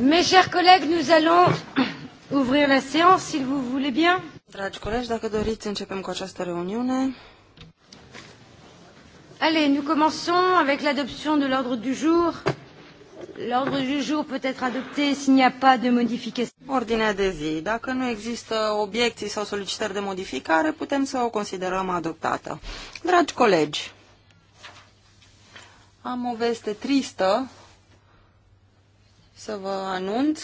Mes chers collègues, nous allons ouvrir la séance, si vous voulez bien. Dragi colegi, dacă doriți, începem cu această reuniune. Allez, nous commençons avec l'adoption de l'ordre du jour. L'ordre du jour peut être adopté s'il n'y a pas de modification. Ordinea de zi. Dacă nu există obiecții sau solicitări de modificare, putem să o considerăm adoptată. Dragi colegi, am o veste tristă să vă anunț.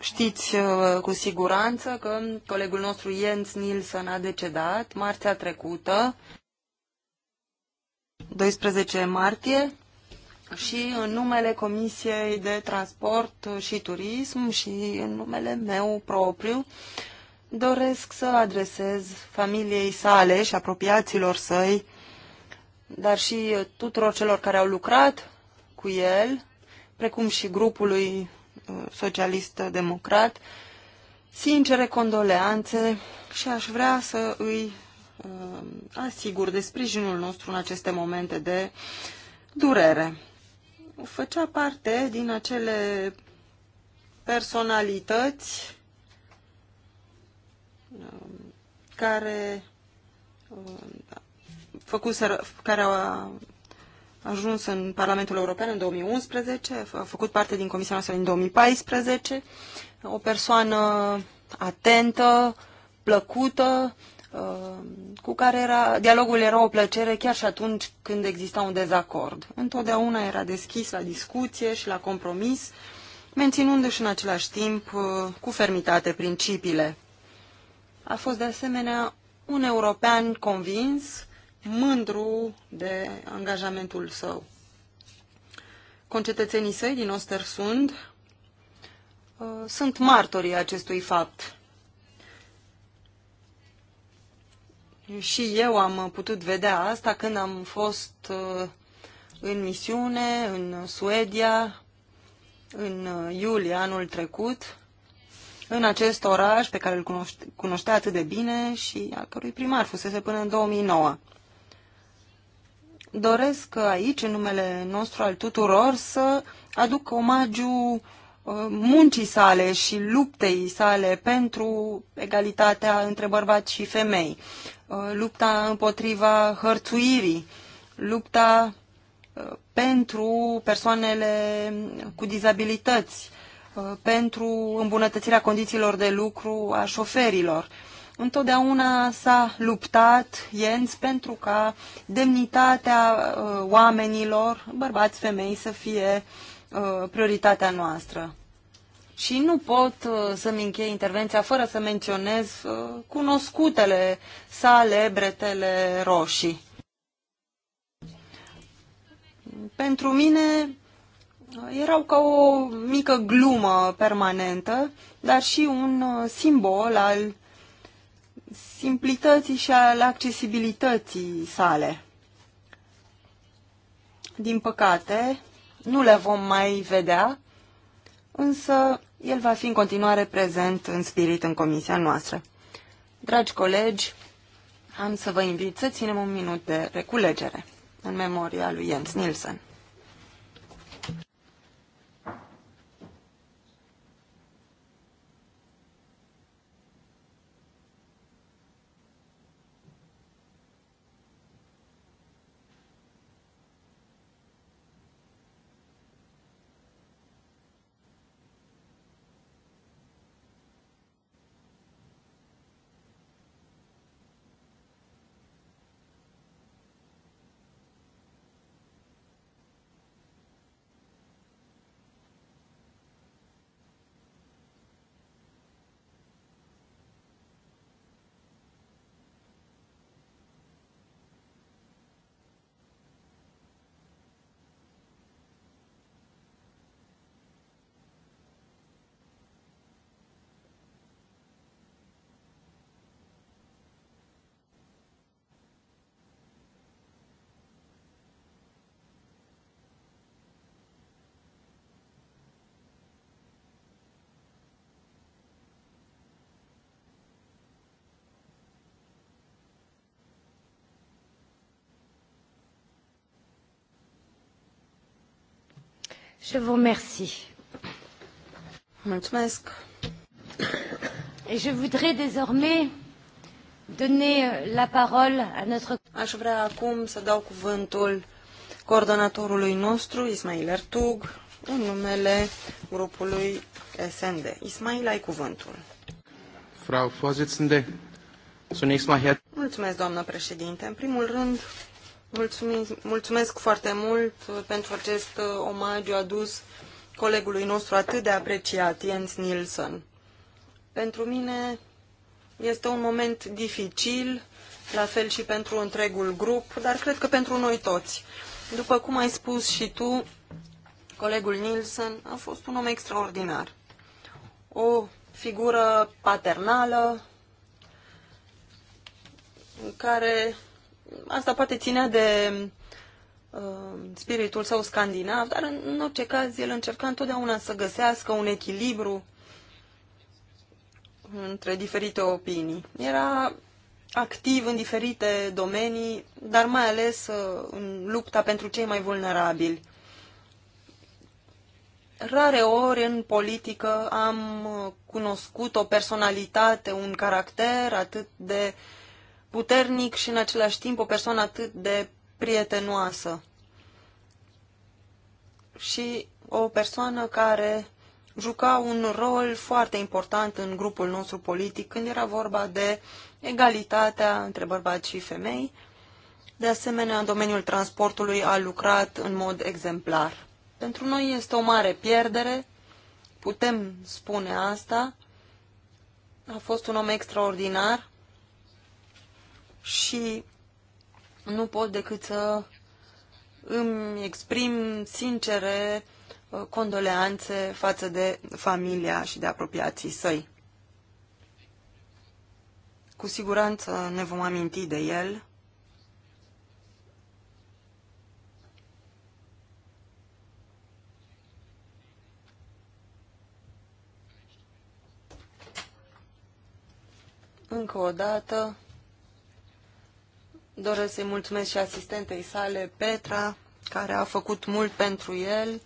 Știți uh, cu siguranță că colegul nostru Jens Nilsson a decedat marțea trecută, 12 martie, și în numele Comisiei de Transport și Turism și în numele meu propriu doresc să adresez familiei sale și apropiaților săi dar și tuturor celor care au lucrat cu el, precum și grupului uh, socialist-democrat, sincere condoleanțe și aș vrea să îi uh, asigur de sprijinul nostru în aceste momente de durere. Făcea parte din acele personalități uh, care făcuseră, care a ajuns în Parlamentul European în 2011, a făcut parte din Comisia noastră în 2014, o persoană atentă, plăcută, uh, cu care era, dialogul era o plăcere chiar și atunci când exista un dezacord. Întotdeauna era deschis la discuție și la compromis, menținându-și în același timp uh, cu fermitate principiile. A fost de asemenea un european convins mândru de angajamentul său. Concetățenii săi din Ostersund uh, sunt martorii acestui fapt. Și eu am putut vedea asta când am fost uh, în misiune în Suedia în uh, iulie anul trecut, în acest oraș pe care îl cunoște, cunoștea atât de bine și al cărui primar fusese până în 2009 doresc aici, în numele nostru al tuturor, să aduc omagiu uh, muncii sale și luptei sale pentru egalitatea între bărbați și femei, uh, lupta împotriva hărțuirii, lupta uh, pentru persoanele cu dizabilități, pentru îmbunătățirea condițiilor de lucru a șoferilor. Întotdeauna s-a luptat Jens pentru ca demnitatea uh, oamenilor, bărbați, femei, să fie uh, prioritatea noastră. Și nu pot uh, să-mi închei intervenția fără să menționez uh, cunoscutele sale bretele roșii. Pentru mine uh, erau ca o mică glumă permanentă, dar și un uh, simbol al simplității și al accesibilității sale. Din păcate, nu le vom mai vedea, însă el va fi în continuare prezent în spirit în comisia noastră. Dragi colegi, am să vă invit să ținem un minut de reculegere în memoria lui Jens Nielsen. Je vous remercie. Mulțumesc. Et je voudrais désormais donner euh, la parole à notre... Aș vrea acum să dau cuvântul coordonatorului nostru, Ismail Ertug, în numele grupului SND. Ismail, ai cuvântul. Frau Vorsitzende, zunächst mal Mulțumesc, doamnă președinte. În primul rând, Mulțumesc, mulțumesc foarte mult pentru acest uh, omagiu adus colegului nostru atât de apreciat, Jens Nilsson. Pentru mine este un moment dificil, la fel și pentru întregul grup, dar cred că pentru noi toți. După cum ai spus și tu, colegul Nilsson a fost un om extraordinar. O figură paternală care asta poate ținea de uh, spiritul său scandinav, dar în, în orice caz el încerca întotdeauna să găsească un echilibru între diferite opinii. Era activ în diferite domenii, dar mai ales uh, în lupta pentru cei mai vulnerabili. Rare ori în politică am uh, cunoscut o personalitate, un caracter atât de uh, puternic și în același timp o persoană atât de prietenoasă. Și o persoană care juca un rol foarte important în grupul nostru politic când era vorba de egalitatea între bărbați și femei. De asemenea, în domeniul transportului a lucrat în mod exemplar. Pentru noi este o mare pierdere, putem spune asta. A fost un om extraordinar și nu pot decât să îmi exprim sincere uh, condoleanțe față de familia și de apropiații săi. Cu siguranță ne vom aminti de el. Încă o dată, Doresc să-i mulțumesc și asistentei sale, Petra, care a făcut mult pentru el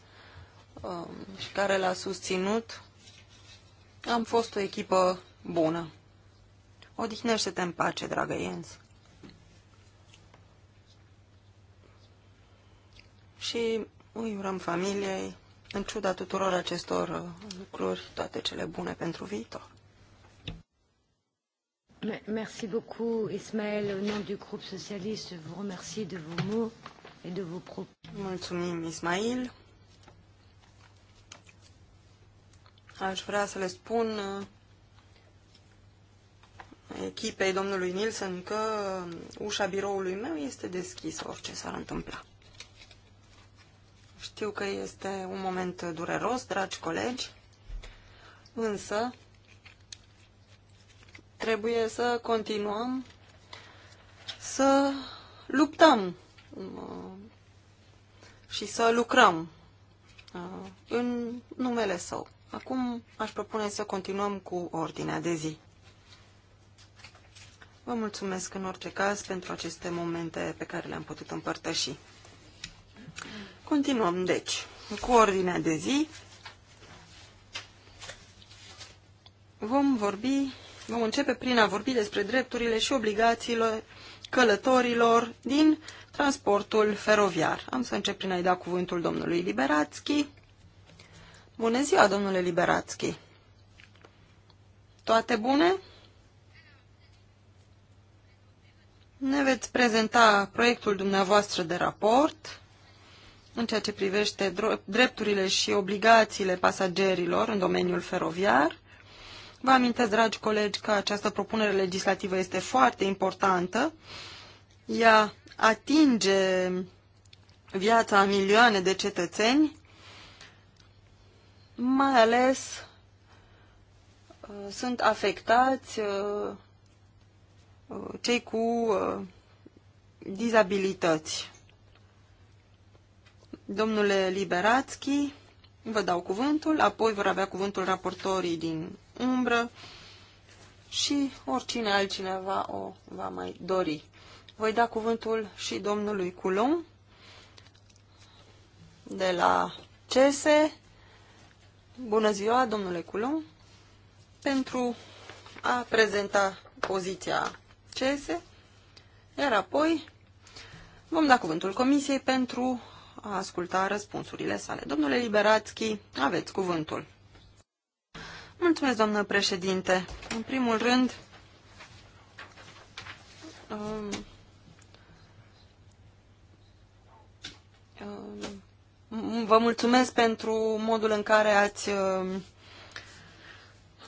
um, și care l-a susținut. Am fost o echipă bună. Odihnește-te în pace, dragă Jens. Și îi urăm familiei, în ciuda tuturor acestor uh, lucruri, toate cele bune pentru viitor. Merci beaucoup, Ismaël. Au nom du groupe socialiste, je vous remercie de vos mots et de vos propos. Mulțumim, Ismail. Aș vrea să le spun uh, echipei domnului Nilsen că uh, ușa biroului meu este deschisă, orice s-ar întâmpla. Știu că este un moment dureros, dragi colegi, însă Trebuie să continuăm să luptăm uh, și să lucrăm uh, în numele său. Acum aș propune să continuăm cu ordinea de zi. Vă mulțumesc în orice caz pentru aceste momente pe care le-am putut împărtăși. Continuăm, deci, cu ordinea de zi. Vom vorbi Vom începe prin a vorbi despre drepturile și obligațiile călătorilor din transportul feroviar. Am să încep prin a-i da cuvântul domnului Liberațchi. Bună ziua, domnule Liberațchi! Toate bune? Ne veți prezenta proiectul dumneavoastră de raport în ceea ce privește drepturile și obligațiile pasagerilor în domeniul feroviar Vă amintesc, dragi colegi, că această propunere legislativă este foarte importantă. Ea atinge viața a milioane de cetățeni, mai ales uh, sunt afectați uh, uh, cei cu dizabilități. Domnule Liberațchi, vă dau cuvântul, apoi vor avea cuvântul raportorii din umbră și oricine altcineva o va mai dori. Voi da cuvântul și domnului Culum de la CESE. Bună ziua, domnule Culum, pentru a prezenta poziția CESE, iar apoi vom da cuvântul Comisiei pentru a asculta răspunsurile sale. Domnule Liberațchi, aveți cuvântul. Mulțumesc, doamnă președinte. În primul rând, um, um, vă mulțumesc pentru modul în care ați um,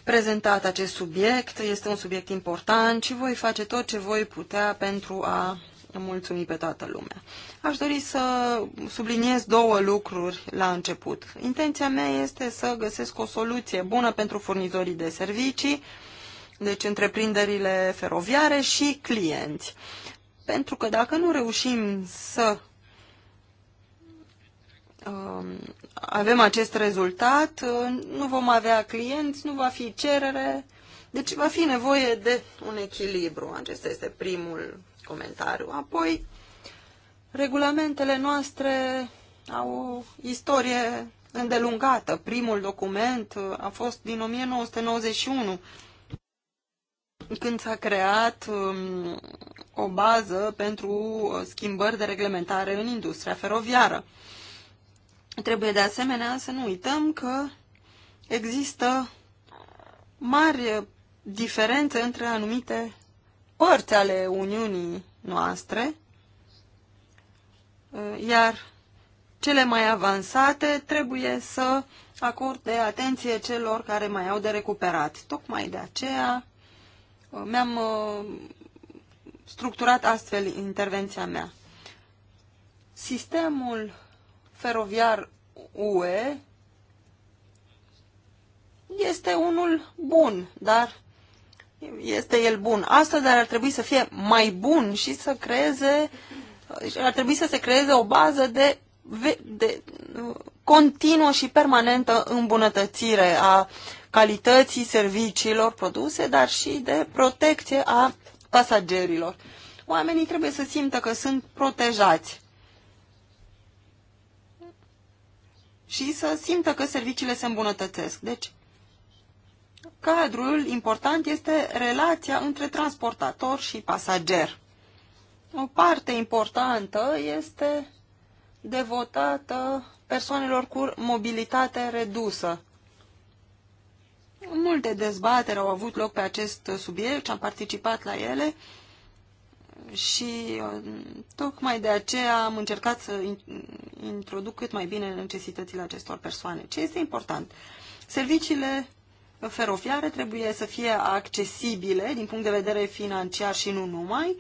prezentat acest subiect. Este un subiect important și voi face tot ce voi putea pentru a mulțumi pe toată lumea. Aș dori să subliniez două lucruri la început. Intenția mea este să găsesc o soluție bună pentru furnizorii de servicii, deci întreprinderile feroviare și clienți. Pentru că dacă nu reușim să um, avem acest rezultat, uh, nu vom avea clienți, nu va fi cerere, deci va fi nevoie de un echilibru. Acesta este primul comentariu. Apoi, regulamentele noastre au o istorie îndelungată. Primul document uh, a fost din 1991, când s-a creat um, o bază pentru uh, schimbări de reglementare în industria feroviară. Trebuie de asemenea să nu uităm că există mari diferențe între anumite părți ale Uniunii noastre, uh, iar cele mai avansate trebuie să acorde atenție celor care mai au de recuperat. Tocmai de aceea uh, mi-am uh, structurat astfel intervenția mea. Sistemul feroviar UE este unul bun, dar este el bun astăzi, dar ar trebui să fie mai bun și să creeze, ar trebui să se creeze o bază de, de continuă și permanentă îmbunătățire a calității serviciilor produse, dar și de protecție a pasagerilor. Oamenii trebuie să simtă că sunt protejați și să simtă că serviciile se îmbunătățesc. Deci, Cadrul important este relația între transportator și pasager. O parte importantă este devotată persoanelor cu mobilitate redusă. Multe dezbateri au avut loc pe acest subiect și am participat la ele și uh, tocmai de aceea am încercat să introduc cât mai bine necesitățile acestor persoane. Ce este important? Serviciile feroviare trebuie să fie accesibile din punct de vedere financiar și nu numai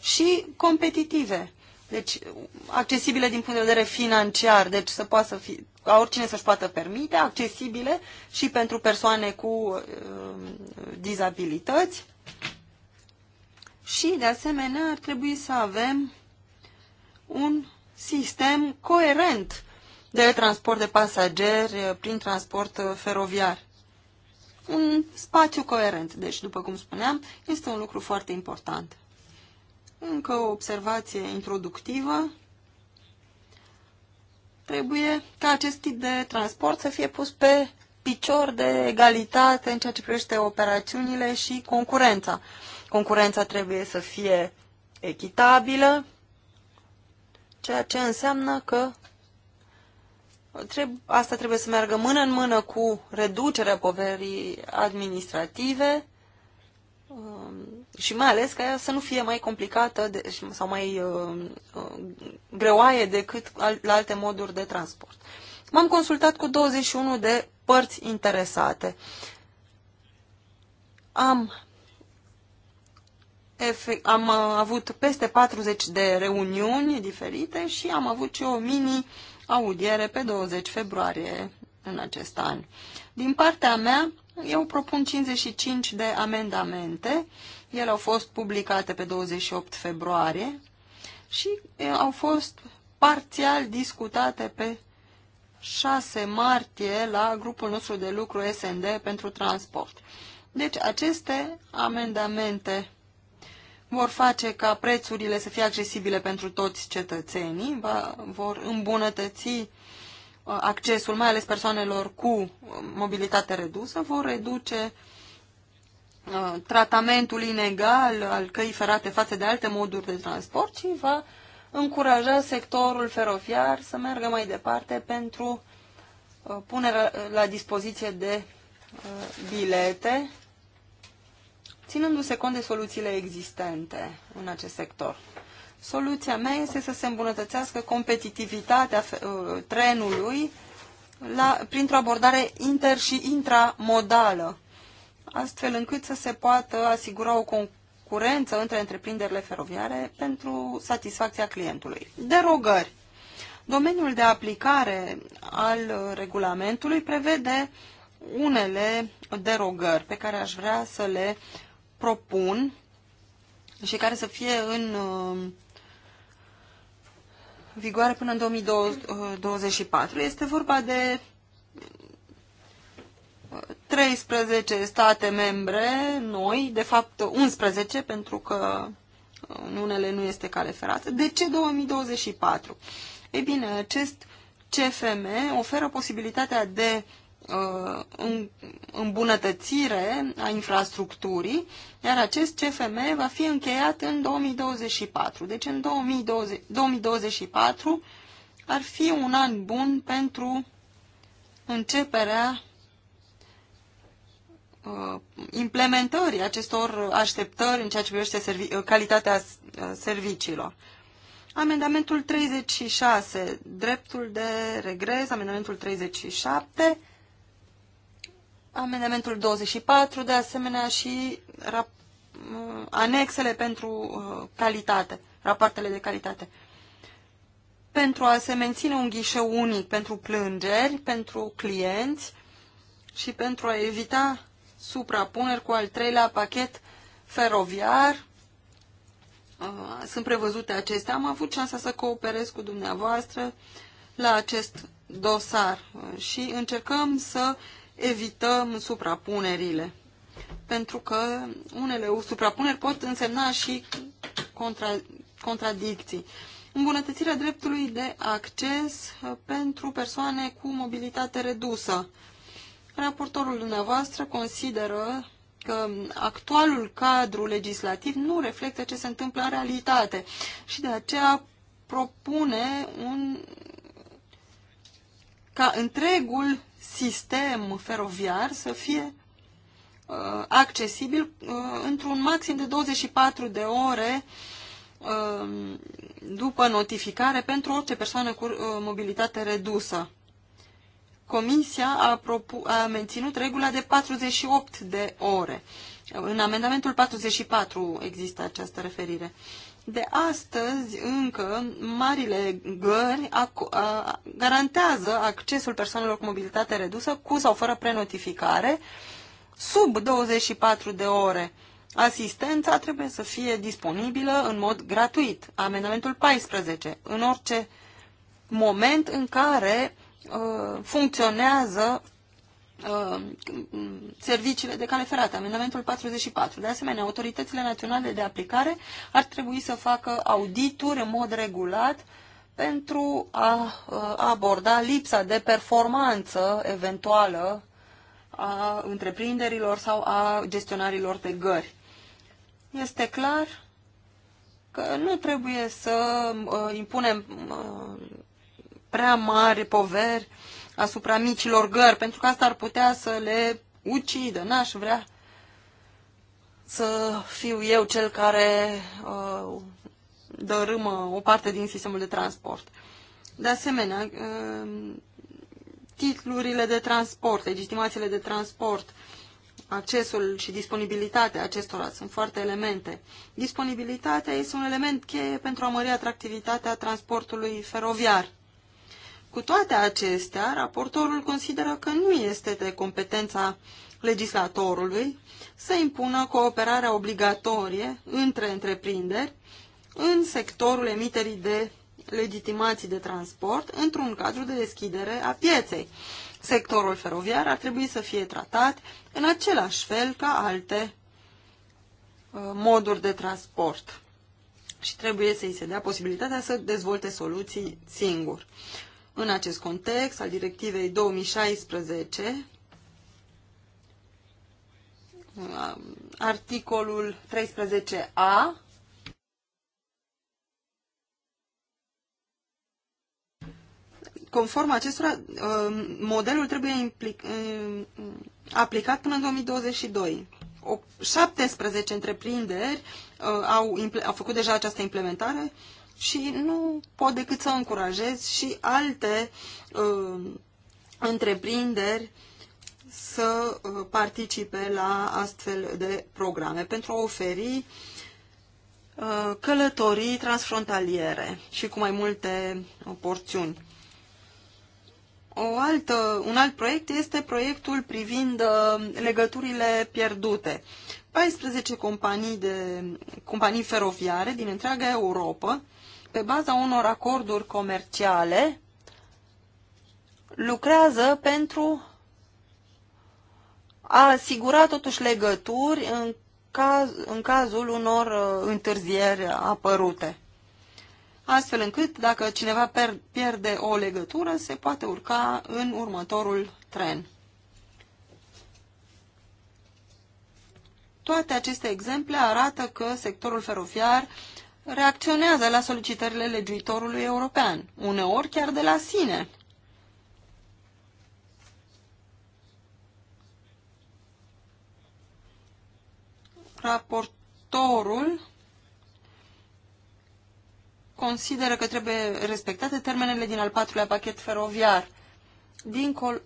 și competitive. Deci, accesibile din punct de vedere financiar, deci să poată fi, ca oricine să-și poată permite, accesibile și pentru persoane cu uh, dizabilități. Și, de asemenea, ar trebui să avem un sistem coerent de transport de pasageri uh, prin transport uh, feroviar un spațiu coerent. Deci, după cum spuneam, este un lucru foarte important. Încă o observație introductivă. Trebuie ca acest tip de transport să fie pus pe picior de egalitate în ceea ce privește operațiunile și concurența. Concurența trebuie să fie echitabilă, ceea ce înseamnă că Treb- asta trebuie să meargă mână în mână cu reducerea poverii administrative um, și mai ales ca ea să nu fie mai complicată de, sau mai um, uh, greoaie decât al, la alte moduri de transport. M-am consultat cu 21 de părți interesate. Am, efect, am uh, avut peste 40 de reuniuni diferite și am avut și o mini audiere pe 20 februarie în acest an. Din partea mea, eu propun 55 de amendamente. Ele au fost publicate pe 28 februarie și au fost parțial discutate pe 6 martie la grupul nostru de lucru SND pentru transport. Deci aceste amendamente vor face ca prețurile să fie accesibile pentru toți cetățenii, va, vor îmbunătăți uh, accesul, mai ales persoanelor cu uh, mobilitate redusă, vor reduce uh, tratamentul inegal al căii ferate față de alte moduri de transport și va încuraja sectorul feroviar să meargă mai departe pentru punerea la dispoziție de bilete ținându-se cont de soluțiile existente în acest sector. Soluția mea este să se îmbunătățească competitivitatea uh, trenului la, printr-o abordare inter- și intramodală, astfel încât să se poată asigura o concurență între întreprinderile feroviare pentru satisfacția clientului. Derogări. Domeniul de aplicare al regulamentului prevede unele derogări pe care aș vrea să le propun și care să fie în uh, vigoare până în 2024. Este vorba de 13 uh, state membre noi, de fapt 11 pentru că uh, în unele nu este cale ferată. De ce 2024? Ei bine, acest CFM oferă posibilitatea de Uh, îmbunătățire a infrastructurii, iar acest CFM va fi încheiat în 2024. Deci în 2020, 2024 ar fi un an bun pentru începerea uh, implementării acestor așteptări în ceea ce privește servi uh, calitatea serviciilor. Amendamentul 36, dreptul de regres, amendamentul 37, amendamentul 24, de asemenea și mm, anexele pentru uh, calitate, rapoartele de calitate. Pentru a se menține un ghișeu unic pentru plângeri, pentru clienți și pentru a evita suprapuneri cu al treilea pachet feroviar, uh, sunt prevăzute acestea. Am avut șansa să cooperez cu dumneavoastră la acest dosar uh, și încercăm să uh, evităm suprapunerile. Pentru că unele suprapuneri pot însemna și contra, contradicții. Îmbunătățirea dreptului de acces uh, pentru persoane cu mobilitate redusă. Raportorul dumneavoastră consideră că actualul cadru legislativ nu reflectă ce se întâmplă în realitate și de aceea propune un, ca întregul sistem feroviar să fie uh, accesibil uh, într-un maxim de 24 de ore uh, după notificare pentru orice persoană cu uh, mobilitate redusă. Comisia a, a menținut regula de 48 de ore. În amendamentul 44 există această referire. Uh, de astăzi încă marile gări garantează accesul persoanelor cu mobilitate redusă cu sau fără prenotificare sub 24 de ore. Asistența trebuie să fie disponibilă în mod gratuit. Amendamentul 14. În orice moment în care uh, funcționează Uh, serviciile de cale ferată, amendamentul 44. De asemenea, autoritățile naționale de aplicare ar trebui să facă audituri în mod regulat pentru uh, a, aborda lipsa de performanță eventuală a întreprinderilor sau a gestionarilor de gări. Este clar că nu trebuie să uh, impunem prea mari poveri asupra micilor gări, pentru că asta ar putea să le ucidă. N-aș vrea să fiu eu cel care uh, dărâmă o parte din sistemul de transport. De asemenea, uh, titlurile de transport, legitimațiile de transport, accesul și disponibilitatea acestora sunt foarte elemente. Disponibilitatea este un element cheie pentru a mări atractivitatea transportului feroviar. Cu toate acestea, raportorul consideră că nu este de competența legislatorului să impună cooperarea obligatorie între întreprinderi în sectorul emiterii de legitimații de transport într-un cadru de deschidere a pieței. Sectorul feroviar ar trebui să fie tratat în același fel ca alte uh, moduri de transport și trebuie să-i se dea posibilitatea să dezvolte soluții singur. În acest context, al directivei 2016, articolul 13a conform acestora, um, modelul trebuie implic, um, aplicat până în 2022. 17 întreprinderi uh, au, au făcut deja această implementare, și nu pot decât să încurajez și alte uh, întreprinderi să uh, participe la astfel de programe pentru a oferi uh, călătorii transfrontaliere și cu mai multe uh, porțiuni. O altă, un alt proiect este proiectul privind legăturile pierdute. 14 companii, de, companii feroviare din întreaga Europa pe baza unor acorduri comerciale, lucrează pentru a asigura totuși legături în, caz, în cazul unor uh, întârzieri apărute. Astfel încât, dacă cineva pierde o legătură, se poate urca în următorul tren. Toate aceste exemple arată că sectorul feroviar reacționează la solicitările legiuitorului european, uneori chiar de la sine. Raportorul consideră că trebuie respectate termenele din al patrulea pachet feroviar, dincol,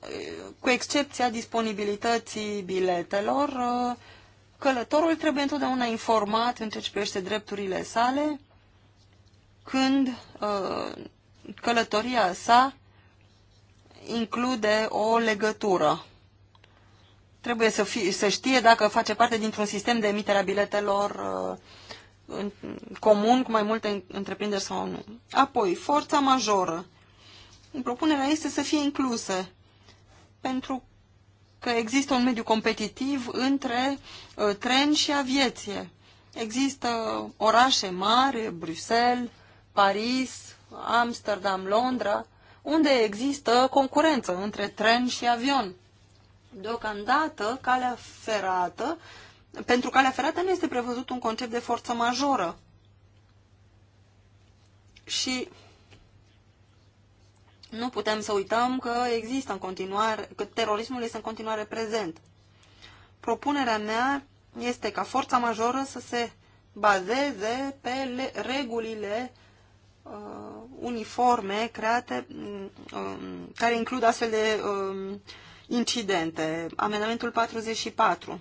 cu excepția disponibilității biletelor, uh, Călătorul trebuie întotdeauna informat în ceea ce privește drepturile sale când uh, călătoria sa include o legătură. Trebuie să, fie, să știe dacă face parte dintr-un sistem de emitere a biletelor uh, în comun cu mai multe întreprinderi sau nu. Apoi, forța majoră. Propunerea este să fie inclusă, pentru că există un mediu competitiv între uh, tren și aviație. Există orașe mari, Bruxelles, Paris, Amsterdam, Londra, unde există concurență între tren și avion. Deocamdată, calea ferată, pentru calea ferată nu este prevăzut un concept de forță majoră. Și nu putem să uităm că există în continuare, că terorismul este în continuare prezent. Propunerea mea este ca forța majoră să se bazeze pe regulile uh, uniforme create, mm, um, care includ astfel de um, incidente. Amendamentul 44.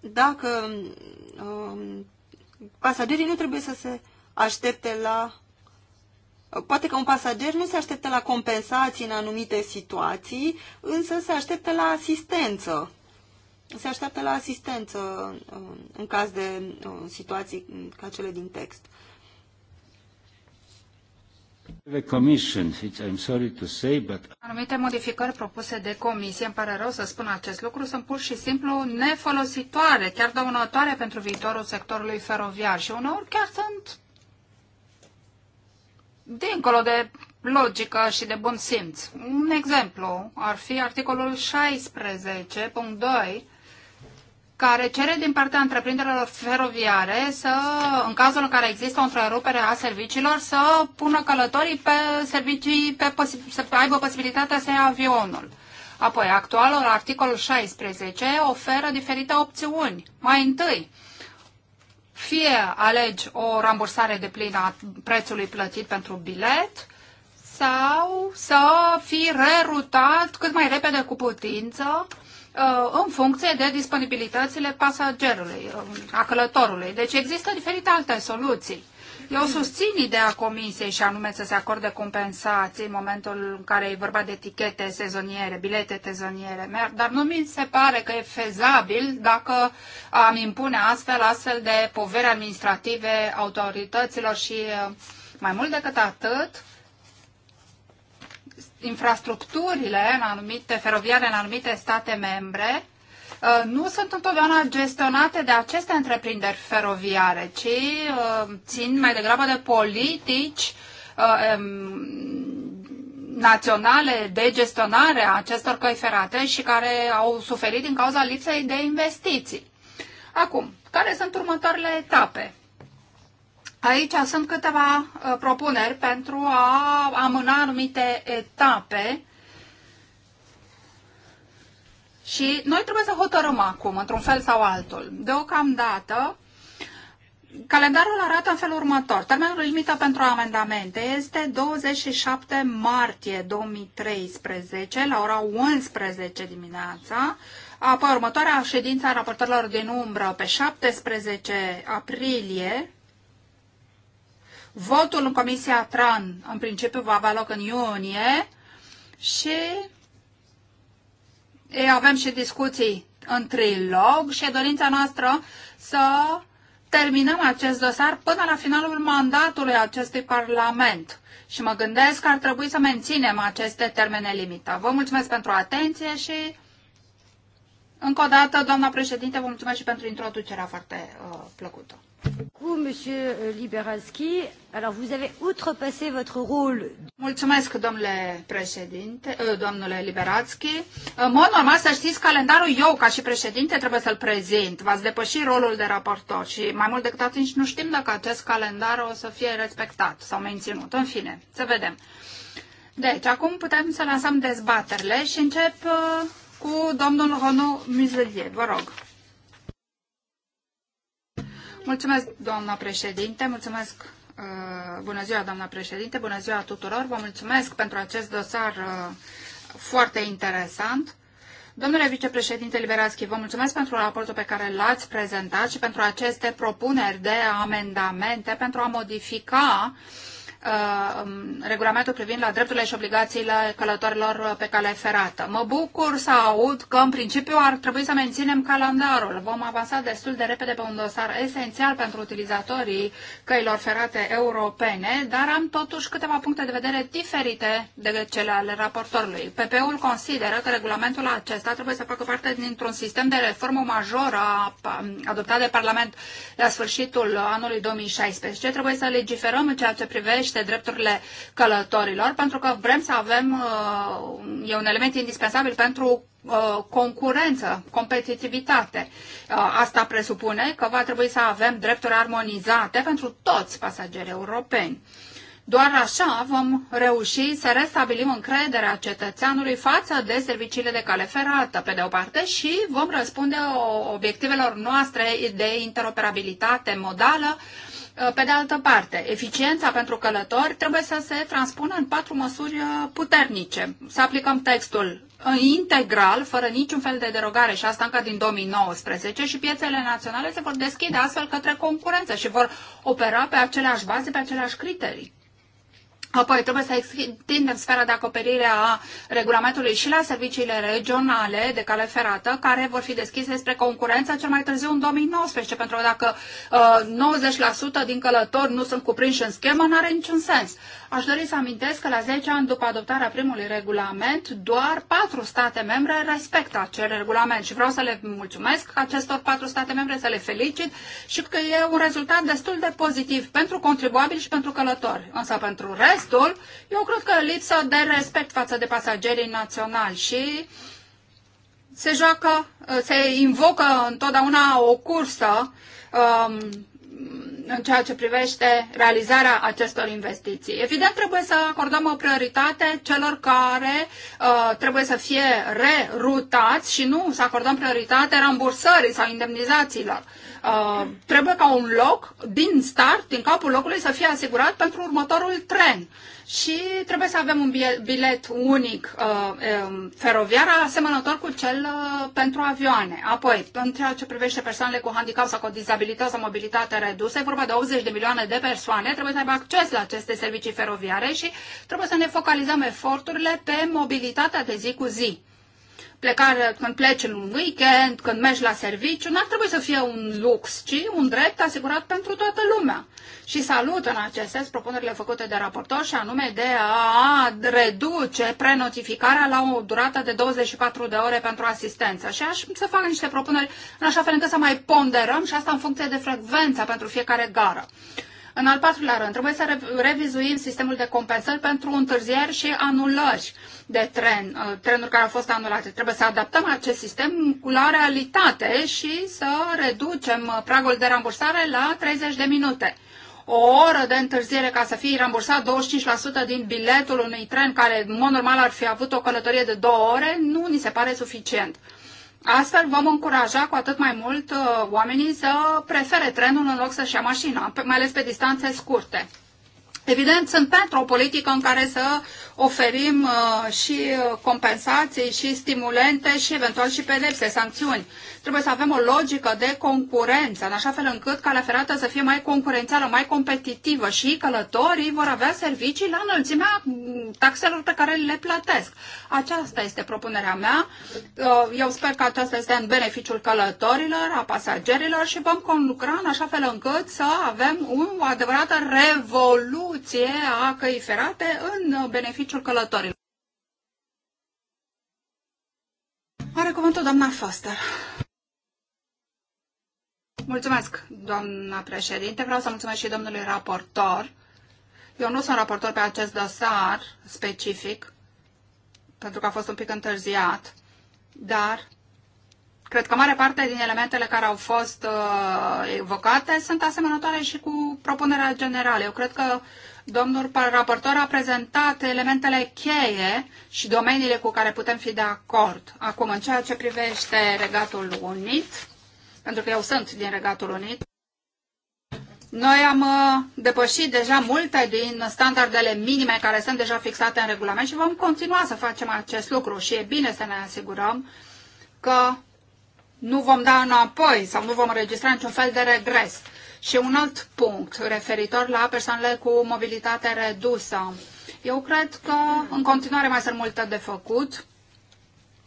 Dacă um, pasagerii nu trebuie să se aștepte la... Poate că un pasager nu se așteptă la compensații în anumite situații, însă se așteptă la asistență. Se așteaptă la asistență uh, în caz de uh, situații ca cele din text. Anumite modificări propuse de comisie, îmi pare rău să spun acest lucru, sunt pur și simplu nefolositoare, chiar dăunătoare pentru viitorul sectorului feroviar și uneori chiar sunt dincolo de logică și de bun simț. Un exemplu ar fi articolul 16.2 care cere din partea întreprinderilor feroviare să, în cazul în care există o întrerupere a serviciilor, să pună călătorii pe servicii, pe posi- să aibă posibilitatea să ia avionul. Apoi, actualul articol 16 oferă diferite opțiuni. Mai întâi, fie alegi o rambursare de plină a prețului plătit pentru bilet sau să fii rerutat cât mai repede cu putință uh, în funcție de disponibilitățile pasagerului, uh, a călătorului. Deci există diferite alte soluții. Eu susțin ideea comisiei și anume să se acorde compensații în momentul în care e vorba de etichete sezoniere, bilete sezoniere, dar nu mi se pare că e fezabil dacă am impune astfel, astfel de povere administrative autorităților și uh, mai mult decât atât, infrastructurile în anumite, feroviare în anumite state membre Uh, nu sunt întotdeauna gestionate de aceste întreprinderi feroviare, ci uh, țin mai degrabă de politici uh, naționale de gestionare a acestor căi ferate și care au suferit din cauza lipsei de investiții. Acum, care sunt următoarele etape? Aici sunt câteva propuneri pentru a amâna anumite etape uh, și noi trebuie să hotărâm acum, într-un fel sau altul. Deocamdată, calendarul arată în felul următor. Termenul limită pentru amendamente este 27 martie 2013, la ora 11 dimineața. Apoi, următoarea ședință a raportărilor din umbră, pe 17 aprilie, Votul în Comisia TRAN, în principiu, va avea loc în iunie și ei, avem și discuții în trilog și e dorința noastră să terminăm acest dosar până la finalul mandatului acestui Parlament. Și mă gândesc că ar trebui să menținem aceste termene limită. Vă mulțumesc pentru atenție și încă o dată, doamna președinte, vă mulțumesc și pentru introducerea foarte uh, plăcută. Euh, Mulțumesc, domnule președinte, uh, domnule Liberatski. În mod normal, să știți, calendarul eu, ca și președinte, trebuie să-l prezint. V-ați depășit rolul de raportor și mai mult decât atunci nu știm dacă acest calendar o să fie respectat sau menținut. În fine, să vedem. Deci, acum putem să lansăm dezbaterile și încep uh, cu domnul Ronu Muselier. Vă rog. Mulțumesc, doamna președinte, mulțumesc, uh, bună ziua, doamna președinte, bună ziua tuturor, vă mulțumesc pentru acest dosar uh, foarte interesant. Domnule vicepreședinte Liberaschi, vă mulțumesc pentru raportul pe care l-ați prezentat și pentru aceste propuneri de amendamente pentru a modifica uh, Uh, um, regulamentul privind la drepturile și obligațiile călătorilor pe cale ferată. Mă bucur să aud că, în principiu, ar trebui să menținem calendarul. Vom avansa destul de repede pe un dosar esențial pentru utilizatorii căilor ferate europene, dar am totuși câteva puncte de vedere diferite de cele ale raportorului. PP-ul consideră că regulamentul acesta trebuie să facă parte dintr-un sistem de reformă majoră um, adoptat de Parlament la sfârșitul anului 2016. Trebuie să legiferăm în ceea ce privește privește drepturile călătorilor, pentru că vrem să avem, uh, e un element indispensabil pentru uh, concurență, competitivitate. Uh, asta presupune că va trebui să avem drepturi armonizate pentru toți pasagerii europeni. Doar așa vom reuși să restabilim încrederea cetățeanului față de serviciile de cale ferată, pe de o parte, și vom răspunde obiectivelor noastre de interoperabilitate modală, uh, pe de altă parte, eficiența pentru călători trebuie să se transpună în patru măsuri uh, puternice. Să aplicăm textul integral, fără niciun fel de derogare și asta încă din 2019 și piețele naționale se vor deschide astfel către concurență și vor opera pe aceleași baze, pe aceleași criterii. Apoi trebuie să extindem sfera de acoperire a regulamentului și la serviciile regionale de cale ferată, care vor fi deschise spre concurență cel mai târziu în 2019, pentru că dacă uh, 90% din călători nu sunt cuprinși în schemă, nu are niciun sens. Aș dori să amintesc că la 10 ani după adoptarea primului regulament, doar 4 state membre respectă acel regulament și vreau să le mulțumesc acestor 4 state membre, să le felicit și că e un rezultat destul de pozitiv pentru contribuabili și pentru călători. Însă pentru rest, textul, eu cred că lipsă de respect față de pasagerii naționali și se joacă, se invocă întotdeauna o cursă um, în ceea ce privește realizarea acestor investiții. Evident, trebuie să acordăm o prioritate celor care uh, trebuie să fie rerutați și nu să acordăm prioritate rambursării sau indemnizațiilor. Uh, trebuie ca un loc din start, din capul locului, să fie asigurat pentru următorul tren. Uh, și trebuie să avem un bilet unic uh, um, feroviar asemănător cu cel uh, pentru avioane. Apoi, în ceea ce privește persoanele cu handicap sau cu dizabilități sau mobilitate redusă, e vorba de 80 de milioane de persoane, trebuie să aibă acces la aceste servicii feroviare și trebuie să ne focalizăm eforturile pe mobilitatea de zi cu zi plecare, când pleci în un weekend, când mergi la serviciu, nu ar trebui să fie un lux, ci un drept asigurat pentru toată lumea. Și salut în acest sens propunerile făcute de raportor și anume de a reduce prenotificarea la o durată de 24 de ore pentru asistență. Și aș să fac niște propuneri în așa fel încât să mai ponderăm și asta în funcție de frecvența pentru fiecare gară. În al patrulea rând, trebuie să revizuim sistemul de compensări pentru întârzieri și anulări de tren, uh, trenuri care au fost anulate. Trebuie să adaptăm acest sistem la realitate și să reducem uh, pragul de rambursare la 30 de minute o oră de întârziere ca să fie rambursat 25% din biletul unui tren care, în mod normal, ar fi avut o călătorie de două ore, nu ni se pare suficient. Astfel vom încuraja cu atât mai mult uh, oamenii să prefere trenul în loc să-și ia mașina, mai ales pe distanțe scurte. Evident, sunt pentru o politică în care să oferim uh, și uh, compensații și stimulente și eventual și pedepse, sancțiuni. Trebuie să avem o logică de concurență, în așa fel încât calea ferată să fie mai concurențială, mai competitivă și călătorii vor avea servicii la înălțimea mm, taxelor pe care le plătesc. Aceasta este propunerea mea. Uh, eu sper că aceasta este în beneficiul călătorilor, a pasagerilor și vom conlucra în așa fel încât să avem o adevărată revoluție evoluție a căi ferate în beneficiul călătorilor. Are cuvântul doamna Foster. Mulțumesc, doamna președinte. Vreau să mulțumesc și domnului raportor. Eu nu sunt raportor pe acest dosar specific, pentru că a fost un pic întârziat, dar Cred că mare parte din elementele care au fost uh, evocate sunt asemănătoare și cu propunerea generală. Eu cred că domnul raportor a prezentat elementele cheie și domeniile cu care putem fi de acord. Acum, în ceea ce privește Regatul Unit, pentru că eu sunt din Regatul Unit, noi am uh, depășit deja multe din standardele minime care sunt deja fixate în regulament și vom continua să facem acest lucru și e bine să ne asigurăm că nu vom da înapoi sau nu vom înregistra niciun fel de regres. Și un alt punct referitor la persoanele cu mobilitate redusă. Eu cred că în continuare mai sunt multe de făcut,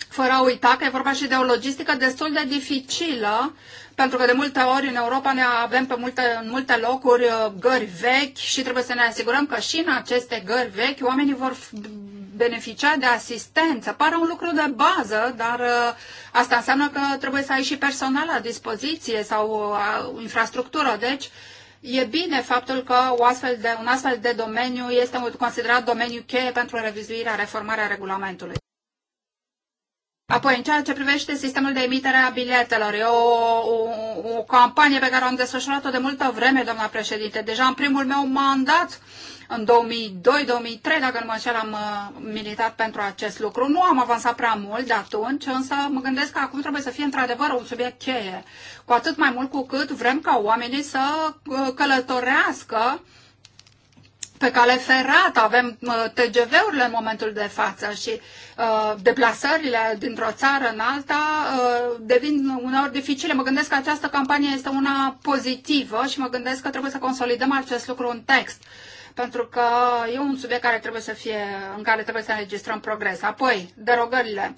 fără a uita că e vorba și de o logistică destul de dificilă, pentru că de multe ori în Europa ne avem pe multe, în multe locuri uh, gări vechi și trebuie să ne asigurăm că și în aceste gări vechi oamenii vor beneficia de asistență. Pare un lucru de bază, dar uh, asta înseamnă că trebuie să ai și personal la dispoziție sau uh, infrastructură. Deci, E bine faptul că o astfel de, un astfel de domeniu este considerat domeniu cheie pentru revizuirea, reformarea regulamentului. Apoi, în ceea ce privește sistemul de emitere a biletelor, e o, o, o campanie pe care am desfășurat-o de multă vreme, doamna președinte. Deja în primul meu mandat în 2002-2003, dacă nu mă înșel, am uh, militat pentru acest lucru. Nu am avansat prea mult de atunci, însă mă gândesc că acum trebuie să fie într-adevăr un subiect cheie. Cu atât mai mult cu cât vrem ca oamenii să uh, călătorească pe cale ferată, avem uh, TGV-urile în momentul de față și uh, deplasările dintr-o țară în alta uh, devin uneori dificile. Mă gândesc că această campanie este una pozitivă și mă gândesc că trebuie să consolidăm acest lucru în text pentru că e un subiect care trebuie să fie, în care trebuie să înregistrăm progres. Apoi, derogările.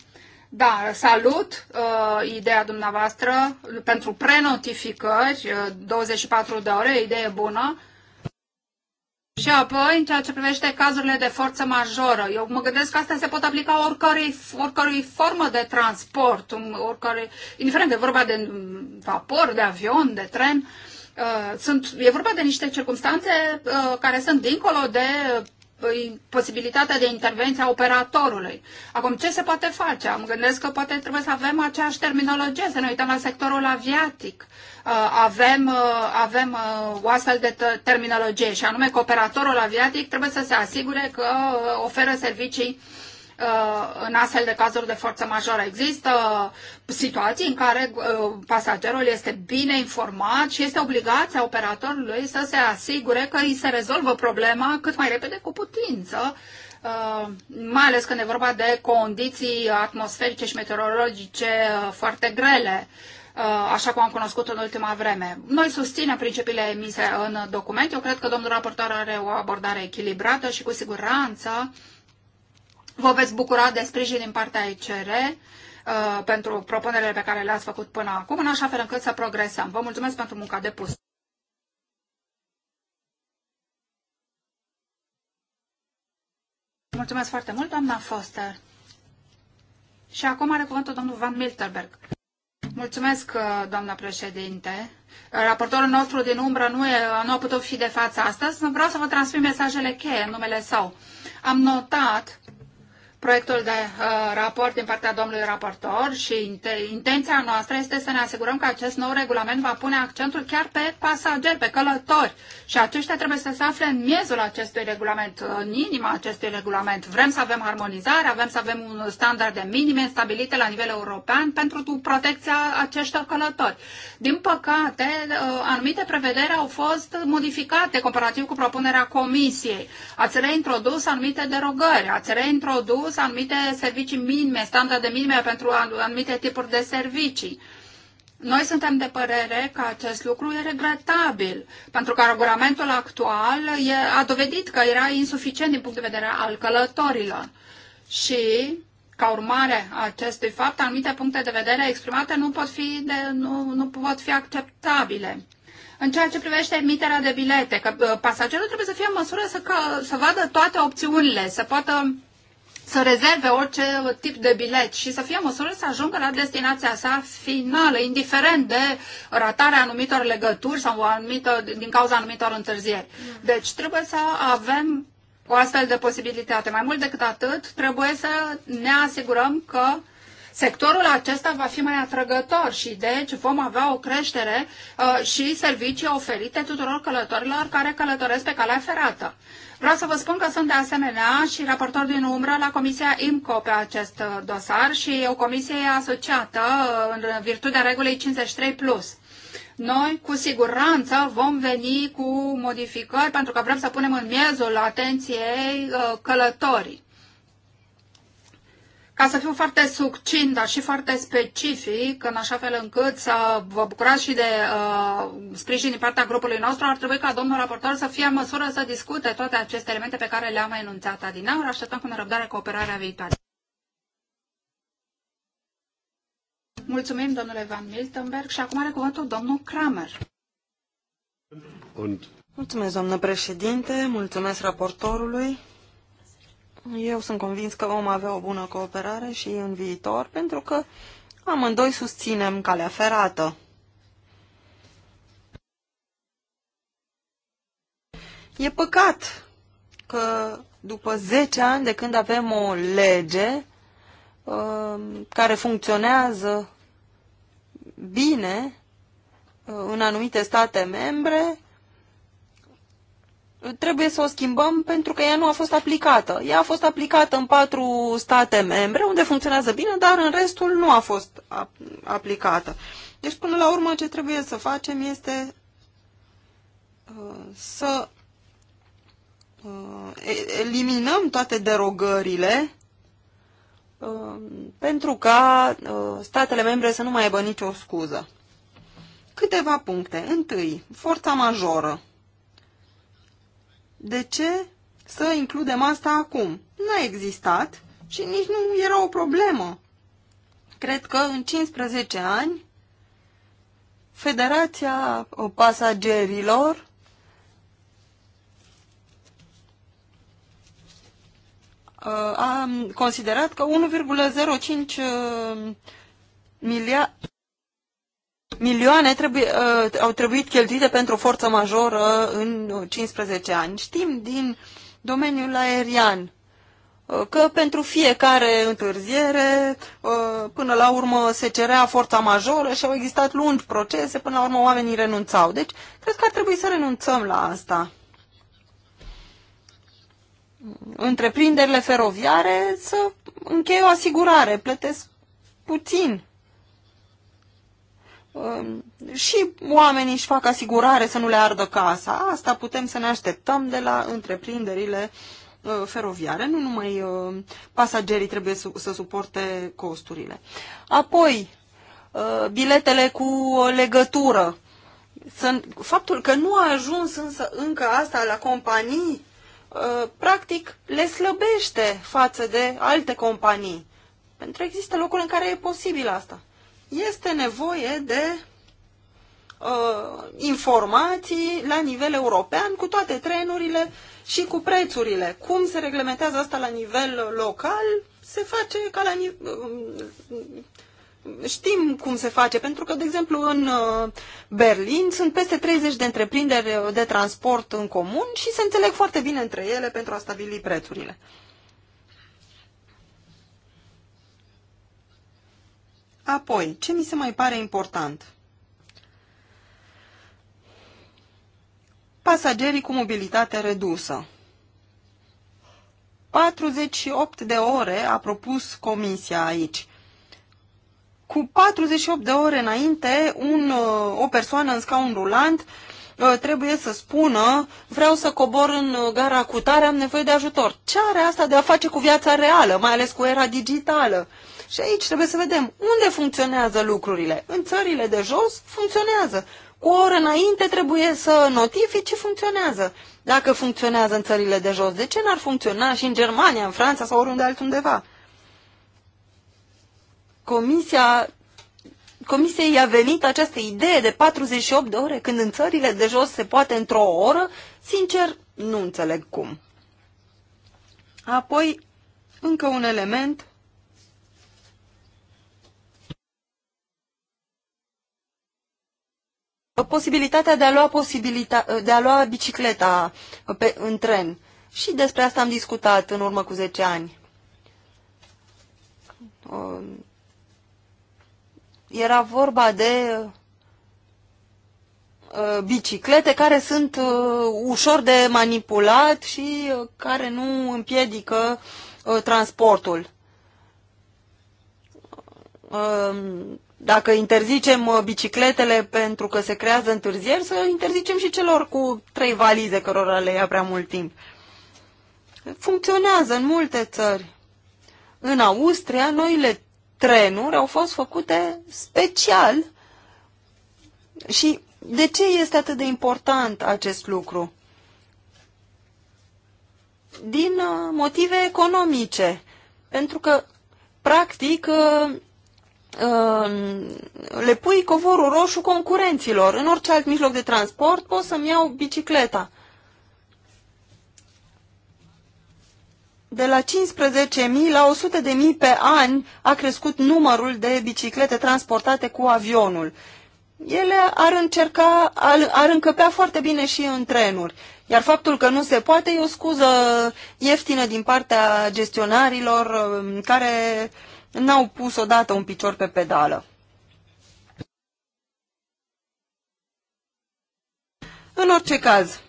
Da, salut uh, ideea dumneavoastră pentru prenotificări, uh, 24 de ore, idee bună. Și apoi, în ceea ce privește cazurile de forță majoră, eu mă gândesc că asta se pot aplica oricărui, oricărui formă de transport, oricărui, indiferent de vorba de mm, vapor, de avion, de tren. Uh, Uh, sunt, e vorba de niște circunstanțe uh, care sunt dincolo de uh, posibilitatea de intervenție a operatorului. Acum, ce se poate face? Am gândesc că poate trebuie să avem aceeași terminologie, să ne uităm la sectorul aviatic. Avem, avem o astfel de terminologie și anume că operatorul aviatic trebuie să se asigure că oferă servicii uh, Uh, în astfel de cazuri de forță majoră. Există situații în care uh, pasagerul este bine informat și este obligația operatorului să se asigure că îi se rezolvă problema cât mai repede cu putință, uh, mai ales când e vorba de condiții atmosferice și meteorologice foarte grele așa cum am cunoscut în ultima vreme. Noi susținem principiile emise în document. Eu cred că domnul raportor are o abordare echilibrată și cu siguranță Vă veți bucura de sprijin din partea ICR uh, pentru propunerile pe care le-ați făcut până acum, în așa fel încât să progresăm. Vă mulțumesc pentru munca depusă. Mulțumesc foarte mult, doamna Foster. Și acum are cuvântul domnul Van Milterberg. Mulțumesc, uh, doamna președinte. Raportorul nostru din umbră nu, e, nu a putut fi de față astăzi. Vreau să vă transmit mesajele cheie în numele său. Am notat proiectul de uh, raport din partea domnului raportor și intenția noastră este să ne asigurăm că acest nou regulament va pune accentul chiar pe pasageri, pe călători și aceștia trebuie să se afle în miezul acestui regulament, în inima acestui regulament. Vrem să avem harmonizare, avem să avem un de minime stabilite la nivel european pentru protecția acestor călători. Din păcate, uh, anumite prevederi au fost modificate comparativ cu propunerea Comisiei. Ați reintrodus anumite derogări, ați reintrodus impus anumite servicii minime, standarde minime pentru anumite tipuri de servicii. Noi suntem de părere că acest lucru e regretabil, pentru că regulamentul actual e, a dovedit că era insuficient din punct de vedere al călătorilor. Și, ca urmare a acestui fapt, anumite puncte de vedere exprimate nu pot fi, de, nu, nu pot fi acceptabile. În ceea ce privește emiterea de bilete, că uh, pasagerul trebuie să fie în măsură să, că, să vadă toate opțiunile, să poată să rezerve orice tip de bilet și să fie măsură să ajungă la destinația sa finală, indiferent de ratarea anumitor legături sau anumită, din cauza anumitor întârzieri. Deci trebuie să avem o astfel de posibilitate. Mai mult decât atât, trebuie să ne asigurăm că sectorul acesta va fi mai atrăgător și deci vom avea o creștere uh, și servicii oferite tuturor călătorilor care călătoresc pe calea ferată. Vreau să vă spun că sunt de asemenea și raportor din umbră la Comisia IMCO pe acest uh, dosar și o comisie asociată uh, în virtutea regulii 53+. Plus noi cu siguranță vom veni cu modificări pentru că vrem să punem în miezul atenției uh, călătorii. Ca să fiu foarte succint, dar și foarte specific, în așa fel încât să vă bucurați și de uh, sprijin din partea grupului nostru, ar trebui ca domnul raportor să fie în măsură să discute toate aceste elemente pe care le-am enunțat adineaur. Așteptăm cu nerăbdare cooperarea viitoare. Mulțumim, domnule Van Miltenberg. Și acum are cuvântul domnul Kramer. Und... Mulțumesc, doamnă președinte, mulțumesc raportorului. Eu sunt convins că vom avea o bună cooperare și în viitor, pentru că amândoi susținem calea ferată. E păcat că după 10 ani de când avem o lege um, care funcționează bine uh, în anumite state membre, trebuie să o schimbăm pentru că ea nu a fost aplicată. Ea a fost aplicată în patru state membre, unde funcționează bine, dar în restul nu a fost aplicată. Deci, până la urmă, ce trebuie să facem este uh, să uh, eliminăm toate derogările uh, pentru ca statele membre să nu mai aibă nicio scuză. Câteva puncte. Întâi, forța majoră de ce să includem asta acum? N-a existat și nici nu era o problemă. Cred că în 15 ani Federația uh, Pasagerilor uh, a considerat că 1,05 uh, miliard milioane trebuie, uh, au trebuit cheltuite pentru forță majoră în 15 ani. Știm din domeniul aerian uh, că pentru fiecare întârziere, uh, până la urmă se cerea forța majoră și au existat lungi procese, până la urmă oamenii renunțau. Deci, cred că ar trebui să renunțăm la asta. Întreprinderile feroviare să încheie o asigurare, plătesc puțin Um, și oamenii își fac asigurare să nu le ardă casa. Asta putem să ne așteptăm de la întreprinderile uh, feroviare. Nu numai uh, pasagerii trebuie să suporte costurile. Apoi, uh, biletele cu legătură. Faptul că nu a ajuns însă încă asta la companii, practic le slăbește față de alte companii. Pentru că există locuri în care e posibil asta este nevoie de uh, informații la nivel european cu toate trenurile și cu prețurile. Cum se reglementează asta la nivel local, se face ca la uh, Știm cum se face, pentru că, de exemplu, în uh, Berlin sunt peste 30 de întreprinderi de transport în comun și se înțeleg foarte bine între ele pentru a stabili prețurile. Apoi, ce mi se mai pare important? Pasagerii cu mobilitate redusă. 48 de ore a propus comisia aici. Cu 48 de ore înainte, un, o persoană în scaun rulant uh, trebuie să spună vreau să cobor în gara cu tare, am nevoie de ajutor. Ce are asta de a face cu viața reală, mai ales cu era digitală? Uh, și aici trebuie să vedem unde funcționează lucrurile. În țările de jos funcționează. Cu o oră înainte trebuie să notifici ce funcționează. Dacă funcționează în țările de jos, de ce n-ar funcționa și în Germania, în Franța sau oriunde altundeva? Comisia comisia i-a venit această idee de 48 de ore, când în țările de jos se poate într-o oră, sincer, nu înțeleg cum. Apoi, încă un element posibilitatea de a lua, posibilita- de a lua bicicleta uh, pe, în tren. Și despre asta am discutat în urmă cu 10 ani. Uh, era vorba de uh, biciclete care sunt ușor de manipulat și care nu împiedică transportul dacă interzicem uh, bicicletele pentru că se creează întârzieri, să interzicem și celor cu trei valize cărora le ia prea mult timp. Funcționează în multe țări. În Austria, noile trenuri au fost făcute special. Și de ce este atât de important acest lucru? Din uh, motive economice. Pentru că, practic, uh, Ehm, le pui covorul roșu concurenților. În orice alt mijloc de transport pot să-mi iau bicicleta. De la 15.000 la 100.000 pe an a crescut numărul de biciclete transportate cu avionul. Ele ar, încerca, ar, ar încăpea foarte bine și în trenuri. Iar faptul că nu se poate e o scuză ieftină din partea gestionarilor ehm, care n-au pus odată un picior pe pedală. În orice caz,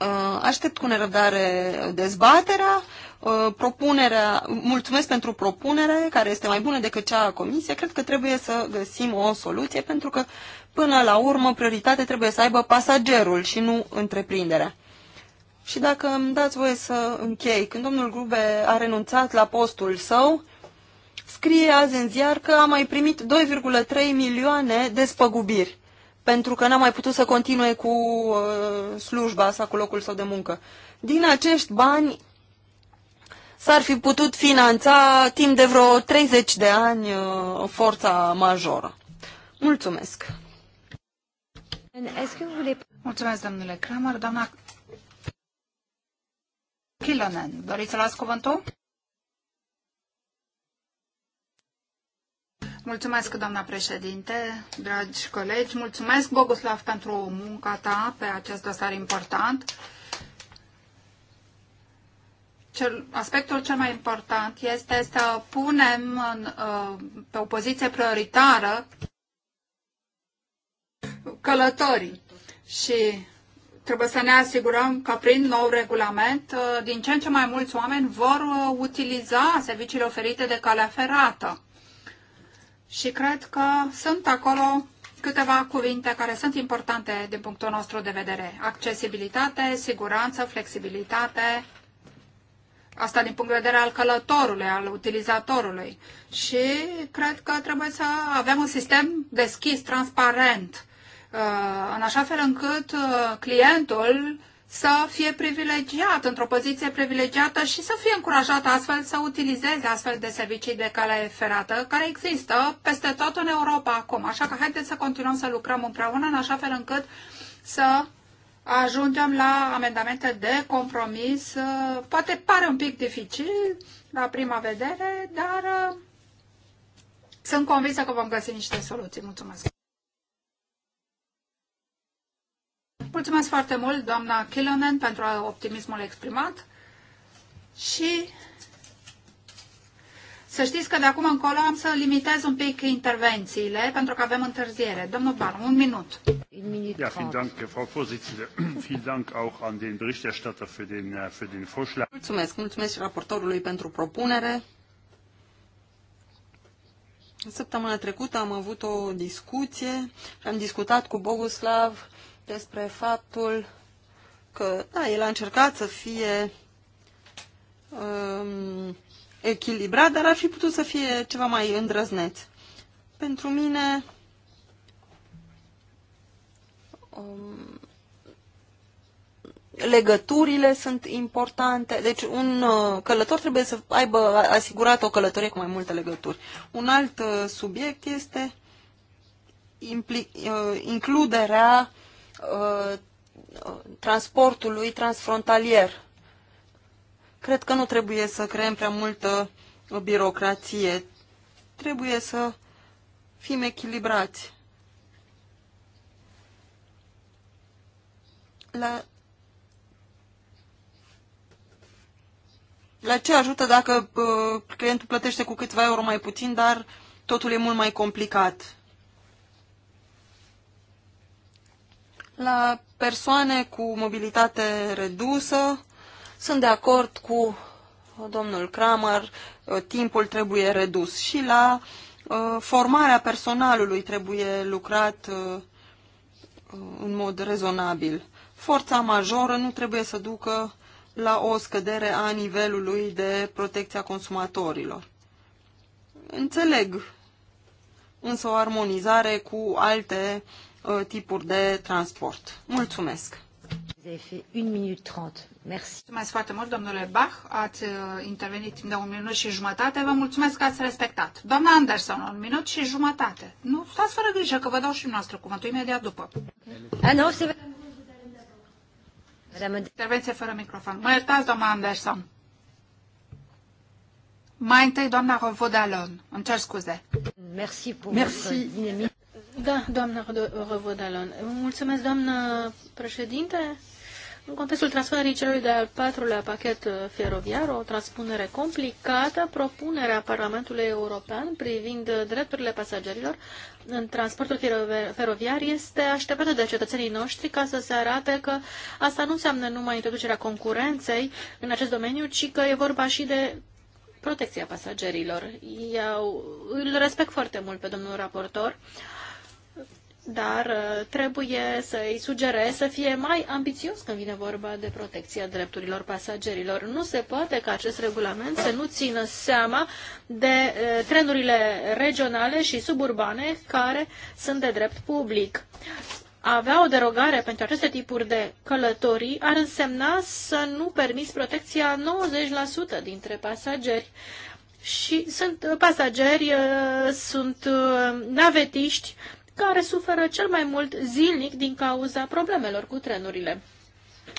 uh, aștept cu nerăbdare dezbaterea, uh, propunerea, mulțumesc pentru propunere, care este mai bună decât cea a comisiei. Cred că trebuie să găsim o soluție, pentru că, până la urmă, prioritate trebuie să aibă pasagerul și nu întreprinderea. Și dacă îmi dați voie să închei, când domnul Grube a renunțat la postul său, scrie azi în ziar că a mai primit 2,3 milioane de spăgubiri pentru că n-a mai putut să continue cu uh, slujba sa, cu locul său de muncă. Din acești bani s-ar fi putut finanța timp de vreo 30 de ani uh, forța majoră. Mulțumesc! Mulțumesc, domnule Kramer. Doamna Kilonen, doriți să las cuvântul? Mulțumesc, doamna președinte, dragi colegi. Mulțumesc, Boguslav, pentru munca ta pe acest dosar important. Cel, aspectul cel mai important este să punem în, uh, pe o poziție prioritară călătorii și trebuie să ne asigurăm că prin nou regulament uh, din ce în ce mai mulți oameni vor uh, utiliza serviciile oferite de calea ferată și cred că sunt acolo câteva cuvinte care sunt importante din punctul nostru de vedere. Accesibilitate, siguranță, flexibilitate, asta din punct de vedere al călătorului, al utilizatorului. Și cred că trebuie să avem un sistem deschis, transparent, uh, în așa fel încât uh, clientul să fie privilegiat, într-o poziție privilegiată și să fie încurajat astfel să utilizeze astfel de servicii de cale ferată care există peste tot în Europa acum. Așa că haideți să continuăm să lucrăm împreună în așa fel încât să ajungem la amendamente de compromis. Poate pare un pic dificil la prima vedere, dar uh, sunt convinsă că vom găsi niște soluții. Mulțumesc! Mulțumesc foarte mult, doamna Kilonen, pentru optimismul exprimat și să știți că de acum încolo am să limitez un pic intervențiile, pentru că avem întârziere. Domnul Bar, un minut. Un minut. Ja, vielen Dank, Frau Vorsitzende. vielen Dank auch an den Berichterstatter für den, äh, für den Vorschlag. Mulțumesc, mulțumesc raportorului pentru propunere. Săptămâna trecută am avut o discuție și am discutat cu Boguslav despre faptul că, da, el a încercat să fie um, echilibrat, dar ar fi putut să fie ceva mai îndrăzneț. Pentru mine, um, legăturile sunt importante. Deci un uh, călător trebuie să aibă asigurat o călătorie cu mai multe legături. Un alt uh, subiect este uh, includerea Uh, transportului transfrontalier. Cred că nu trebuie să creăm prea multă birocrație. Trebuie să fim echilibrați. La, la ce ajută dacă uh, clientul plătește cu câțiva euro mai puțin, dar totul e mult mai complicat? La persoane cu mobilitate redusă, sunt de acord cu domnul Kramer, uh, timpul trebuie redus și la uh, formarea personalului trebuie lucrat uh, în mod rezonabil. Forța majoră nu trebuie să ducă la o scădere a nivelului de protecție a consumatorilor. Înțeleg însă o armonizare cu alte uh, Uh, tipuri de transport. Mulțumesc! Mulțumesc foarte mult, domnule Bach. Ați uh, intervenit timp de un minut și jumătate. Vă mulțumesc că ați respectat. Doamna Anderson, un minut și jumătate. Nu, stați fără grijă că vă dau și noastră cuvântul imediat după. Ah, Intervenție fără microfon. Mă iertați, doamna Anderson. Mai întâi, doamna Rovodalon. Îmi cer scuze. Merci pour Merci. Da, doamna Răvădalon. Mulțumesc, doamnă președinte. În contextul transferării celui de-al patrulea pachet feroviar, o transpunere complicată, propunerea Parlamentului European privind drepturile pasagerilor în transportul feroviar este așteptată de cetățenii noștri ca să se arate că asta nu înseamnă numai introducerea concurenței în acest domeniu, ci că e vorba și de protecția pasagerilor. Eu îl respect foarte mult pe domnul raportor. Uh, dar uh, trebuie să îi sugerez să fie mai ambițios când vine vorba de protecția drepturilor pasagerilor. Nu se poate ca acest regulament să nu țină seama de uh, trenurile regionale și suburbane care sunt de drept public. Avea o derogare pentru aceste tipuri de călătorii ar însemna să nu permiți protecția 90% dintre pasageri. Și sunt uh, pasageri, sunt navetiști care suferă cel mai mult zilnic din cauza problemelor cu trenurile.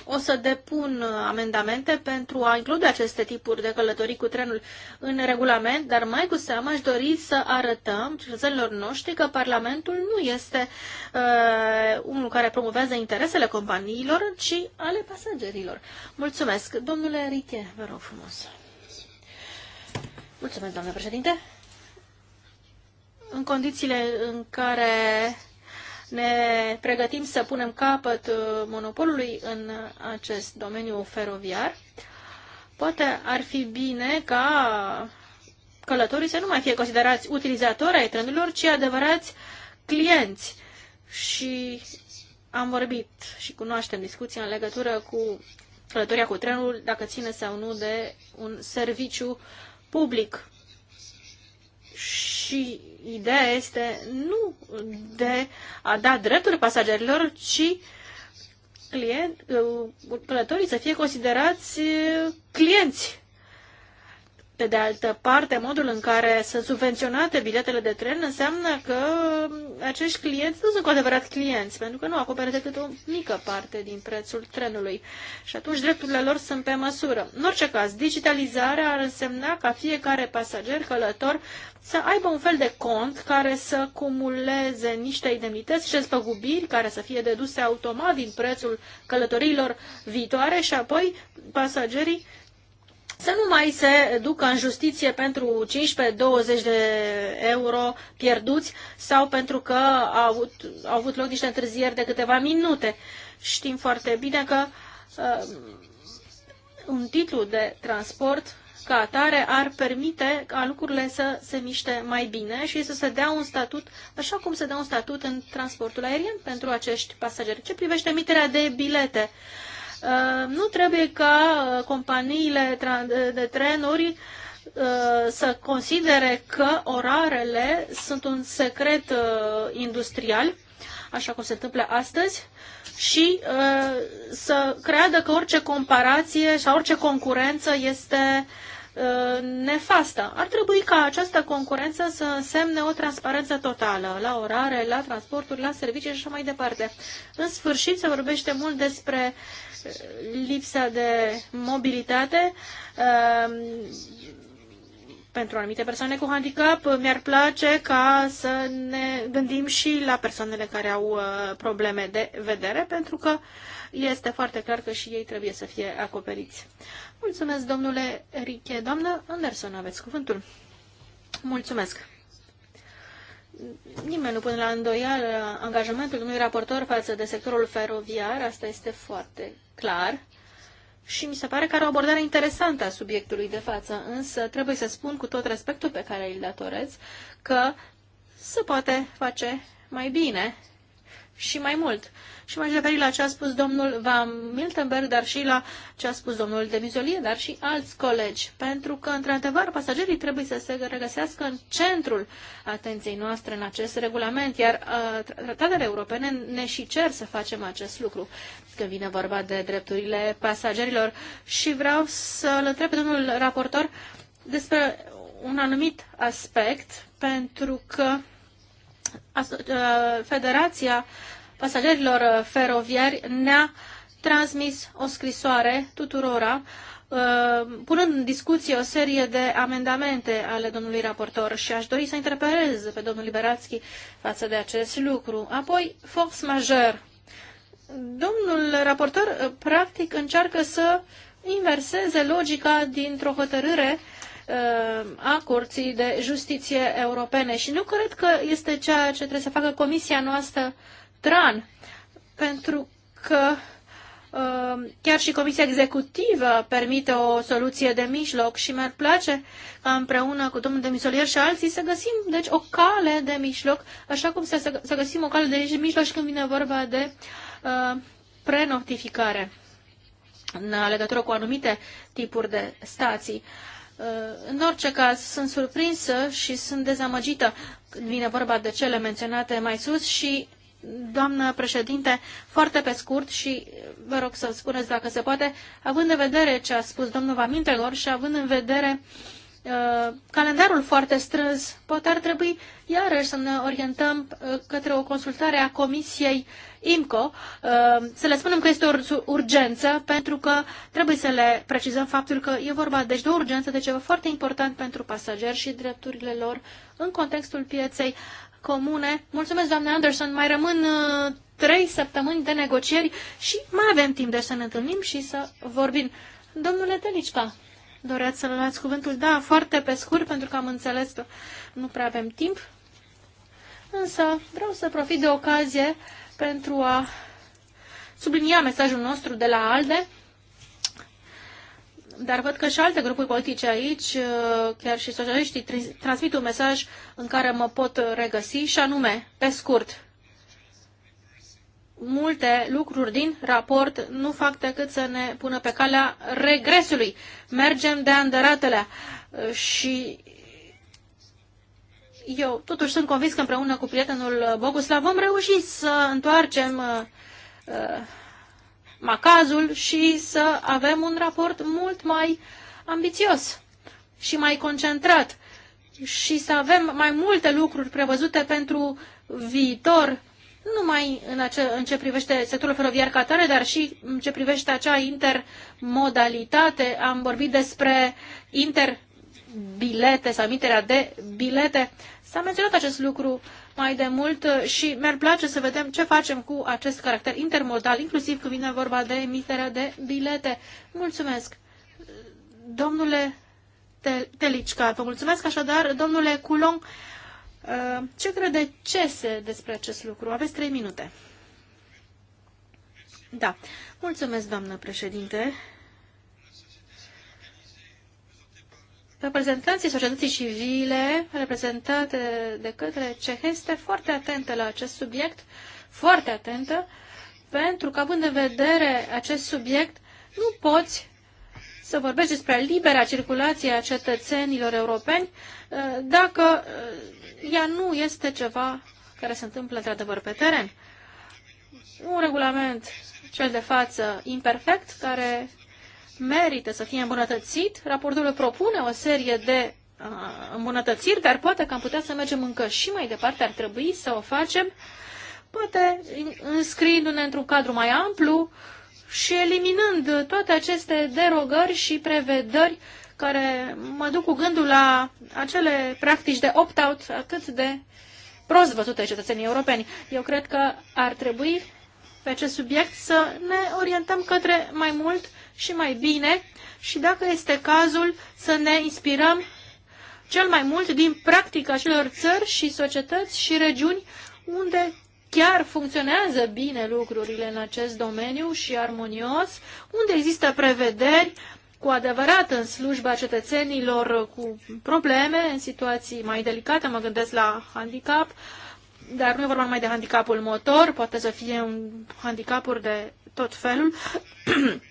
O să depun uh, amendamente pentru a include aceste tipuri de călătorii cu trenul în regulament, dar mai cu seamă aș dori să arătăm cetățenilor noștri că Parlamentul nu este uh, unul care promovează interesele companiilor, ci ale pasagerilor. Mulțumesc. Domnule Riche, vă rog frumos. Mulțumesc, doamnă președinte în condițiile în care ne pregătim să punem capăt uh, monopolului în acest domeniu feroviar, poate ar fi bine ca călătorii să nu mai fie considerați utilizatori ai trenurilor, ci adevărați clienți. Și am vorbit și cunoaștem discuția în legătură cu călătoria cu trenul, dacă ține sau nu de un serviciu public. Și ideea este nu de a da drepturi pasagerilor, ci client, călătorii să fie considerați clienți pe de altă parte, modul în care sunt subvenționate biletele de tren înseamnă că acești clienți nu sunt cu adevărat clienți, pentru că nu acoperă decât o mică parte din prețul trenului. Și atunci drepturile lor sunt pe măsură. În orice caz, digitalizarea ar însemna ca fiecare pasager călător să aibă un fel de cont care să cumuleze niște indemnități și spăgubiri care să fie deduse automat din prețul călătorilor viitoare și apoi pasagerii să nu mai se ducă în justiție pentru 15-20 de euro pierduți sau pentru că au avut, au avut loc niște întârzieri de câteva minute. Știm foarte bine că uh, un titlu de transport ca atare ar permite ca lucrurile să se miște mai bine și să se dea un statut, așa cum se dă un statut în transportul aerian pentru acești pasageri. Ce privește emiterea de bilete, uh, Uh, nu trebuie ca uh, companiile de trenuri uh, să considere că orarele sunt un secret industrial, așa cum se întâmplă astăzi, și să creadă că orice comparație sau orice concurență este Uh, nefastă. Ar trebui ca această concurență să însemne o transparență totală la orare, la transporturi, la servicii și așa mai departe. În sfârșit, se vorbește mult despre uh, lipsa de mobilitate uh, pentru anumite persoane cu handicap. Mi-ar place ca să ne gândim și la persoanele care au probleme de vedere, pentru că este foarte clar că și ei trebuie să fie acoperiți. Mulțumesc, domnule Riche. Doamnă Anderson, aveți cuvântul. Mulțumesc. Nimeni nu pune la îndoială angajamentul unui raportor față de sectorul feroviar, asta este foarte clar. Și mi se pare că are o abordare interesantă a subiectului de față, însă trebuie să spun cu tot respectul pe care îl datorez că se poate face mai bine și mai mult. Și mai referi la ce a spus domnul Van Miltenberg, dar și la ce a spus domnul de dar și alți colegi. Pentru că, într-adevăr, pasagerii trebuie să se regăsească în centrul atenției noastre în acest regulament, iar uh, tratatele europene ne și cer să facem acest lucru când vine vorba de drepturile pasagerilor. Și vreau să-l întreb pe domnul raportor despre un anumit aspect, pentru că uh, Uh, Federația Pasagerilor Feroviari ne-a transmis o scrisoare tuturora uh, punând în discuție o serie de amendamente ale domnului raportor și aș dori să interpelez pe domnul Liberațchi față de acest lucru. Apoi, force majeur. Domnul raportor, uh, practic, încearcă să inverseze logica dintr-o hotărâre uh, Uh, a Curții de Justiție Europene și nu cred că este ceea ce trebuie să facă comisia noastră TRAN, pentru că uh, chiar și Comisia Executivă permite o soluție de mijloc și mi-ar place ca împreună cu domnul Demisolier și alții să găsim deci o cale de mijloc, așa cum să, să găsim o cale de mijloc și când vine vorba de uh, prenotificare în legătură cu anumite tipuri de stații. Uh, în orice caz, sunt surprinsă și sunt dezamăgită când vine vorba de cele menționate mai sus și, doamnă președinte, foarte pe scurt și vă rog să spuneți dacă se poate, având în vedere ce a spus domnul Vamintelor și având în vedere uh, Uh, calendarul foarte strâns, poate ar trebui iarăși să ne orientăm uh, către o consultare a Comisiei IMCO, uh, să le spunem că este o urgență, pentru că trebuie să le precizăm faptul că e vorba deci de o urgență, de ceva foarte important pentru pasageri și drepturile lor în contextul pieței comune. Mulțumesc, doamne Anderson, mai rămân trei săptămâni de negocieri și mai avem timp de să ne întâlnim și să vorbim. Domnule Telicca, Doreați să luați cuvântul? Da, foarte pe scurt, pentru că am înțeles că nu prea avem timp. Însă vreau să profit de ocazie pentru a sublinia mesajul nostru de la ALDE, dar văd că și alte grupuri politice aici, chiar și socialiștii, transmit un mesaj în care mă pot regăsi și anume, pe scurt, multe lucruri din raport nu fac decât să ne pună pe calea regresului. Mergem de andăratelea și eu totuși sunt convins că împreună cu prietenul Boguslav vom reuși să întoarcem uh, uh, macazul și să avem un raport mult mai ambițios și mai concentrat și să avem mai multe lucruri prevăzute pentru viitor nu numai în, ace- în ce privește sectorul feroviar ca tare, dar și în ce privește acea intermodalitate. Am vorbit despre interbilete sau emiterea de bilete. S-a menționat acest lucru mai de mult și mi-ar place să vedem ce facem cu acest caracter intermodal, inclusiv când vine vorba de emiterea de bilete. Mulțumesc! Domnule Telicca, vă mulțumesc așadar, domnule Coulon, Uh, ce crede se despre acest lucru? Aveți trei minute. Da. Mulțumesc, doamnă președinte. Reprezentanții societății civile, reprezentate de către CEH, este foarte atentă la acest subiect, foarte atentă, pentru că, având în vedere acest subiect, nu poți să vorbești despre libera circulație a cetățenilor europeni uh, dacă uh, ea nu este ceva care se întâmplă într-adevăr pe teren. Un regulament, cel de față, imperfect, care merită să fie îmbunătățit. Raportul propune o serie de uh, îmbunătățiri, dar poate că am putea să mergem încă și mai departe, ar trebui să o facem, poate înscriindu-ne într-un cadru mai amplu și eliminând toate aceste derogări și prevedări care mă duc cu gândul la acele practici de opt-out atât de prost văzute cetățenii europeni. Eu cred că ar trebui pe acest subiect să ne orientăm către mai mult și mai bine și dacă este cazul să ne inspirăm cel mai mult din practica celor țări și societăți și regiuni unde chiar funcționează bine lucrurile în acest domeniu și armonios, unde există prevederi cu adevărat în slujba cetățenilor cu probleme, în situații mai delicate, mă gândesc la handicap, dar nu e vorba numai de handicapul motor, poate să fie un handicapuri de tot felul.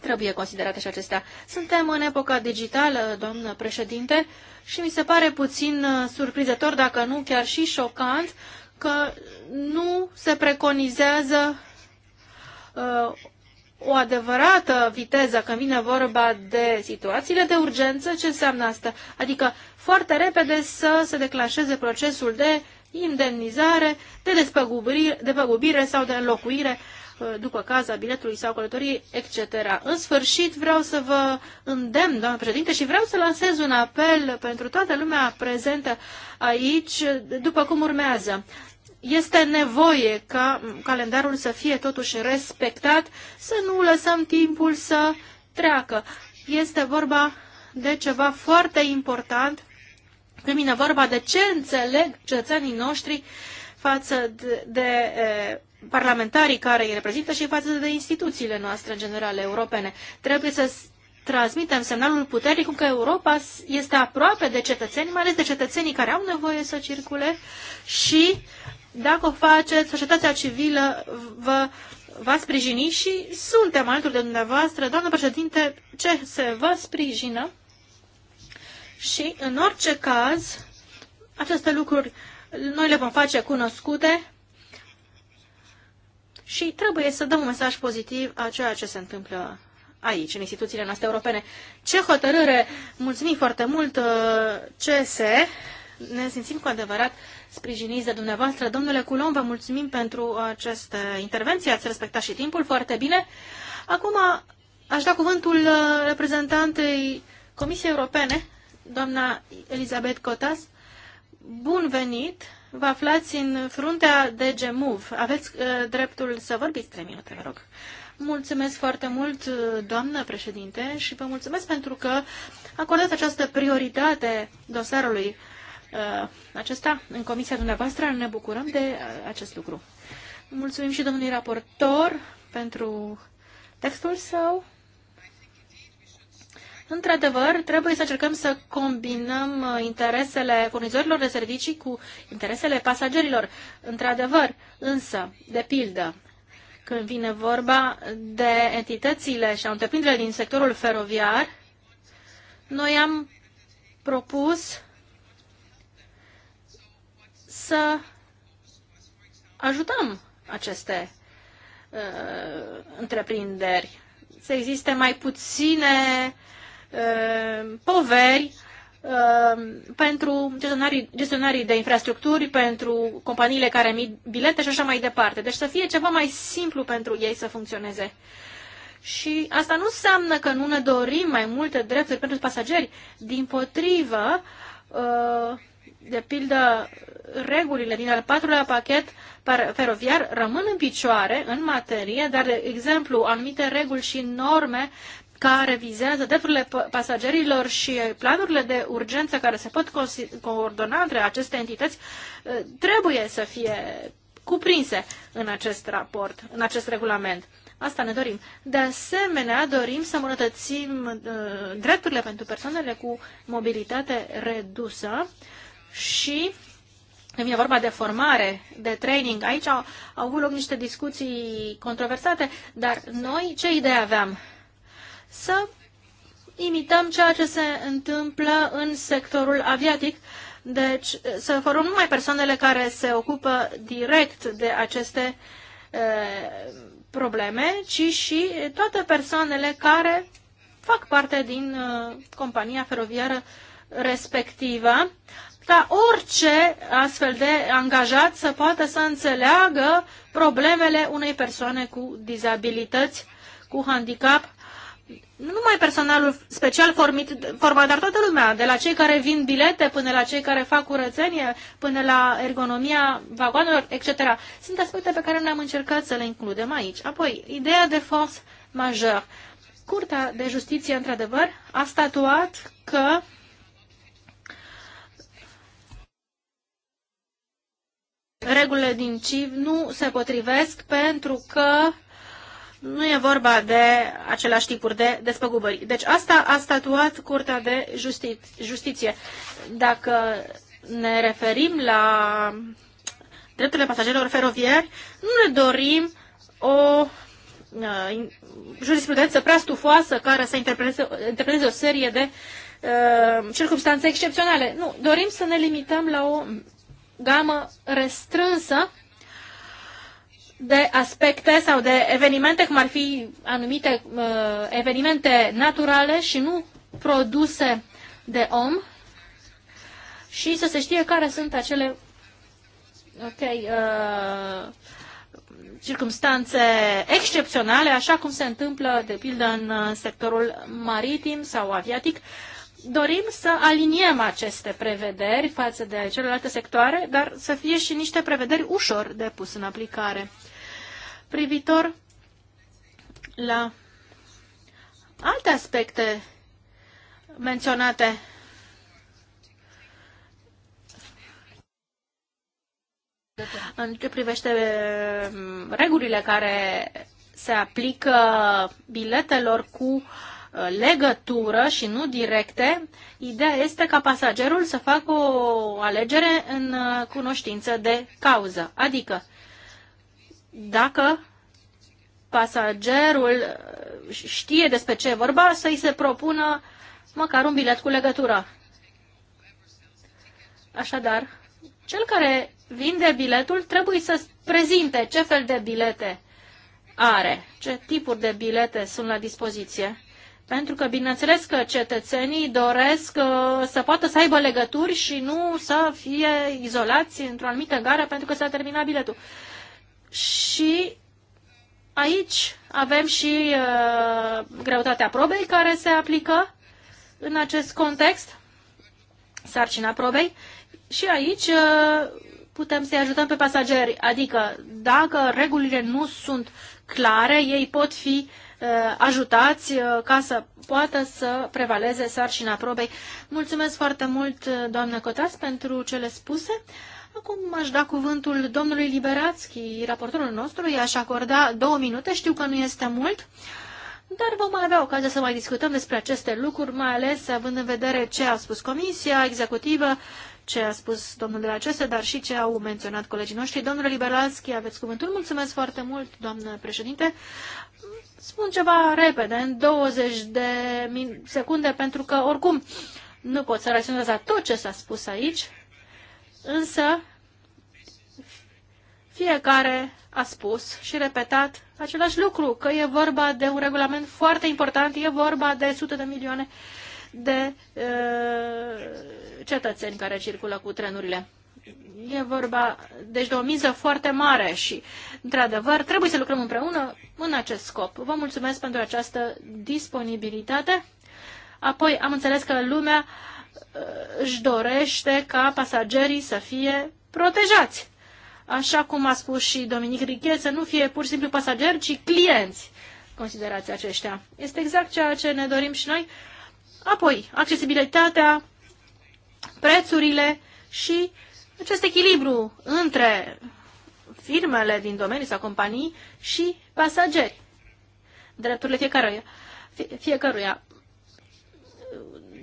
Trebuie considerate și acestea. Suntem în epoca digitală, doamnă președinte, și mi se pare puțin uh, surprizător, dacă nu chiar și șocant, că nu se preconizează uh, o adevărată viteză când vine vorba de situațiile de urgență, ce înseamnă asta? Adică foarte repede să se declanșeze procesul de indemnizare, de despăgubire, de sau de înlocuire uh, după caza biletului sau călătoriei, etc. În sfârșit, vreau să vă îndemn, doamnă președinte, și vreau să lansez un apel pentru toată lumea prezentă aici, după cum urmează este nevoie ca calendarul să fie totuși respectat, să nu lăsăm timpul să treacă. Este vorba de ceva foarte important când vine vorba de ce înțeleg cetățenii noștri față de, de parlamentarii care îi reprezintă și față de instituțiile noastre în general europene. Trebuie să transmitem semnalul puternic că Europa este aproape de cetățeni, mai ales de cetățenii care au nevoie să circule și dacă o faceți, societatea civilă vă va sprijini și suntem alături de dumneavoastră. Doamnă președinte, ce se vă sprijină? Și în orice caz, aceste lucruri noi le vom face cunoscute și trebuie să dăm un mesaj pozitiv a ceea ce se întâmplă aici, în instituțiile noastre europene. Ce hotărâre! Mulțumim foarte mult, uh, CS! Ne simțim cu adevărat sprijiniți de dumneavoastră. Domnule Culon, vă mulțumim pentru această intervenție, ați respectat și timpul foarte bine. Acum aș da cuvântul uh, reprezentantei Comisiei Europene, doamna Elizabeth Cotas. Bun venit! Vă aflați în fruntea de Move. Aveți uh, dreptul să vorbiți trei minute, vă rog. Mulțumesc foarte mult, uh, doamnă președinte, și vă mulțumesc pentru că acordați această prioritate dosarului Uh, acesta în comisia dumneavoastră. Ne bucurăm de uh, acest lucru. Mulțumim și domnului raportor pentru textul său. Într-adevăr, trebuie să încercăm să combinăm uh, interesele furnizorilor de servicii cu interesele pasagerilor. Într-adevăr, însă, de pildă, când vine vorba de entitățile și întreprinderile din sectorul feroviar, noi am propus să ajutăm aceste uh, întreprinderi, să existe mai puține uh, poveri uh, pentru gestionarii, gestionarii de infrastructuri, pentru companiile care emit bilete și așa mai departe. Deci să fie ceva mai simplu pentru ei să funcționeze. Și asta nu înseamnă că nu ne dorim mai multe drepturi pentru pasageri. Din potrivă, uh, de pildă, regulile din al patrulea pachet feroviar rămân în picioare în materie, dar, de exemplu, anumite reguli și norme care vizează drepturile pasagerilor și planurile de urgență care se pot coordona între aceste entități eh, trebuie să fie cuprinse în acest raport, în acest regulament. Asta ne dorim. De asemenea, dorim să îmbunătățim eh, drepturile pentru persoanele cu mobilitate redusă și când vine vorba de formare, de training, aici au, au avut loc niște discuții controversate, dar noi ce idee aveam? Să imităm ceea ce se întâmplă în sectorul aviatic, deci să formăm numai persoanele care se ocupă direct de aceste e, probleme, ci și toate persoanele care fac parte din e, compania feroviară respectivă ca orice astfel de angajat să poată să înțeleagă problemele unei persoane cu dizabilități, cu handicap, nu numai personalul special formit, format, dar toată lumea, de la cei care vin bilete până la cei care fac curățenie, până la ergonomia vagoanelor, etc. Sunt aspecte pe care ne-am încercat să le includem aici. Apoi, ideea de force majeure. Curtea de Justiție, într-adevăr, a statuat că regulile din CIV nu se potrivesc pentru că nu e vorba de același tipuri de despăgubări. Deci asta a statuat Curtea de Justi Justiție. Dacă ne referim la drepturile pasagerilor feroviari, nu ne dorim o uh, jurisprudență prea stufoasă care să interpreteze, interpreteze o serie de uh, circunstanțe excepționale. Nu, dorim să ne limităm la o gamă restrânsă de aspecte sau de evenimente, cum ar fi anumite uh, evenimente naturale și nu produse de om și să se știe care sunt acele ok, uh, circumstanțe excepționale, așa cum se întâmplă, de pildă, în uh, sectorul maritim sau aviatic, dorim să aliniem aceste prevederi față de celelalte sectoare, dar să fie și niște prevederi ușor de pus în aplicare. Privitor la alte aspecte menționate în ce privește mm, regulile care se aplică biletelor cu uh, Uh, legătură și nu directe, ideea este ca pasagerul să facă o alegere în uh, cunoștință de cauză. Adică, dacă pasagerul uh, știe despre ce e vorba, să-i se propună măcar un bilet cu legătură. Așadar, cel care vinde biletul trebuie să prezinte ce fel de bilete are, ce tipuri de bilete sunt la dispoziție. Pentru că, bineînțeles, că cetățenii doresc uh, să poată să aibă legături și nu să fie izolați într-o anumită gară pentru că s-a terminat biletul. Și aici avem și uh, greutatea probei care se aplică în acest context, sarcina probei. Și aici uh, putem să-i ajutăm pe pasageri, adică dacă regulile nu sunt clare, ei pot fi uh, Uh, ajutați uh, ca să poată să prevaleze sarcina probei. Mulțumesc foarte mult, uh, doamnă Cotas, pentru cele spuse. Acum aș da cuvântul domnului Liberațchi, raportorul nostru, i-aș acorda două minute, știu că nu este mult, dar vom mai avea ocazia să mai discutăm despre aceste lucruri, mai ales având în vedere ce a spus Comisia Executivă, ce a spus domnul de la CESE, dar și ce au menționat colegii noștri. Domnule Liberalski, aveți cuvântul. Mulțumesc foarte mult, doamnă președinte spun ceva repede, în 20 de secunde, pentru că oricum nu pot să reacționez la tot ce s-a spus aici, însă fiecare a spus și repetat același lucru, că e vorba de un regulament foarte important, e vorba de sute de milioane de uh, cetățeni care circulă cu trenurile. E vorba, deci, de o miză foarte mare și, într-adevăr, trebuie să lucrăm împreună în acest scop. Vă mulțumesc pentru această disponibilitate. Apoi, am înțeles că lumea uh, își dorește ca pasagerii să fie protejați. Așa cum a spus și Dominic Richel, să nu fie pur și simplu pasageri, ci clienți. Considerați aceștia. Este exact ceea ce ne dorim și noi. Apoi, accesibilitatea, prețurile și uh, acest echilibru între firmele din domenii sau companii și pasageri. Drepturile fiecăruia. Fie, fiecăruia.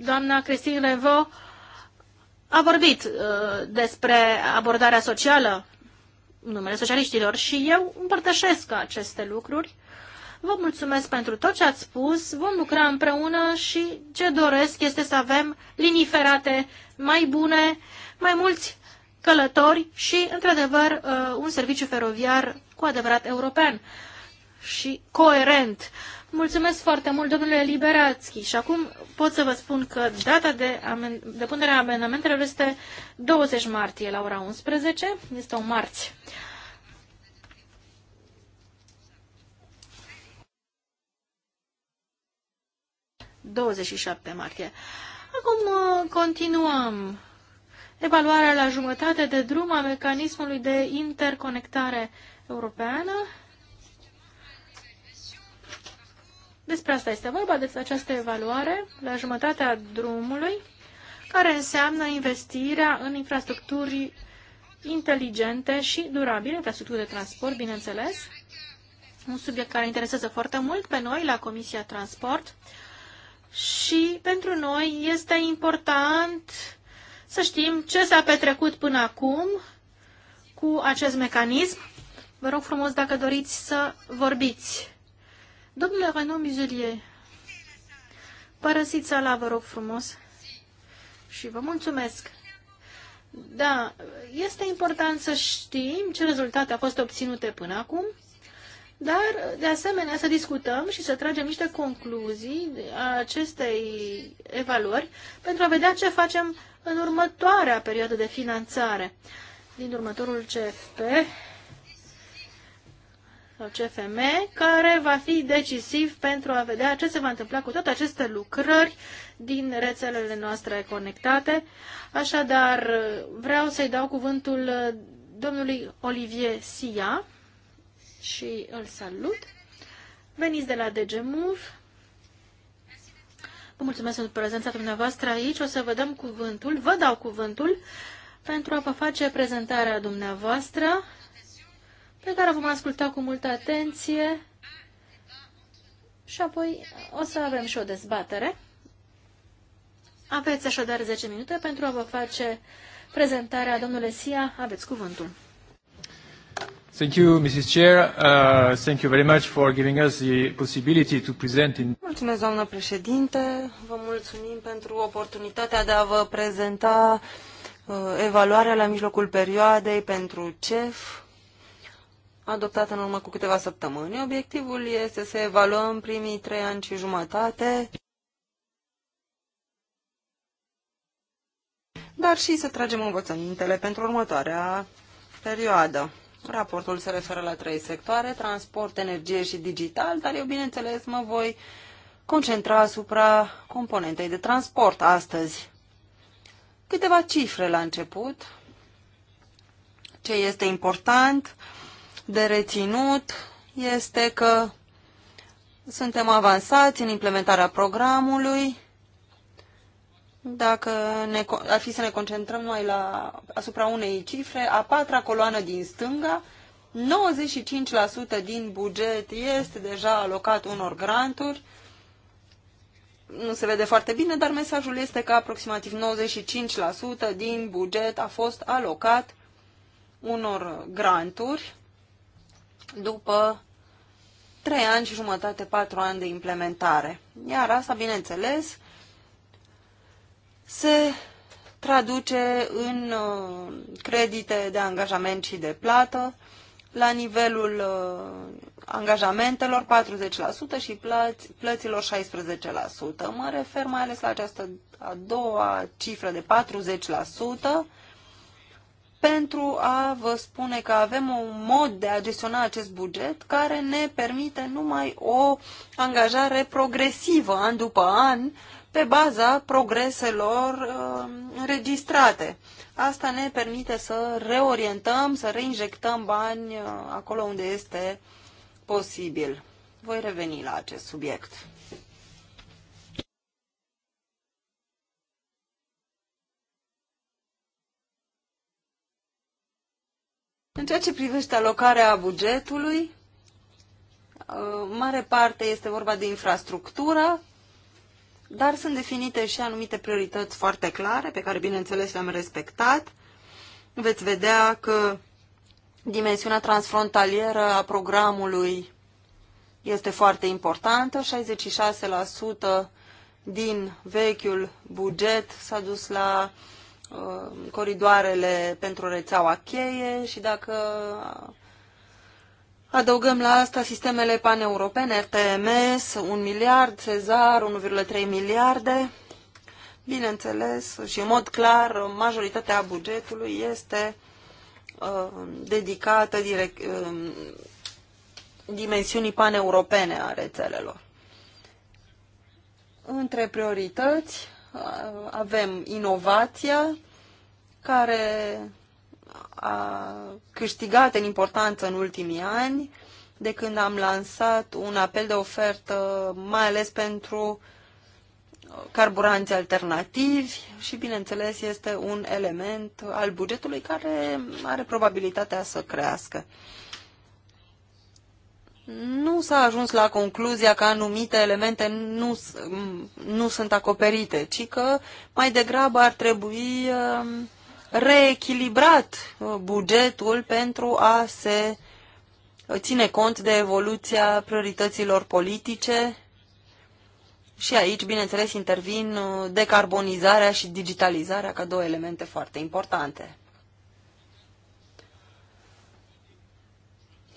Doamna Christine Revo a vorbit uh, despre abordarea socială în numele socialiștilor și eu împărtășesc aceste lucruri. Vă mulțumesc pentru tot ce ați spus, vom lucra împreună și ce doresc este să avem linii ferate mai bune, mai mulți călători și, într-adevăr, uh, un serviciu feroviar cu adevărat european și coerent. Mulțumesc foarte mult, domnule Liberațchi. Și acum pot să vă spun că data de amen- depunere a amendamentelor este 20 martie la ora 11. Este o marți. ...27 martie. Acum uh, continuăm evaluarea la jumătate de drum a mecanismului de interconectare europeană. Despre asta este vorba, despre această evaluare la jumătatea drumului, care înseamnă investirea în infrastructuri inteligente și durabile, infrastructuri de transport, bineînțeles, un subiect care interesează foarte mult pe noi la Comisia Transport și pentru noi este important uh, să știm ce s-a petrecut până acum cu acest mecanism. Vă rog frumos dacă doriți să vorbiți. Domnule Renaud Muzulier, părăsiți sala, vă rog frumos. Și vă mulțumesc. Da, este important să știm ce rezultate au fost obținute până acum, dar, de asemenea, să discutăm și să tragem niște concluzii a acestei evaluări pentru a vedea ce facem în următoarea perioadă de finanțare din următorul CFP sau CFM, care va fi decisiv pentru a vedea ce se va întâmpla cu toate aceste lucrări din rețelele noastre conectate. Așadar, vreau să-i dau cuvântul domnului Olivier Sia și îl salut. Veniți de la DGMUV, Vă mulțumesc pentru prezența dumneavoastră aici. O să vă dăm cuvântul, vă dau cuvântul pentru a vă face prezentarea dumneavoastră, pe care vom asculta cu multă atenție și apoi o să avem și o dezbatere. Aveți așadar 10 minute pentru a vă face prezentarea domnule Sia. Aveți cuvântul. Thank you, Mrs. Chair. Uh, thank you very much for giving us the possibility to present in... Mulțumesc, doamnă președinte. Vă mulțumim pentru oportunitatea de a vă prezenta uh, evaluarea la mijlocul perioadei pentru CEF, adoptată în urmă cu câteva săptămâni. Obiectivul este să evaluăm primii trei ani și jumătate, dar și să tragem învățămintele pentru următoarea perioadă. Raportul se referă la trei sectoare, transport, energie și digital, dar eu, bineînțeles, mă voi concentra asupra componentei de transport astăzi. Câteva cifre la început. Ce este important de reținut este că suntem avansați în implementarea programului, dacă ne, ar fi să ne concentrăm noi la, asupra unei cifre, a patra coloană din stânga, 95% din buget este deja alocat unor granturi. Nu se vede foarte bine, dar mesajul este că aproximativ 95% din buget a fost alocat unor granturi după 3 ani și jumătate, 4 ani de implementare. Iar asta, bineînțeles, se traduce în uh, credite de angajament și de plată la nivelul uh, angajamentelor 40% și plăți, plăților 16%. Mă refer mai ales la această a doua cifră de 40% pentru a vă spune că avem un mod de a gestiona acest buget care ne permite numai o angajare progresivă an după an pe baza progreselor uh, înregistrate. Asta ne permite să reorientăm, să reinjectăm bani uh, acolo unde este posibil. Voi reveni la acest subiect. În ceea ce privește alocarea bugetului, uh, mare parte este vorba de infrastructura dar sunt definite și anumite priorități foarte clare, pe care, bineînțeles, le-am respectat. Veți vedea că dimensiunea transfrontalieră a programului este foarte importantă. 66% din vechiul buget s-a dus la uh, coridoarele pentru rețeaua cheie și dacă Adăugăm la asta sistemele paneuropene, RTMS, 1 miliard, Cezar, 1,3 miliarde. Bineînțeles și în mod clar, majoritatea bugetului este uh, dedicată direct, uh, dimensiunii paneuropene a rețelelor. Între priorități uh, avem inovația, care a câștigat în importanță în ultimii ani, de când am lansat un apel de ofertă, mai ales pentru carburanți alternativi și, bineînțeles, este un element al bugetului care are probabilitatea să crească. Nu s-a ajuns la concluzia că anumite elemente nu, nu sunt acoperite, ci că mai degrabă ar trebui um, reechilibrat uh, bugetul pentru a se ține cont de evoluția priorităților politice și aici, bineînțeles, intervin uh, decarbonizarea și digitalizarea ca două elemente foarte importante.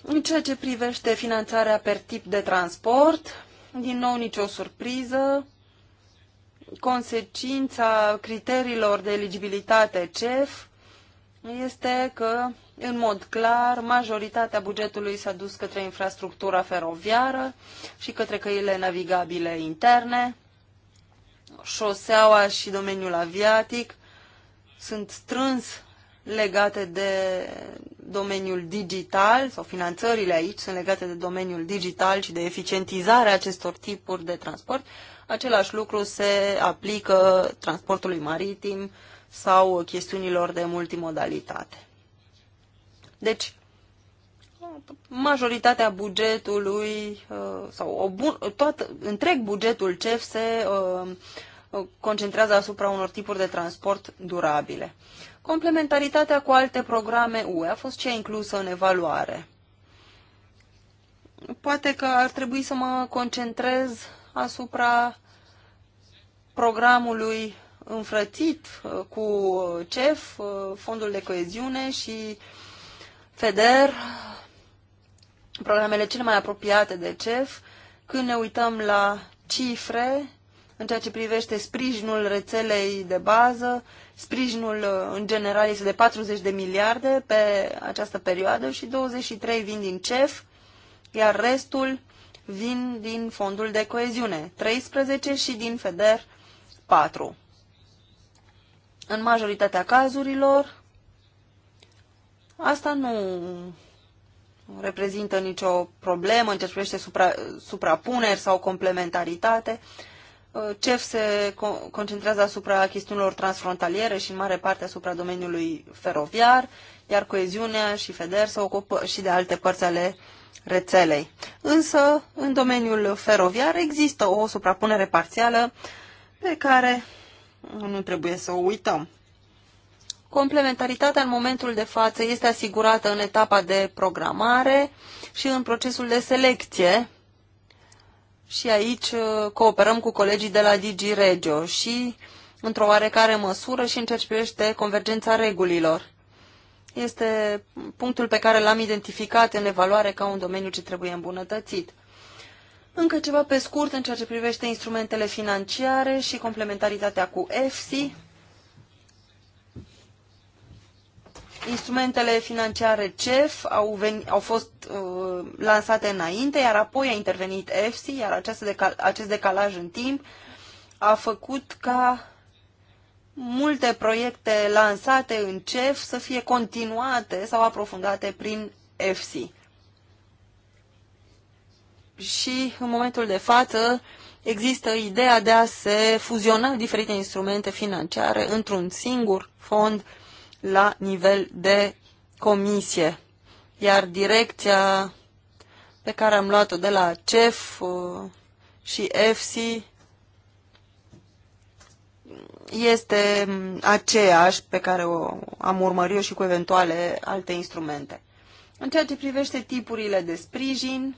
În ceea ce privește finanțarea per tip de transport, din nou nicio surpriză, consecința criteriilor de eligibilitate CEF este că, în mod clar, majoritatea bugetului s-a dus către infrastructura feroviară și către căile navigabile interne. Șoseaua și domeniul aviatic sunt strâns legate de domeniul digital sau finanțările aici sunt legate de domeniul digital și de eficientizarea acestor tipuri de transport, Același lucru se aplică transportului maritim sau chestiunilor de multimodalitate. Deci, majoritatea bugetului uh, sau o bun, tot, întreg bugetul CEF se uh, concentrează asupra unor tipuri de transport durabile. Complementaritatea cu alte programe UE a fost cea inclusă în evaluare. Poate că ar trebui să mă concentrez asupra programului înfrățit uh, cu CEF, uh, Fondul de Coeziune și FEDER, programele cele mai apropiate de CEF. Când ne uităm la cifre, în ceea ce privește sprijinul rețelei de bază, sprijinul uh, în general este de 40 de miliarde pe această perioadă și 23 vin din CEF, iar restul vin din fondul de coeziune, 13 și din FEDER 4. În majoritatea cazurilor, asta nu reprezintă nicio problemă în ce privește supra, suprapuneri sau complementaritate. CEF se concentrează asupra chestiunilor transfrontaliere și în mare parte asupra domeniului feroviar, iar coeziunea și FEDER se ocupă și de alte părți ale uh, rețelei. Însă, în domeniul feroviar există o suprapunere parțială pe care nu trebuie să o uităm. Complementaritatea în momentul de față este asigurată în etapa de programare și în procesul de selecție. Și aici uh, cooperăm cu colegii de la DigiRegio și, într-o oarecare măsură, și în ce privește convergența regulilor este punctul pe care l-am identificat în evaluare ca un domeniu ce trebuie îmbunătățit. Încă ceva pe scurt în ceea ce privește instrumentele financiare și complementaritatea cu EFSI. Instrumentele financiare CEF au, veni, au fost uh, lansate înainte, iar apoi a intervenit EFSI, iar acest, decal, acest decalaj în timp a făcut ca multe proiecte lansate în CEF să fie continuate sau aprofundate prin EFSI. Și în momentul de față există ideea de a se fuziona diferite instrumente financiare într-un singur fond la nivel de comisie. Iar direcția pe care am luat-o de la CEF uh, și EFSI este aceeași pe care o am urmărit și cu eventuale alte instrumente. În ceea ce privește tipurile de sprijin,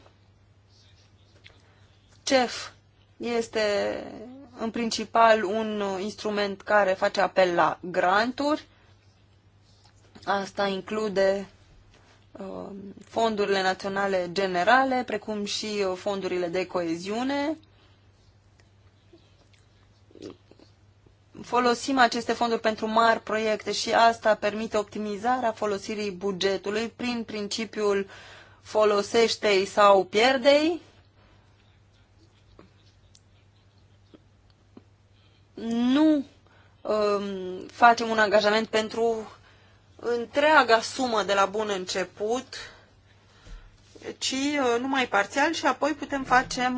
CEF este în principal un instrument care face apel la granturi. Asta include uh, fondurile naționale generale, precum și uh, fondurile de coeziune folosim aceste fonduri pentru mari proiecte și asta permite optimizarea folosirii bugetului prin principiul folosește-i sau pierdei Nu um, facem un angajament pentru întreaga sumă de la bun început, ci uh, numai parțial și apoi putem face,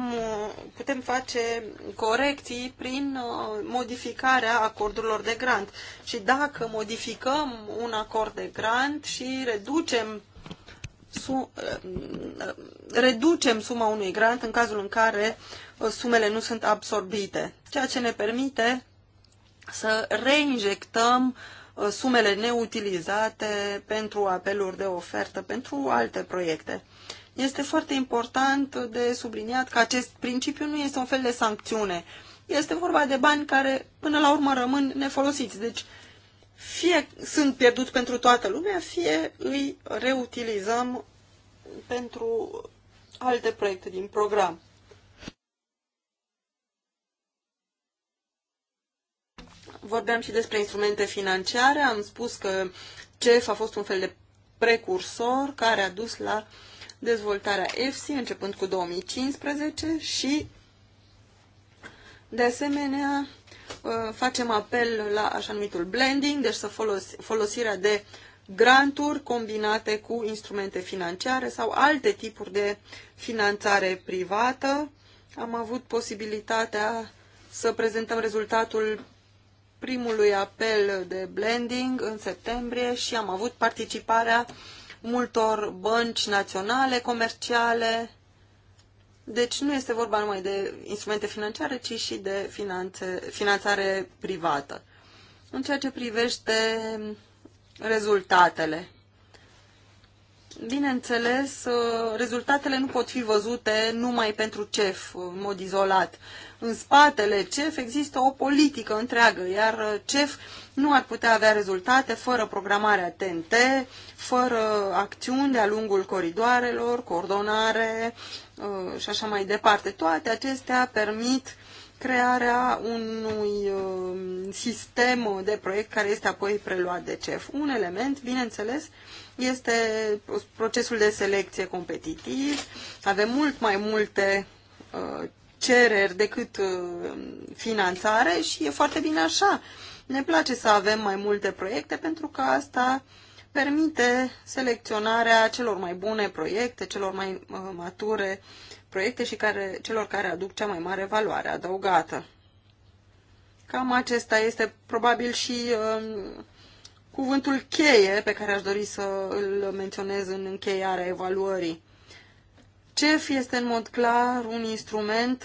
putem face corecții prin uh, modificarea acordurilor de grant. Și dacă modificăm un acord de grant și reducem uh, reducem suma unui grant în cazul în care sumele nu sunt absorbite, ceea ce ne permite să reinjectăm sumele neutilizate pentru apeluri de ofertă, pentru alte proiecte. Este foarte important de subliniat că acest principiu nu este un fel de sancțiune. Este vorba de bani care până la urmă rămân nefolosiți. Deci fie sunt pierduți pentru toată lumea, fie îi reutilizăm pentru alte proiecte din program. Vorbeam și despre instrumente financiare, am spus că CEF a fost un fel de precursor care a dus la dezvoltarea EFSI începând cu 2015 și de asemenea uh, facem apel la așa numitul blending, deci să folos, folosirea de granturi combinate cu instrumente financiare sau alte tipuri de finanțare privată. Am avut posibilitatea să prezentăm rezultatul primului apel de blending în septembrie și am avut participarea uh, multor bănci naționale, comerciale. Deci nu este vorba numai de instrumente financiare, ci și de finanțe, finanțare privată. În ceea ce privește rezultatele, Bineînțeles, uh, rezultatele nu pot fi văzute numai pentru CEF, uh, în mod izolat. În spatele CEF există o politică întreagă, iar uh, CEF nu ar putea avea rezultate fără programarea TNT, fără acțiuni de-a lungul coridoarelor, coordonare uh, și așa mai departe. Toate acestea permit crearea unui uh, sistem de proiect care este apoi preluat de CEF. Un element, bineînțeles, este procesul de selecție competitiv. Avem mult mai multe uh, cereri decât finanțare și e foarte bine așa ne place să avem mai multe proiecte pentru că asta permite selecționarea celor mai bune proiecte, celor mai uh, mature proiecte și care, celor care aduc cea mai mare valoare adăugată. Cam acesta este probabil și um, cuvântul cheie pe care aș dori să îl menționez în încheiarea evaluării. CEF este în mod clar un instrument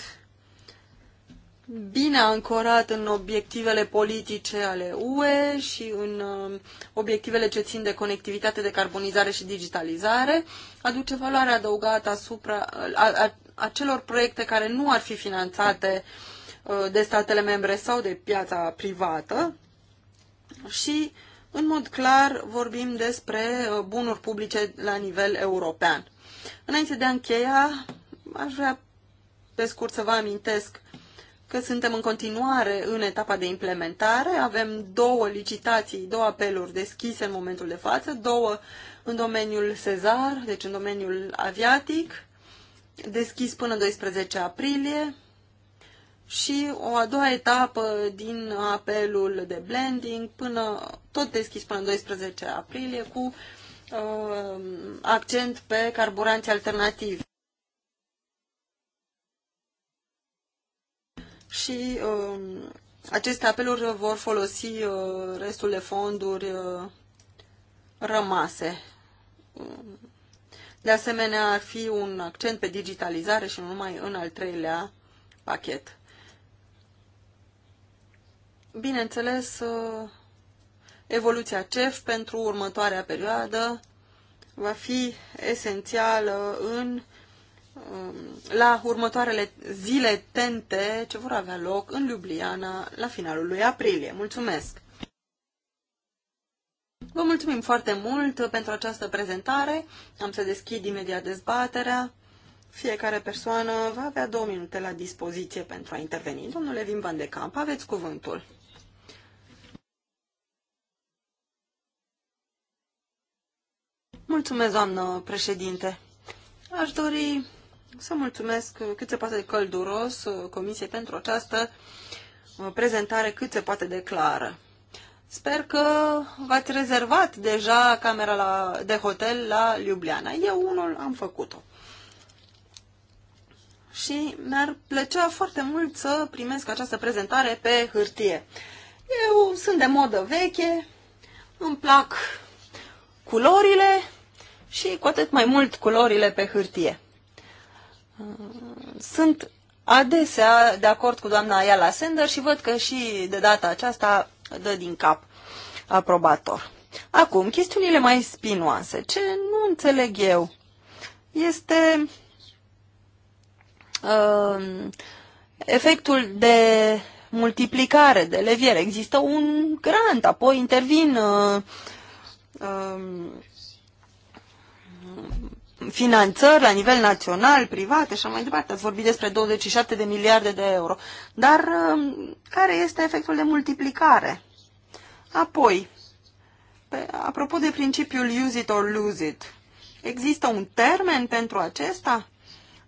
bine ancorat în obiectivele politice ale UE și în um, obiectivele ce țin de conectivitate, decarbonizare și digitalizare, aduce valoare adăugată asupra acelor proiecte care nu ar fi finanțate uh, de statele membre sau de piața privată și, în mod clar, vorbim despre uh, bunuri publice la nivel european. Înainte de a încheia, aș vrea pe scurt să vă amintesc că suntem în continuare în etapa de implementare. Avem două licitații, două apeluri deschise în momentul de față, două în domeniul Sezar, deci în domeniul aviatic, deschis până 12 aprilie și o a doua etapă din apelul de blending, până, tot deschis până 12 aprilie, cu uh, accent pe carburanți alternativi. și uh, aceste apeluri vor folosi uh, restul de fonduri uh, rămase. De asemenea, ar fi un accent pe digitalizare și nu numai în al treilea pachet. Bineînțeles, uh, evoluția CEF pentru următoarea perioadă va fi esențială în Um, la următoarele zile tente ce vor avea loc în Ljubljana la finalul lui aprilie. Mulțumesc! Vă mulțumim foarte mult pentru această prezentare. Am să deschid imediat dezbaterea. Fiecare persoană va avea două minute la dispoziție pentru a interveni. Domnule Vim Van de Camp, aveți cuvântul. Mulțumesc, doamnă președinte. Aș dori să mulțumesc cât se poate de călduros Comisiei pentru această uh, prezentare cât se poate de clară. Sper că v-ați rezervat deja camera la, de hotel la Ljubljana. Eu unul am făcut-o. Și mi-ar plăcea foarte mult să primesc această prezentare pe hârtie. Eu sunt de modă veche, îmi plac culorile și cu atât mai mult culorile pe hârtie. Sunt adesea de acord cu doamna Ayala Sender și văd că și de data aceasta dă din cap aprobator. Acum, chestiunile mai spinoase. Ce nu înțeleg eu este uh, efectul de multiplicare, de leviere. Există un grant, apoi intervin uh, uh, finanțări la nivel național, privat și așa mai departe. Ați vorbit despre 27 de miliarde de euro. Dar um, care este efectul de multiplicare? Apoi, pe, apropo de principiul use it or lose it, există un termen pentru acesta?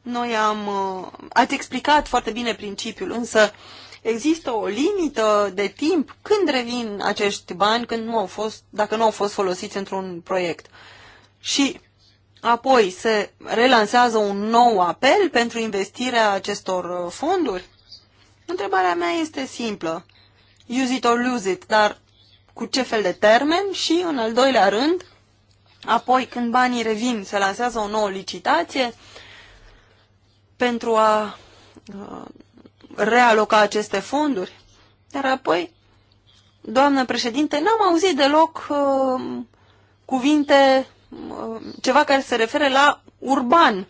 Noi am... Uh, ați explicat foarte bine principiul, însă există o limită de timp când revin acești bani când nu au fost, dacă nu au fost folosiți într-un proiect. Și Apoi se relansează un nou apel pentru investirea acestor uh, fonduri? Întrebarea mea este simplă. Use it or lose it, dar cu ce fel de termen și, în al doilea rând, apoi când banii revin, se lansează o nouă licitație pentru a uh, realoca aceste fonduri. Dar apoi, doamnă președinte, n-am auzit deloc uh, cuvinte Uh, ceva care se referă la urban,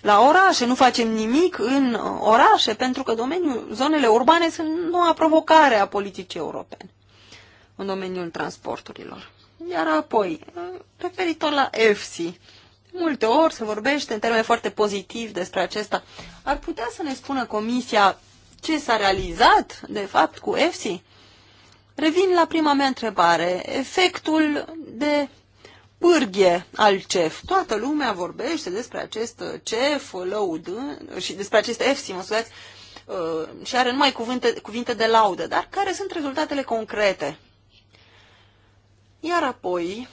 la orașe. Nu facem nimic în uh, orașe, pentru că domeniul, zonele urbane sunt noua provocare a politicii europene în domeniul transporturilor. Iar apoi, uh, referitor la EFSI, multe ori se vorbește în termeni foarte pozitiv despre acesta. Ar putea să ne spună Comisia ce s-a realizat, de fapt, cu EFSI? Revin la prima mea întrebare. Efectul de pârghie al CEF. Toată lumea vorbește despre acest CEF lăudând și despre acest EFSI, mă scuzați, uh, și are numai cuvinte, cuvinte de laudă, dar care sunt rezultatele concrete? Iar apoi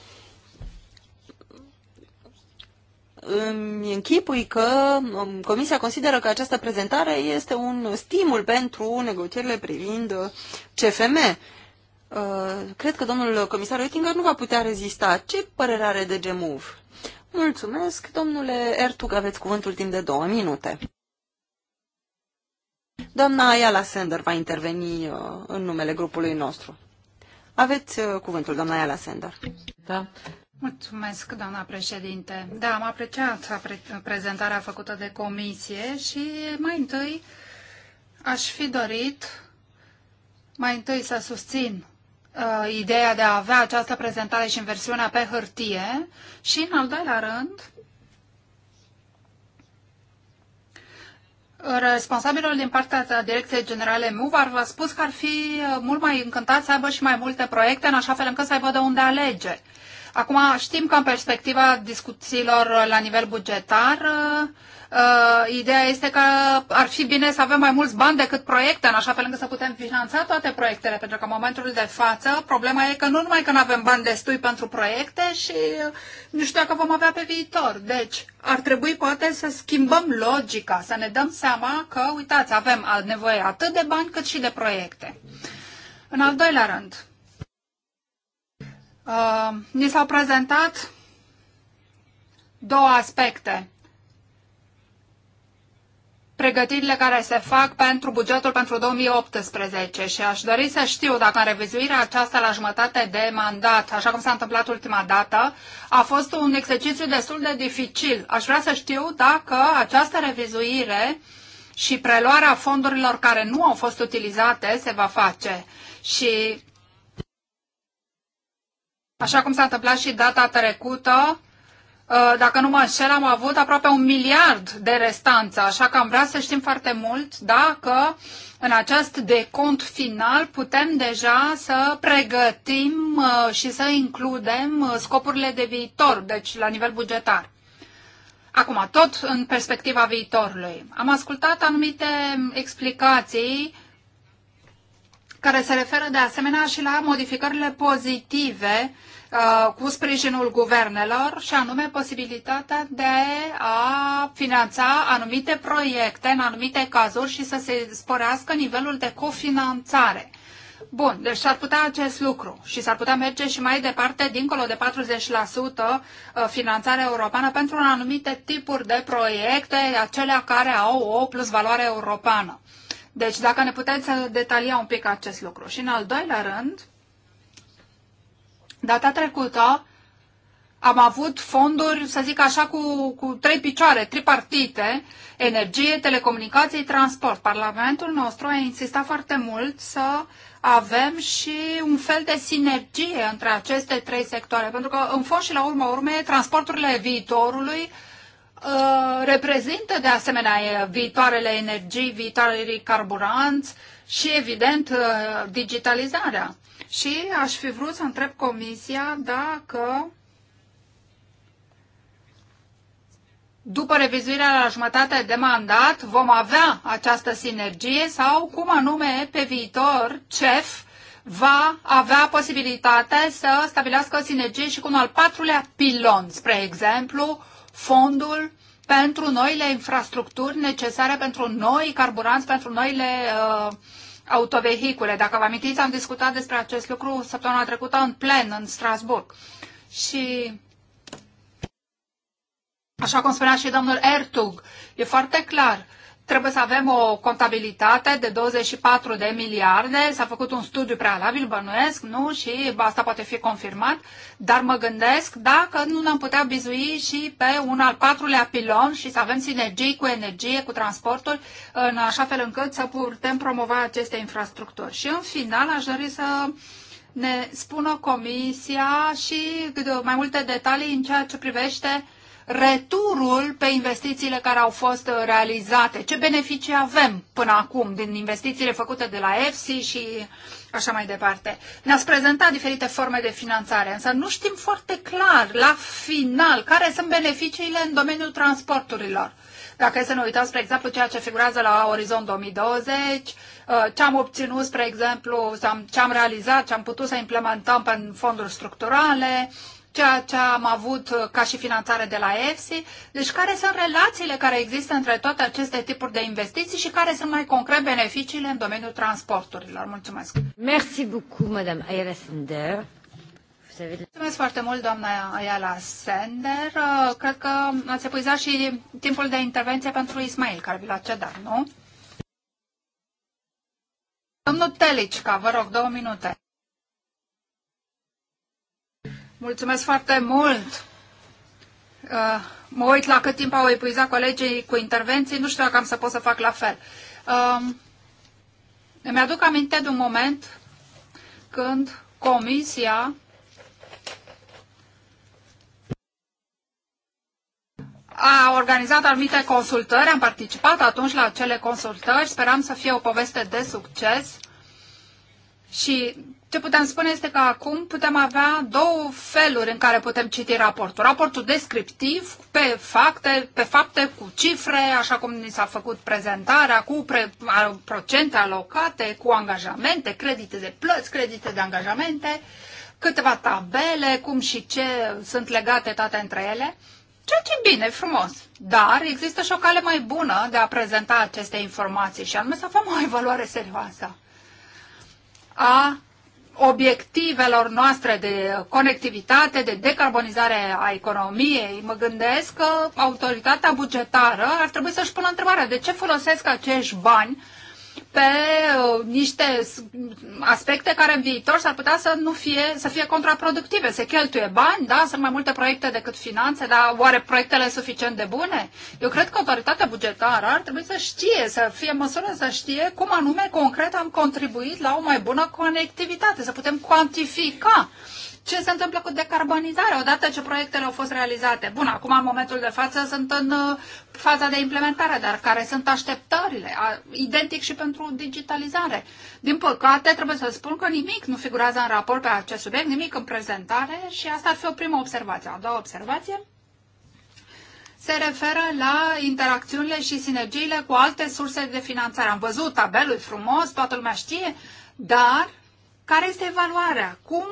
îmi închipui că um, Comisia consideră că această prezentare este un stimul pentru negocierile privind CFM Uh, cred că domnul comisar Oettinger nu va putea rezista. Ce părere are de Gemuv? Mulțumesc, domnule Ertug, aveți cuvântul timp de două minute. Doamna Ayala Sender va interveni uh, în numele grupului nostru. Aveți uh, cuvântul, doamna Ayala Sender. Da. Mulțumesc, doamna președinte. Da, am apreciat prezentarea făcută de comisie și mai întâi aș fi dorit mai întâi să susțin uh, ideea de a avea această prezentare și în versiunea pe hârtie și, în al doilea rând, Responsabilul din partea Direcției Generale MUVAR v-a spus că ar fi uh, mult mai încântat să aibă și mai multe proiecte, în așa fel încât să aibă de unde alege. Acum știm că în perspectiva discuțiilor la nivel bugetar, uh, Uh, ideea este că ar fi bine să avem mai mulți bani decât proiecte, în așa fel încât să putem finanța toate proiectele, pentru că în momentul de față problema e că nu numai că nu avem bani destui pentru proiecte și nu știu dacă vom avea pe viitor. Deci ar trebui poate să schimbăm logica, să ne dăm seama că, uitați, avem nevoie atât de bani cât și de proiecte. În al doilea rând, uh, ni s-au prezentat două aspecte pregătirile care se fac pentru bugetul pentru 2018 și aș dori să știu dacă în revizuirea aceasta la jumătate de mandat, așa cum s-a întâmplat ultima dată, a fost un exercițiu destul de dificil. Aș vrea să știu dacă această revizuire și preluarea fondurilor care nu au fost utilizate se va face. Și așa cum s-a întâmplat și data trecută, Uh, dacă nu mă înșel, am avut aproape un miliard de restanță, așa că am vrea să știm foarte mult dacă în acest decont final putem deja să pregătim uh, și să includem uh, scopurile de viitor, deci la nivel bugetar. Acum, tot în perspectiva viitorului. Am ascultat anumite explicații care se referă de asemenea și la modificările pozitive Uh, cu sprijinul guvernelor și anume posibilitatea de a finanța anumite proiecte în anumite cazuri și să se sporească nivelul de cofinanțare. Bun, deci s-ar putea acest lucru și s-ar putea merge și mai departe, dincolo de 40% uh, finanțare europeană pentru anumite tipuri de proiecte, acelea care au o plus valoare europeană. Deci dacă ne puteți să detalia un pic acest lucru. Și în al doilea rând, Data trecută am avut fonduri, să zic așa, cu, cu trei picioare, tripartite, energie, telecomunicații, transport. Parlamentul nostru a insistat foarte mult să avem și un fel de sinergie între aceste trei sectoare, pentru că, în fond și la urma urmei, transporturile viitorului uh, reprezintă de asemenea viitoarele energii, viitoarele carburanți și, evident, uh, digitalizarea. Și aș fi vrut să întreb Comisia dacă după revizuirea la jumătate de mandat vom avea această sinergie sau cum anume pe viitor CEF va avea posibilitatea să stabilească o sinergie și cu un al patrulea pilon, spre exemplu, fondul pentru noile infrastructuri necesare pentru noi carburanți, pentru noile uh, autovehicule. Dacă vă amintiți, am discutat despre acest lucru săptămâna trecută în plen în Strasburg. Și așa cum spunea și domnul Ertug, e foarte clar Trebuie să avem o contabilitate de 24 de miliarde. S-a făcut un studiu prealabil, bănuiesc, nu? Și asta poate fi confirmat. Dar mă gândesc dacă nu ne-am putea bizui și pe un al patrulea pilon și să avem sinergii cu energie, cu transportul, în așa fel încât să putem promova aceste infrastructuri. Și în final aș dori să ne spună Comisia și mai multe detalii în ceea ce privește returul pe investițiile care au fost uh, realizate. Ce beneficii avem până acum din investițiile făcute de la EFSI și așa mai departe. Ne-ați prezentat diferite forme de finanțare, însă nu știm foarte clar la final care sunt beneficiile în domeniul transporturilor. Dacă e să ne uităm, spre exemplu, ceea ce figurează la Orizont 2020, uh, ce am obținut, spre exemplu, ce am realizat, ce am putut să implementăm pe fonduri structurale, ceea ce am avut uh, ca și finanțare de la EFSI. Deci care sunt relațiile care există între toate aceste tipuri de investiții și care sunt mai concret beneficiile în domeniul transporturilor? Mulțumesc! Merci beaucoup, Madame Ayala Sender. Mulțumesc foarte mult, doamna Ayala Sender. Uh, cred că ați epuizat și timpul de intervenție pentru Ismail, care vi l-a cedat, nu? Domnul Telicca, vă rog, două minute. Mulțumesc foarte mult! Uh, mă uit la cât timp au epuizat colegii cu intervenții, nu știu dacă am să pot să fac la fel. Uh, îmi aduc aminte de un moment când comisia a organizat anumite consultări, am participat atunci la acele consultări, speram să fie o poveste de succes și ce putem spune este că acum putem avea două feluri în care putem citi raportul. Raportul descriptiv, pe fapte, pe fapte cu cifre, așa cum ni s-a făcut prezentarea, cu pre, procente alocate, cu angajamente, credite de plăți, credite de angajamente, câteva tabele, cum și ce sunt legate toate între ele. Ceea ce e bine, frumos. Dar există și o cale mai bună de a prezenta aceste informații și anume să avem o evaluare serioasă a obiectivelor noastre de conectivitate, de decarbonizare a economiei, mă gândesc că autoritatea bugetară ar trebui să-și pună întrebarea de ce folosesc acești bani pe uh, niște aspecte care în viitor s-ar putea să nu fie, să fie contraproductive. Se cheltuie bani, da, sunt mai multe proiecte decât finanțe, dar oare proiectele sunt suficient de bune? Eu cred că autoritatea bugetară ar trebui să știe, să fie măsură să știe cum anume concret am contribuit la o mai bună conectivitate, să putem cuantifica ce se întâmplă cu decarbonizarea odată ce proiectele au fost realizate? Bun, acum în momentul de față sunt în uh, faza de implementare, dar care sunt așteptările? Identic și pentru digitalizare. Din păcate, trebuie să spun că nimic nu figurează în raport pe acest subiect, nimic în prezentare și asta ar fi o primă observație. A doua observație se referă la interacțiunile și sinergiile cu alte surse de finanțare. Am văzut tabelul frumos, toată lumea știe, dar care este evaluarea? Cum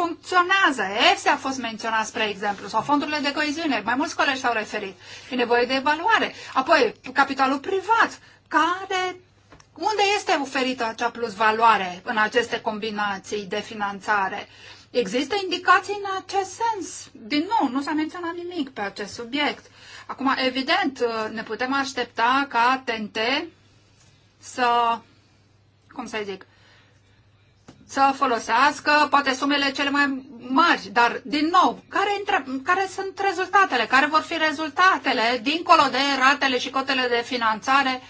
funcționează. EFSE a fost menționat, spre exemplu, sau fondurile de coeziune. Mai mulți colegi s-au referit. E nevoie de evaluare. Apoi, capitalul privat, care unde este oferită acea plus valoare în aceste combinații de finanțare? Există indicații în acest sens? Din nou, nu s-a menționat nimic pe acest subiect. Acum, evident, ne putem aștepta ca TNT să, cum să zic, să folosească poate sumele cele mai mari, dar din nou, care, intre, care sunt rezultatele, care vor fi rezultatele dincolo de ratele și cotele de finanțare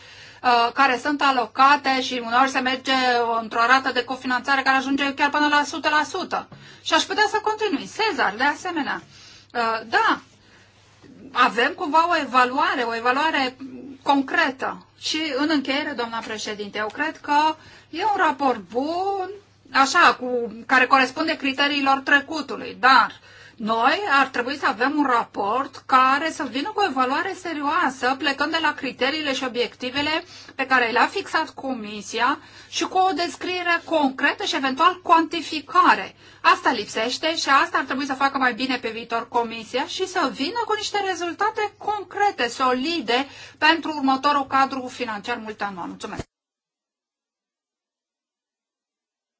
uh, care sunt alocate și uneori se merge într-o rată de cofinanțare care ajunge chiar până la 100%. Și aș putea să continui. Cezar, de asemenea. Uh, da, avem cumva o evaluare, o evaluare concretă. Și în încheiere, doamna președinte, eu cred că e un raport bun, așa, cu, care corespunde criteriilor trecutului, dar noi ar trebui să avem un raport care să vină cu o evaluare serioasă, plecând de la criteriile și obiectivele pe care le-a fixat Comisia și cu o descriere concretă și eventual cuantificare. Asta lipsește și asta ar trebui să facă mai bine pe viitor Comisia și să vină cu niște rezultate concrete, solide, pentru următorul cadru financiar multianual. Mulțumesc!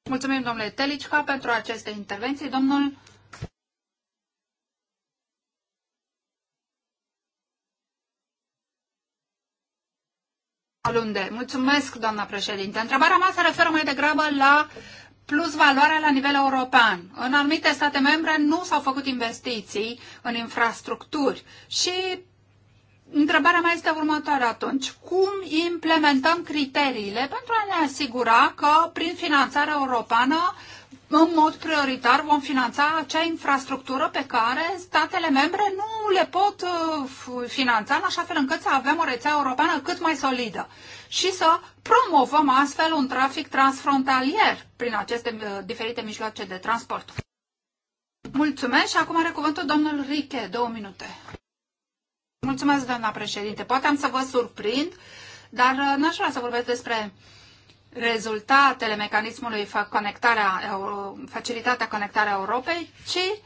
Mulțumim, domnule Telicca, pentru aceste intervenții. Domnul Alunde. Mulțumesc, doamna președinte. Întrebarea mea se referă mai degrabă la plus valoarea la nivel european. În anumite state membre nu s-au făcut investiții în infrastructuri și Întrebarea mea este următoarea atunci. Cum implementăm criteriile pentru a ne asigura că prin finanțarea europeană în mod prioritar vom finanța acea infrastructură pe care statele membre nu le pot uh, finanța în așa fel încât să avem o rețea europeană cât mai solidă și să promovăm astfel un trafic transfrontalier prin aceste uh, diferite mijloace de transport. Mulțumesc și acum are cuvântul domnul Riche, două minute. Mulțumesc, doamna președinte. Poate am să vă surprind, dar uh, n-aș vrea să vorbesc despre rezultatele mecanismului conectarea, facilitatea conectarea Europei, ci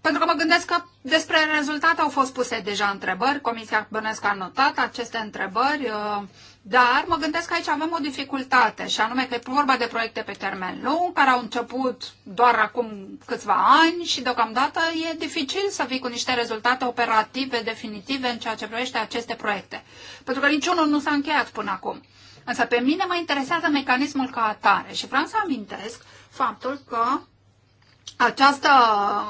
pentru că mă gândesc că despre rezultate au fost puse deja întrebări. Comisia Bănescu a notat aceste întrebări uh, dar mă gândesc că aici avem o dificultate și anume că e vorba de proiecte pe termen lung care au început doar acum câțiva ani și deocamdată e dificil să vii cu niște rezultate operative definitive în ceea ce privește aceste proiecte. Pentru că niciunul nu s-a încheiat până acum. Însă pe mine mă interesează mecanismul ca atare și vreau să amintesc faptul că această,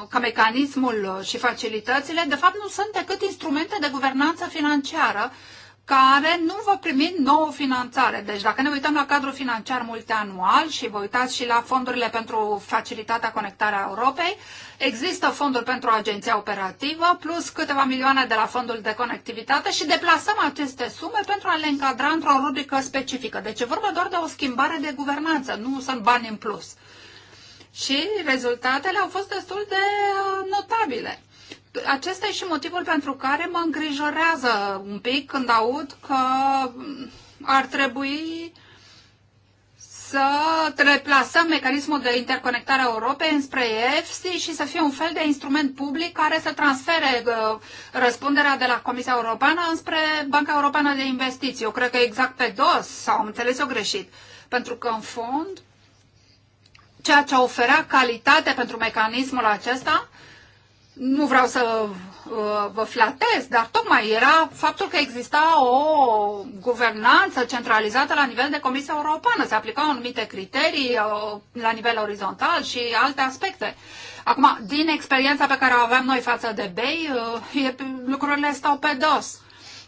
ca mecanismul și facilitățile, de fapt nu sunt decât instrumente de guvernanță financiară care nu va primi nouă finanțare. Deci dacă ne uităm la cadrul financiar multianual și vă uitați și la fondurile pentru facilitatea conectarea Europei, există fonduri pentru agenția operativă plus câteva milioane de la fondul de conectivitate și deplasăm aceste sume pentru a le încadra într-o rubrică specifică. Deci e vorba doar de o schimbare de guvernanță, nu sunt bani în plus. Și rezultatele au fost destul de notabile acesta e și motivul pentru care mă îngrijorează un pic când aud că ar trebui să replasăm mecanismul de interconectare a Europei înspre EFSI și să fie un fel de instrument public care să transfere uh, răspunderea de la Comisia Europeană înspre Banca Europeană de Investiții. Eu cred că exact pe dos, sau am înțeles eu greșit, pentru că în fond ceea ce oferea calitate pentru mecanismul acesta nu vreau să uh, vă flatez, dar tocmai era faptul că exista o guvernanță centralizată la nivel de Comisia Europeană. Se aplicau anumite criterii uh, la nivel orizontal și alte aspecte. Acum, din experiența pe care o avem noi față de BEI, uh, lucrurile stau pe dos.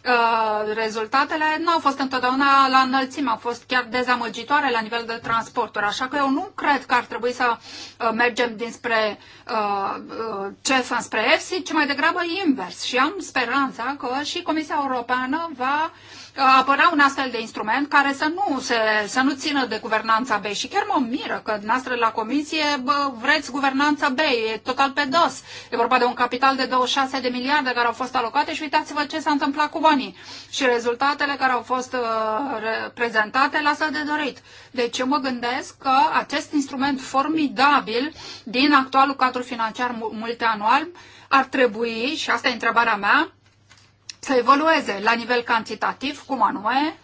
Uh, rezultatele nu au fost întotdeauna la înălțime, au fost chiar dezamăgitoare la nivel de transporturi, așa că eu nu cred că ar trebui să uh, mergem dinspre uh, CEF CEFA spre EFSI, ci mai degrabă invers. Și am speranța că și Comisia Europeană va apărea un astfel de instrument care să nu, se, să nu țină de guvernanța BEI. Și chiar mă miră că noastră la comisie bă, vreți guvernanța BEI, e total pe dos. E vorba de un capital de 26 de miliarde care au fost alocate și uitați-vă ce s-a întâmplat cu banii. Și rezultatele care au fost uh, prezentate lasă de dorit. Deci eu mă gândesc că acest instrument formidabil din actualul cadru financiar multianual ar trebui, și asta e întrebarea mea, să evolueze la nivel cantitativ, cum anume,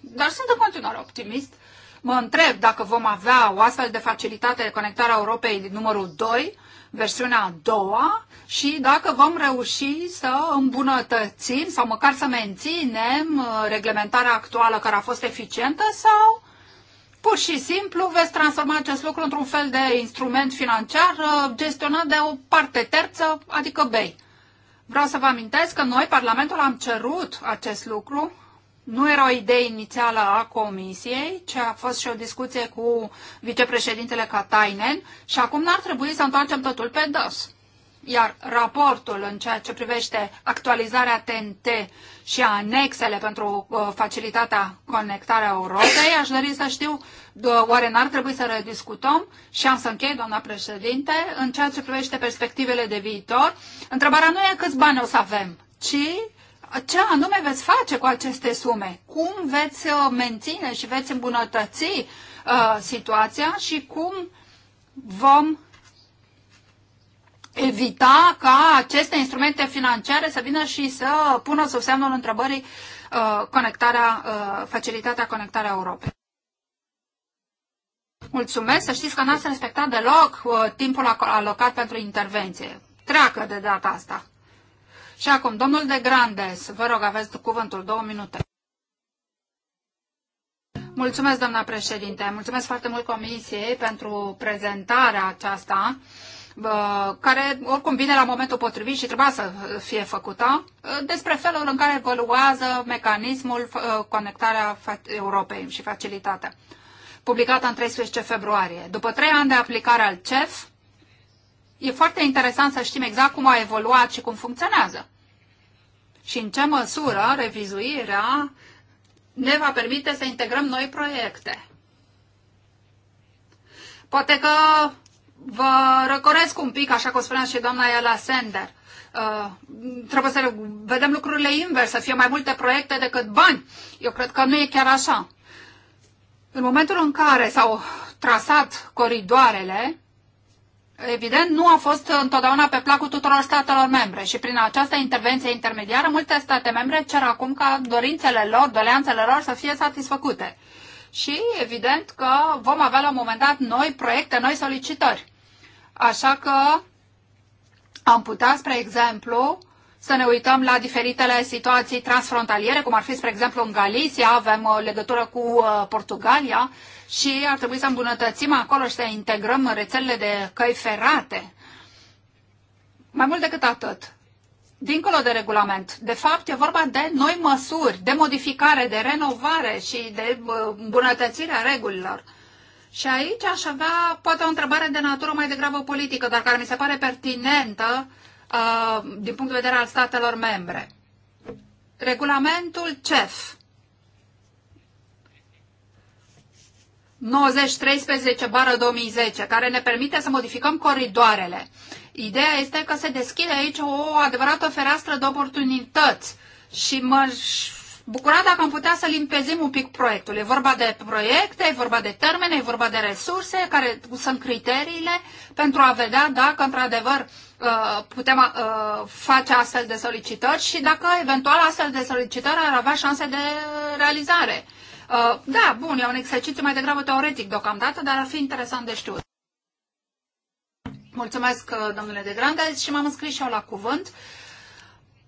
dar sunt în continuare optimist. Mă întreb dacă vom avea o astfel de facilitate de conectare a Europei numărul 2, versiunea a doua, și dacă vom reuși să îmbunătățim sau măcar să menținem uh, reglementarea actuală care a fost eficientă sau pur și simplu veți transforma acest lucru într-un fel de instrument financiar uh, gestionat de o parte terță, adică BEI. Vreau să vă amintesc că noi, Parlamentul, am cerut acest lucru. Nu era o idee inițială a Comisiei, ci a fost și o discuție cu vicepreședintele Katainen și acum n-ar trebui să întoarcem totul pe dos. Iar raportul în ceea ce privește actualizarea TNT și anexele pentru uh, facilitatea conectarea Europei, aș dori să știu, oare n-ar trebui să rediscutăm? Și am să închei, doamna președinte, în ceea ce privește perspectivele de viitor. Întrebarea nu e câți bani o să avem, ci ce anume veți face cu aceste sume? Cum veți uh, menține și veți îmbunătăți uh, situația și cum vom evita ca aceste instrumente financiare să vină și să pună sub semnul întrebării uh, conectarea, uh, facilitatea conectarea Europei. Mulțumesc, să știți că n-ați respectat deloc uh, timpul alocat pentru intervenție. Treacă de data asta. Și acum, domnul de Grandes, vă rog, aveți cuvântul, două minute. Mulțumesc, doamna președinte. Mulțumesc foarte mult Comisiei pentru prezentarea aceasta care oricum vine la momentul potrivit și trebuia să fie făcută, ă, despre felul în care evoluează mecanismul ă, conectarea Europei și facilitatea, publicată în 13 februarie. După trei ani de aplicare al CEF, e foarte interesant să știm exact cum a evoluat și cum funcționează și în ce măsură revizuirea ne va permite să integrăm noi proiecte. Poate că vă răcoresc un pic, așa cum spunea și doamna Iala Sender. Uh, trebuie să vedem lucrurile invers, să fie mai multe proiecte decât bani. Eu cred că nu e chiar așa. În momentul în care s-au trasat coridoarele, evident, nu a fost întotdeauna pe placul tuturor statelor membre și prin această intervenție intermediară multe state membre cer acum ca dorințele lor, doleanțele lor să fie satisfăcute și evident că vom avea la un moment dat noi proiecte, noi solicitări. Așa că am putea, spre exemplu, să ne uităm la diferitele situații transfrontaliere, cum ar fi, spre exemplu, în Galicia, avem o uh, legătură cu uh, Portugalia și ar trebui să îmbunătățim acolo și să integrăm rețelele de căi ferate. Mai mult decât atât, dincolo de regulament. De fapt, e vorba de noi măsuri, de modificare, de renovare și de îmbunătățire a regulilor. Și aici aș avea poate o întrebare de natură mai degrabă politică, dar care mi se pare pertinentă uh, din punct de vedere al statelor membre. Regulamentul CEF 9013 bară 2010, care ne permite să modificăm coridoarele. Ideea este că se deschide aici o adevărată fereastră de oportunități și mă bucura dacă am putea să limpezim un pic proiectul. E vorba de proiecte, e vorba de termene, e vorba de resurse, care sunt criteriile pentru a vedea dacă într-adevăr uh, putem uh, face astfel de solicitări și dacă eventual astfel de solicitări ar avea șanse de realizare. Uh, da, bun, e un exercițiu mai degrabă teoretic deocamdată, dar ar fi interesant de știut. Mulțumesc, uh, domnule de Grande, și m-am înscris și eu la cuvânt.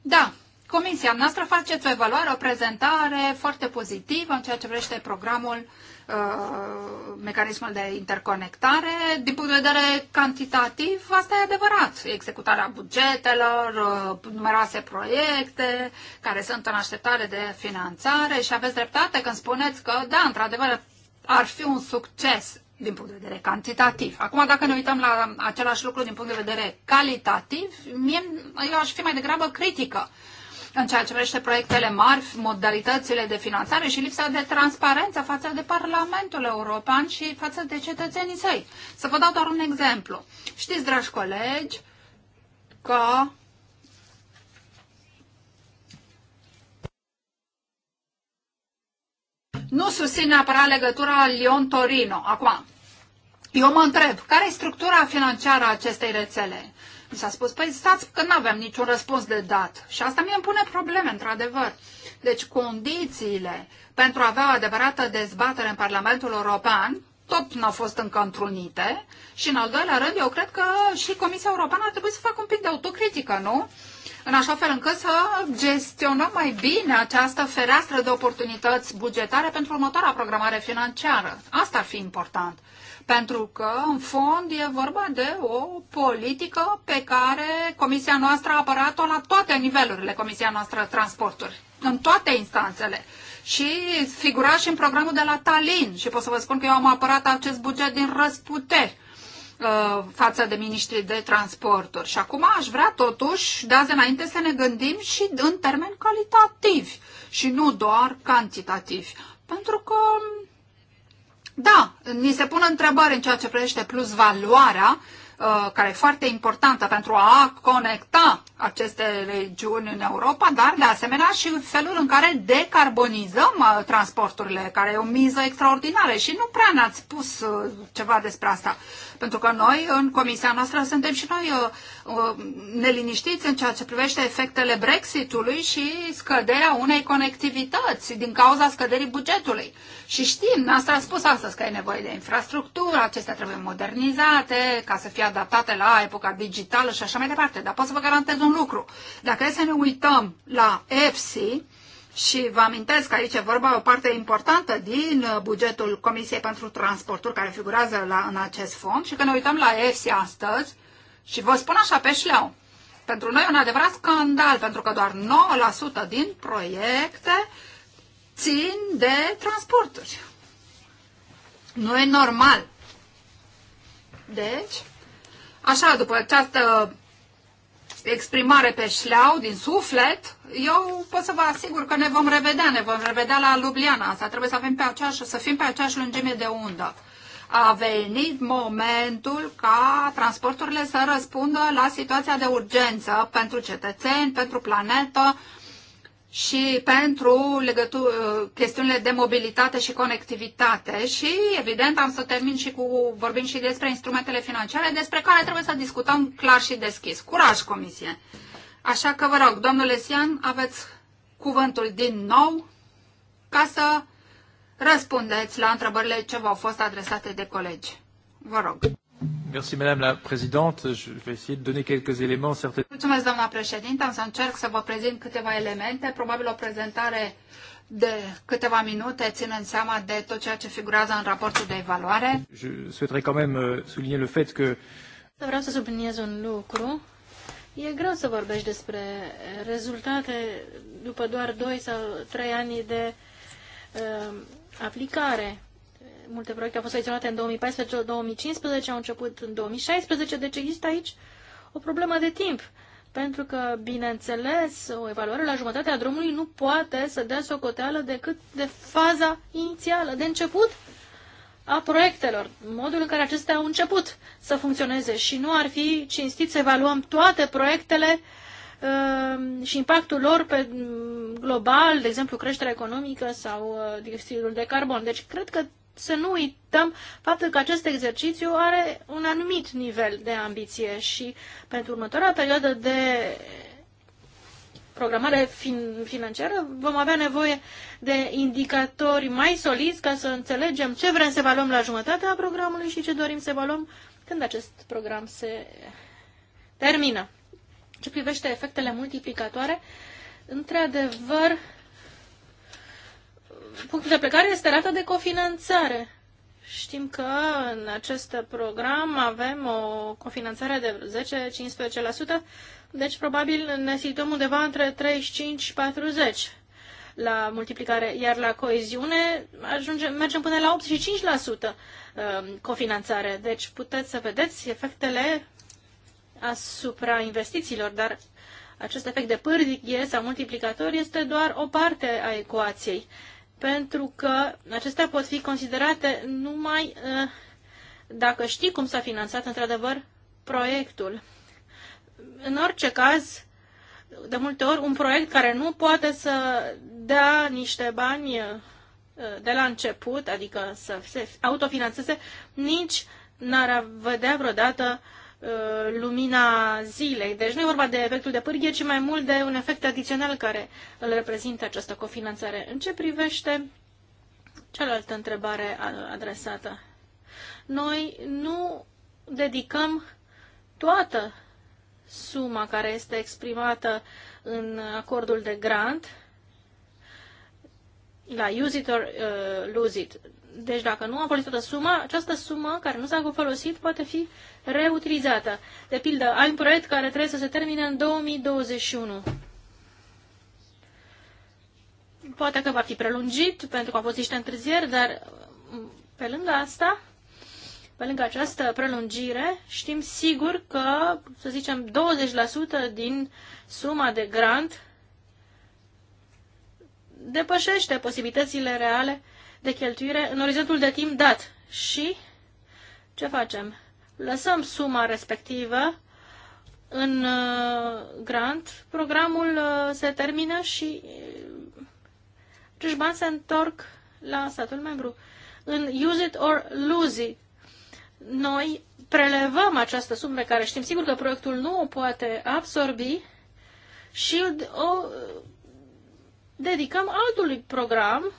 Da, comisia noastră face o evaluare, o prezentare foarte pozitivă în ceea ce privește programul uh, mecanismul de interconectare. Din punct de vedere cantitativ, asta e adevărat. Executarea bugetelor, uh, numeroase proiecte care sunt în așteptare de finanțare și aveți dreptate când spuneți că, da, într-adevăr, ar fi un succes din punct de vedere cantitativ. Acum, dacă ne uităm la același lucru din punct de vedere calitativ, mie, eu aș fi mai degrabă critică în ceea ce privește proiectele mari, modalitățile de finanțare și lipsa de transparență față de Parlamentul European și față de cetățenii săi. Să vă dau doar un exemplu. Știți, dragi colegi, că nu susțin neapărat legătura Lyon-Torino. Acum, eu mă întreb, care e structura financiară a acestei rețele? Mi s-a spus, păi stați că nu avem niciun răspuns de dat. Și asta mi e pune probleme, într-adevăr. Deci condițiile pentru a avea o adevărată dezbatere în Parlamentul European tot nu au fost încă întrunite și în al doilea rând eu cred că și Comisia Europeană ar trebui să facă un pic de autocritică, nu? în așa fel încât să gestionăm mai bine această fereastră de oportunități bugetare pentru următoarea programare financiară. Asta ar fi important. Pentru că, în fond, e vorba de o politică pe care Comisia noastră a apărat-o la toate nivelurile, Comisia noastră Transporturi, în toate instanțele și figura și în programul de la Tallinn. Și pot să vă spun că eu am apărat acest buget din răsputeri. Uh, față de ministrii de transporturi. Și acum aș vrea totuși, de azi înainte, să ne gândim și în termeni calitativi și nu doar cantitativi. Pentru că, da, ni se pun întrebări în ceea ce privește plus valoarea, uh, care e foarte importantă pentru a conecta aceste regiuni în Europa, dar de asemenea și felul în care decarbonizăm uh, transporturile, care e o miză extraordinară și nu prea ne-ați spus ceva despre asta. Pentru că noi, în comisia noastră, suntem și noi uh, uh, neliniștiți în ceea ce privește efectele Brexitului și scăderea unei conectivități din cauza scăderii bugetului. Și știm, asta a spus astăzi, că e nevoie de infrastructură, acestea trebuie modernizate ca să fie adaptate la epoca digitală și așa mai departe. Dar pot să vă garantez un lucru. Dacă e să ne uităm la EFSI, și vă amintesc că aici e vorba o parte importantă din uh, bugetul Comisiei pentru Transporturi care figurează la, în acest fond și că ne uităm la EFSI astăzi și vă spun așa pe șleau. Pentru noi e un adevărat scandal, pentru că doar 9% din proiecte țin de transporturi. Nu e normal. Deci, așa, după această exprimare pe șleau, din suflet, eu pot să vă asigur că ne vom revedea, ne vom revedea la Ljubljana. Asta trebuie să, avem pe aceași, să fim pe aceeași lungime de undă. A venit momentul ca transporturile să răspundă la situația de urgență pentru cetățeni, pentru planetă, și pentru legătu- chestiunile de mobilitate și conectivitate și, evident, am să termin și cu, vorbim și despre instrumentele financiare, despre care trebuie să discutăm clar și deschis. Curaj, Comisie! Așa că vă rog, domnule Sian, aveți cuvântul din nou ca să răspundeți la întrebările ce v-au fost adresate de colegi. Vă rog. Merci, Madame la Présidente. Je vais essayer de donner quelques éléments. Mulțumesc, doamna președintă. Am să încerc să vă prezint câteva elemente, probabil o prezentare de câteva minute, ținând seama de tot ceea ce figurează în raportul de evaluare. Je souhaiterais quand même euh, souligner le fait que... Vreau să subliniez un lucru. E greu să vorbești despre rezultate după doar 2 sau 3 ani de uh, aplicare multe proiecte au fost selecționate în 2014-2015, au început în 2016, deci există aici o problemă de timp. Pentru că, bineînțeles, o evaluare la jumătatea drumului nu poate să dea socoteală decât de faza inițială, de început a proiectelor, modul în care acestea au început să funcționeze și nu ar fi cinstit să evaluăm toate proiectele uh, și impactul lor pe mm, global, de exemplu creșterea economică sau uh, dioxidul de carbon. Deci cred că să nu uităm faptul că acest exercițiu are un anumit nivel de ambiție și pentru următoarea perioadă de programare fin- financiară vom avea nevoie de indicatori mai solizi ca să înțelegem ce vrem să evaluăm la jumătatea programului și ce dorim să evaluăm când acest program se termină. Ce privește efectele multiplicatoare, într-adevăr, punctul de plecare este rata de cofinanțare. Știm că în acest program avem o cofinanțare de 10-15%, deci probabil ne situăm undeva între 35-40% la multiplicare, iar la coeziune ajungem, mergem până la 85% um, cofinanțare. Deci puteți să vedeți efectele asupra investițiilor, dar acest efect de pârdighie sau multiplicator este doar o parte a ecuației pentru că acestea pot fi considerate numai uh, dacă știi cum s-a finanțat într-adevăr proiectul. În orice caz, de multe ori, un proiect care nu poate să dea niște bani uh, de la început, adică să se autofinanțeze, nici n-ar vedea vreodată uh, Uh, lumina zilei. Deci nu e vorba de efectul de pârghie, ci mai mult de un efect adițional care îl reprezintă această cofinanțare. În ce privește cealaltă întrebare adresată? Noi nu dedicăm toată suma care este exprimată în acordul de grant la use it or uh, lose it. Deci dacă nu am folosit toată suma, această sumă care nu s-a folosit poate fi reutilizată. De pildă, ai un proiect care trebuie să se termine în 2021. Poate că va fi prelungit pentru că au fost niște întârzieri, dar mm, pe lângă asta, pe lângă această prelungire, știm sigur că, să zicem, 20% din suma de grant depășește posibilitățile reale de cheltuire în orizontul de timp dat. Și ce facem? Lăsăm suma respectivă în uh, grant, programul uh, se termină și uh, acești bani se întorc la statul membru. În use it or lose it, noi prelevăm această sumă pe care știm sigur că proiectul nu o poate absorbi și o dedicăm altului program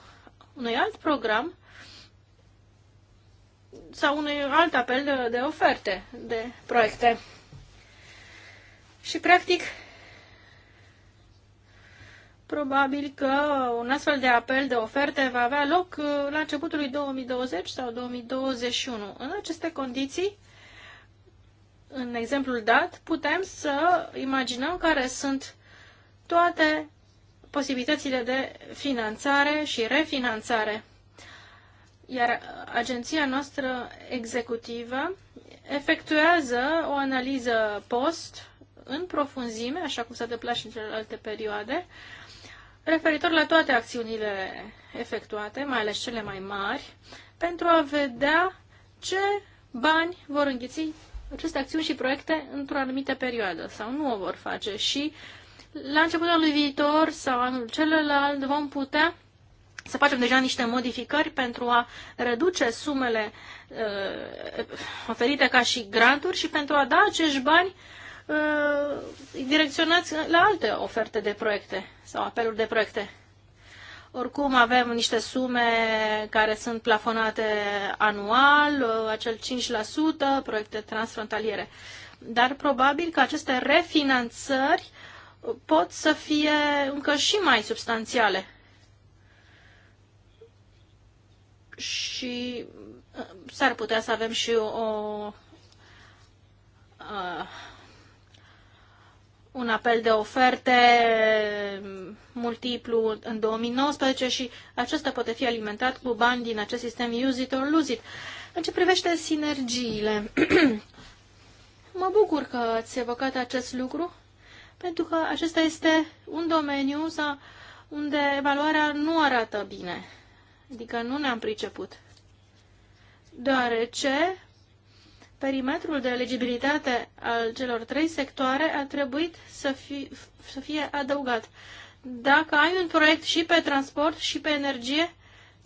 unui alt program sau unui alt apel de, de oferte, de proiecte. Și, practic, probabil că un astfel de apel de oferte va avea loc uh, la începutul lui 2020 sau 2021. În aceste condiții, în exemplul dat, putem să imaginăm care sunt toate posibilitățile de finanțare și refinanțare. Iar agenția noastră executivă efectuează o analiză post în profunzime, așa cum s-a întâmplat și în celelalte perioade, referitor la toate acțiunile efectuate, mai ales cele mai mari, pentru a vedea ce bani vor înghiți aceste acțiuni și proiecte într-o anumită perioadă sau nu o vor face și uh, la începutul anului viitor sau anul celălalt vom putea să facem deja niște modificări pentru a reduce sumele uh, oferite ca și granturi și pentru a da acești bani uh, direcționați la alte oferte de proiecte sau apeluri de proiecte. Oricum avem niște sume care sunt plafonate anual, uh, acel 5% proiecte transfrontaliere. Dar probabil că aceste refinanțări pot să fie încă și mai substanțiale. Și uh, s-ar putea să avem și o, uh, un apel de oferte multiplu în 2019 și acesta poate fi alimentat cu bani din acest sistem use it or lose it. În ce privește sinergiile, mă bucur că ați evocat acest lucru pentru că acesta este un domeniu sau unde evaluarea nu arată bine. Adică nu ne-am priceput. Deoarece perimetrul de eligibilitate al celor trei sectoare a trebuit să, fi, să fie adăugat. Dacă ai un proiect și pe transport și pe energie,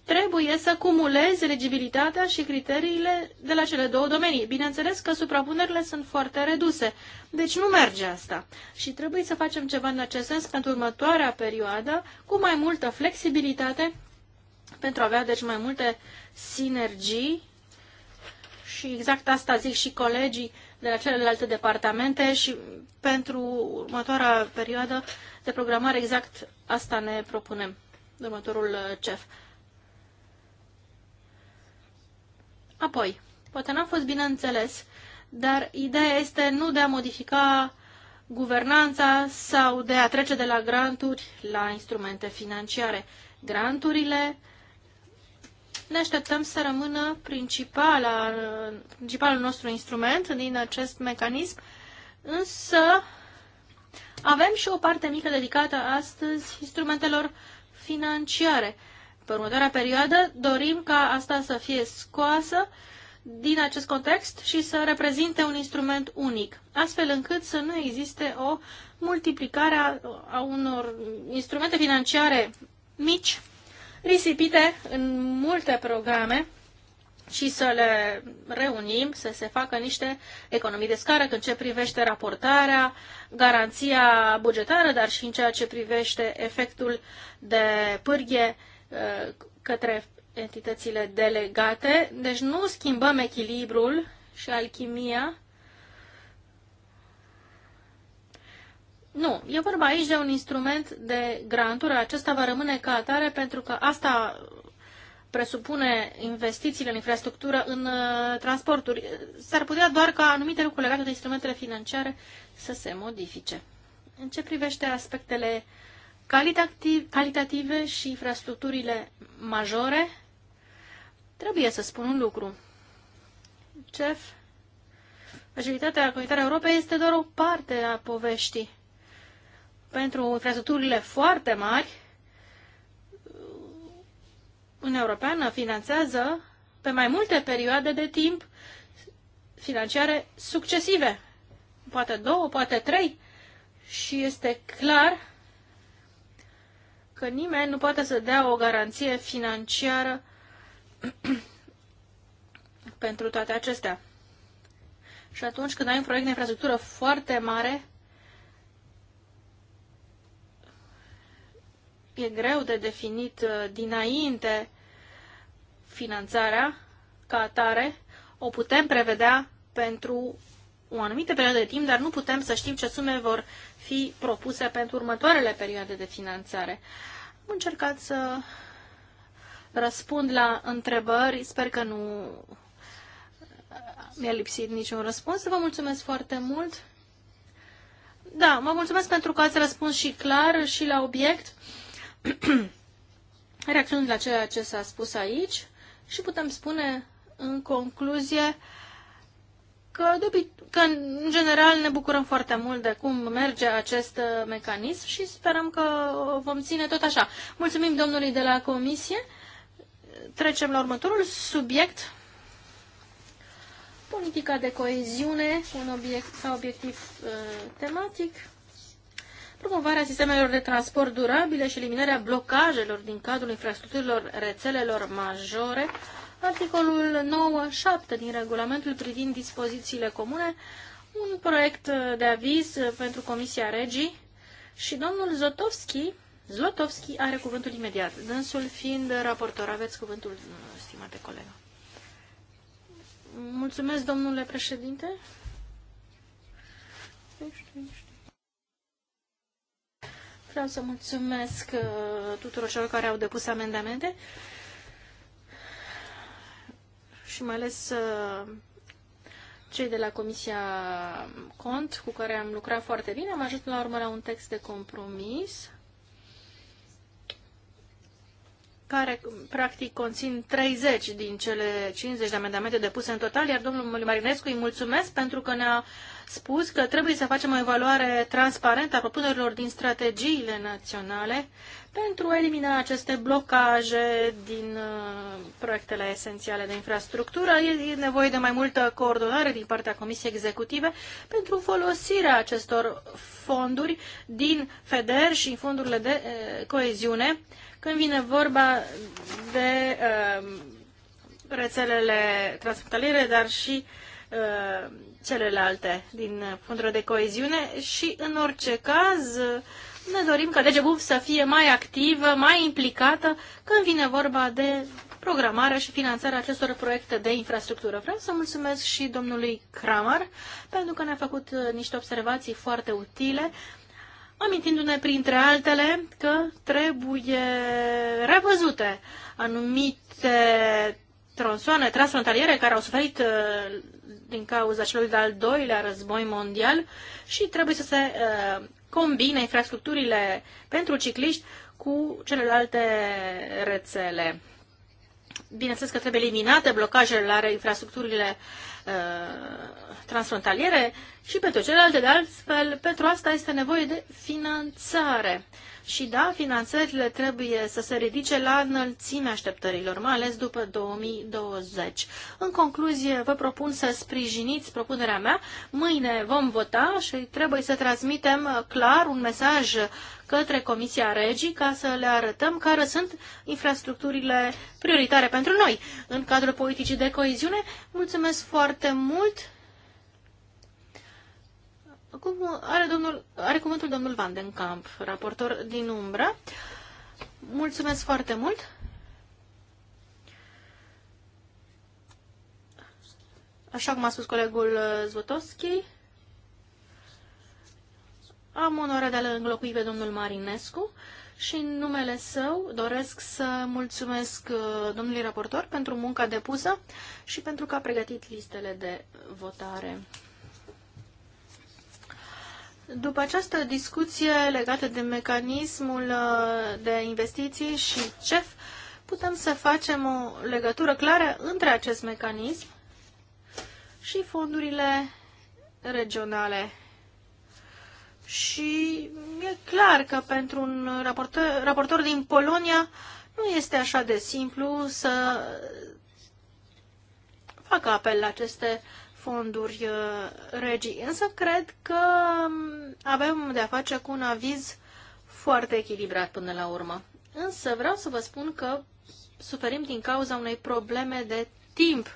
trebuie să cumulezi eligibilitatea și criteriile de la cele două domenii. Bineînțeles că suprapunerile sunt foarte reduse, deci nu merge asta. Și trebuie să facem ceva în acest sens pentru următoarea perioadă, cu mai multă flexibilitate, pentru a avea deci mai multe sinergii. Și exact asta zic și colegii de la celelalte departamente și pentru următoarea perioadă de programare exact asta ne propunem următorul uh, CEF. Apoi, poate n-am fost bine înțeles, dar ideea este nu de a modifica guvernanța sau de a trece de la granturi la instrumente financiare. Granturile ne așteptăm să rămână principala, principalul nostru instrument din acest mecanism, însă avem și o parte mică dedicată astăzi instrumentelor financiare pe următoarea perioadă, dorim ca asta să fie scoasă din acest context și să reprezinte un instrument unic, astfel încât să nu existe o multiplicare a unor instrumente financiare mici, risipite în multe programe și să le reunim, să se facă niște economii de scară când ce privește raportarea, garanția bugetară, dar și în ceea ce privește efectul de pârghie către entitățile delegate, deci nu schimbăm echilibrul și alchimia. Nu, e vorba aici de un instrument de grantură. acesta va rămâne ca atare pentru că asta presupune investițiile în infrastructură, în uh, transporturi. S-ar putea doar ca anumite lucruri legate de instrumentele financiare să se modifice. În ce privește aspectele uh, calitativ, calitative și infrastructurile majore, trebuie să spun un lucru. CEF, Facilitatea Comunitatea Europei, este doar o parte a poveștii. Pentru infrastructurile foarte mari, Uniunea Europeană finanțează pe mai multe perioade de timp financiare succesive, poate două, poate trei, și este clar că nimeni nu poate să dea o garanție financiară pentru toate acestea. Și atunci când ai un proiect de infrastructură foarte mare, e greu de definit uh, dinainte finanțarea ca atare, o putem prevedea pentru o anumită perioadă de timp, dar nu putem să știm ce sume vor fi propuse pentru următoarele perioade de finanțare. Am încercat să răspund la întrebări. Sper că nu mi-a lipsit niciun răspuns. Vă mulțumesc foarte mult. Da, vă mulțumesc pentru că ați răspuns și clar și la obiect, reacționând la ceea ce s-a spus aici și putem spune în concluzie că, de, că în general ne bucurăm foarte mult de cum merge acest uh, mecanism și sperăm că vom ține tot așa. Mulțumim domnului de la comisie. Trecem la următorul subiect. Politica de coeziune, un obiect, ca obiectiv uh, tematic. Promovarea sistemelor de transport durabile și eliminarea blocajelor din cadrul infrastructurilor rețelelor majore articolul 9.7 din regulamentul privind dispozițiile comune, un proiect de aviz pentru Comisia Regii și domnul Zotovski, Zlotovski are cuvântul imediat, dânsul fiind raportor. Aveți cuvântul, stimate colegă. Mulțumesc, domnule președinte. Vreau să mulțumesc uh, tuturor celor care au depus amendamente și mai ales uh, cei de la Comisia Cont, cu care am lucrat foarte bine, am ajuns la urmă la un text de compromis care practic conțin 30 din cele 50 de amendamente depuse în total, iar domnul Marinescu îi mulțumesc pentru că ne-a spus că trebuie să facem o evaluare transparentă a propunerilor din strategiile naționale pentru a elimina aceste blocaje din uh, proiectele esențiale de infrastructură. E nevoie de mai multă coordonare din partea Comisiei Executive pentru folosirea acestor fonduri din FEDER și fondurile de uh, coeziune când vine vorba de uh, rețelele transfrontaliere, dar și celelalte din fondurile de coeziune și, în orice caz, ne dorim ca DGBUB să fie mai activă, mai implicată când vine vorba de programarea și finanțarea acestor proiecte de infrastructură. Vreau să mulțumesc și domnului Kramer pentru că ne-a făcut uh, niște observații foarte utile, amintindu-ne printre altele că trebuie revăzute anumite tronsoane transfrontaliere care au suferit uh, din cauza celui de-al doilea război mondial și trebuie să se uh, combine infrastructurile pentru cicliști cu celelalte rețele. Bineînțeles că trebuie eliminate blocajele la infrastructurile uh, transfrontaliere și pentru celelalte, de altfel, pentru asta este nevoie de finanțare. Uh, și da, finanțările trebuie să se ridice la înălțimea așteptărilor, mai ales după 2020. În concluzie, vă propun să sprijiniți propunerea mea. Mâine vom vota și trebuie să transmitem clar un mesaj către Comisia Regii ca să le arătăm care sunt infrastructurile prioritare pentru noi în cadrul politicii de coeziune. Mulțumesc foarte mult! Acum are, domnul, are cuvântul domnul Van den Kamp, raportor din umbră. Mulțumesc foarte mult! Așa cum a spus colegul Zvotovski, am onoarea de a-l înlocui pe domnul Marinescu și în numele său doresc să mulțumesc uh, domnului raportor pentru munca depusă și pentru că a pregătit listele de votare. După această discuție legată de mecanismul uh, de investiții și CEF, putem să facem o legătură clară între acest mecanism și fondurile regionale. Și e clar că pentru un raportor, raportor din Polonia nu este așa de simplu să facă apel la aceste uh, fonduri uh, regii. Însă cred că um, avem de-a face cu un aviz foarte echilibrat până la urmă. Însă vreau să vă spun că suferim din cauza unei probleme de timp.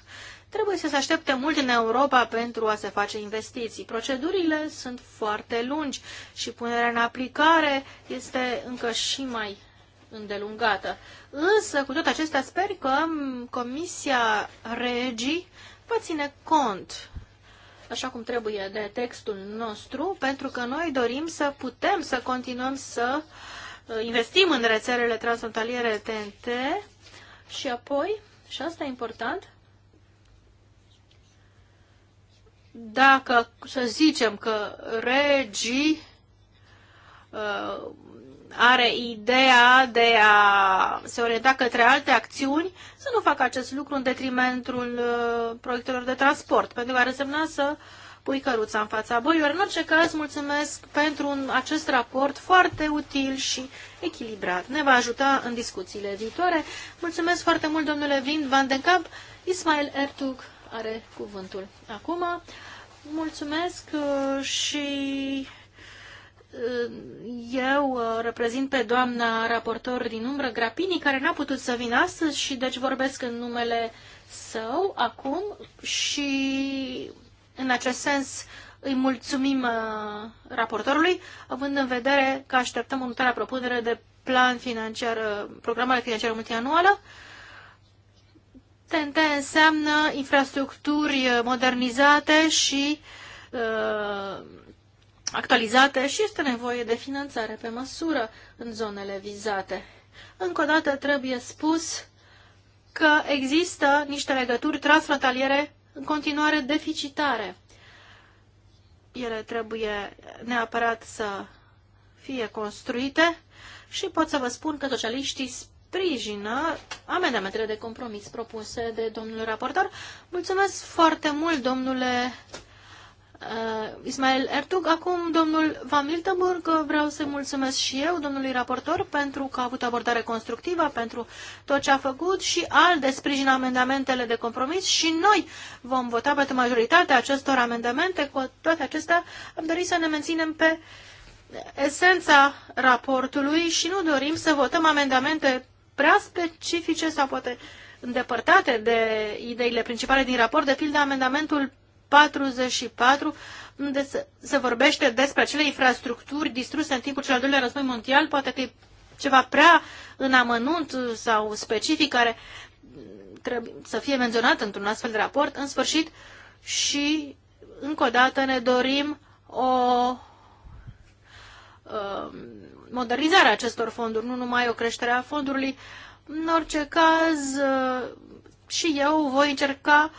Trebuie să se aștepte mult în Europa pentru a se face investiții. Procedurile sunt foarte lungi și punerea în aplicare este încă și mai îndelungată. Însă, cu tot acestea, sper că um, Comisia Regii va ține cont așa cum trebuie de textul nostru, pentru că noi dorim să putem să continuăm să uh, investim în rețelele transfrontaliere TNT și apoi, și asta e important, dacă, să zicem că regii uh, are ideea de a se orienta către alte acțiuni, să nu facă acest lucru în detrimentul uh, proiectelor de transport, pentru că ar însemna să pui căruța în fața boilor. În orice caz, mulțumesc pentru un, acest raport foarte util și echilibrat. Ne va ajuta în discuțiile viitoare. Mulțumesc foarte mult, domnule Vind Van den Kamp. Ismail Ertug are cuvântul acum. Mulțumesc uh, și eu uh, reprezint pe doamna raportor din umbră, Grapini, care n-a putut să vină astăzi și deci vorbesc în numele său acum și în acest sens îi mulțumim uh, raportorului, având în vedere că așteptăm următoarea propunere de plan financiar, uh, programare financiară multianuală. TNT înseamnă infrastructuri modernizate și uh, actualizate și este nevoie de finanțare pe măsură în zonele vizate. Încă o dată trebuie spus că există niște legături transfrontaliere în continuare deficitare. Ele trebuie neapărat să fie construite și pot să vă spun că socialiștii sprijină amendamentele de compromis propuse de domnul raportor. Mulțumesc foarte mult, domnule uh, Ismail Ertug. Acum, domnul Van Miltenburg, vreau să mulțumesc și eu, domnului raportor, pentru că a avut abordare constructivă, pentru tot ce a făcut și al de sprijin amendamentele de compromis și noi vom vota pentru majoritatea acestor amendamente. Cu toate acestea, am dorit să ne menținem pe esența raportului și nu dorim să votăm amendamente prea specifice sau poate îndepărtate de ideile principale din raport, de pildă amendamentul 44, unde se, se vorbește despre acele infrastructuri distruse în timpul cel doilea război mondial, poate că e ceva prea în amănunt sau specific care trebuie să fie menționat într-un astfel de raport, în sfârșit, și încă o dată ne dorim o um, modernizarea acestor fonduri, nu numai o creștere a fondurilor. În orice caz, uh, și eu voi încerca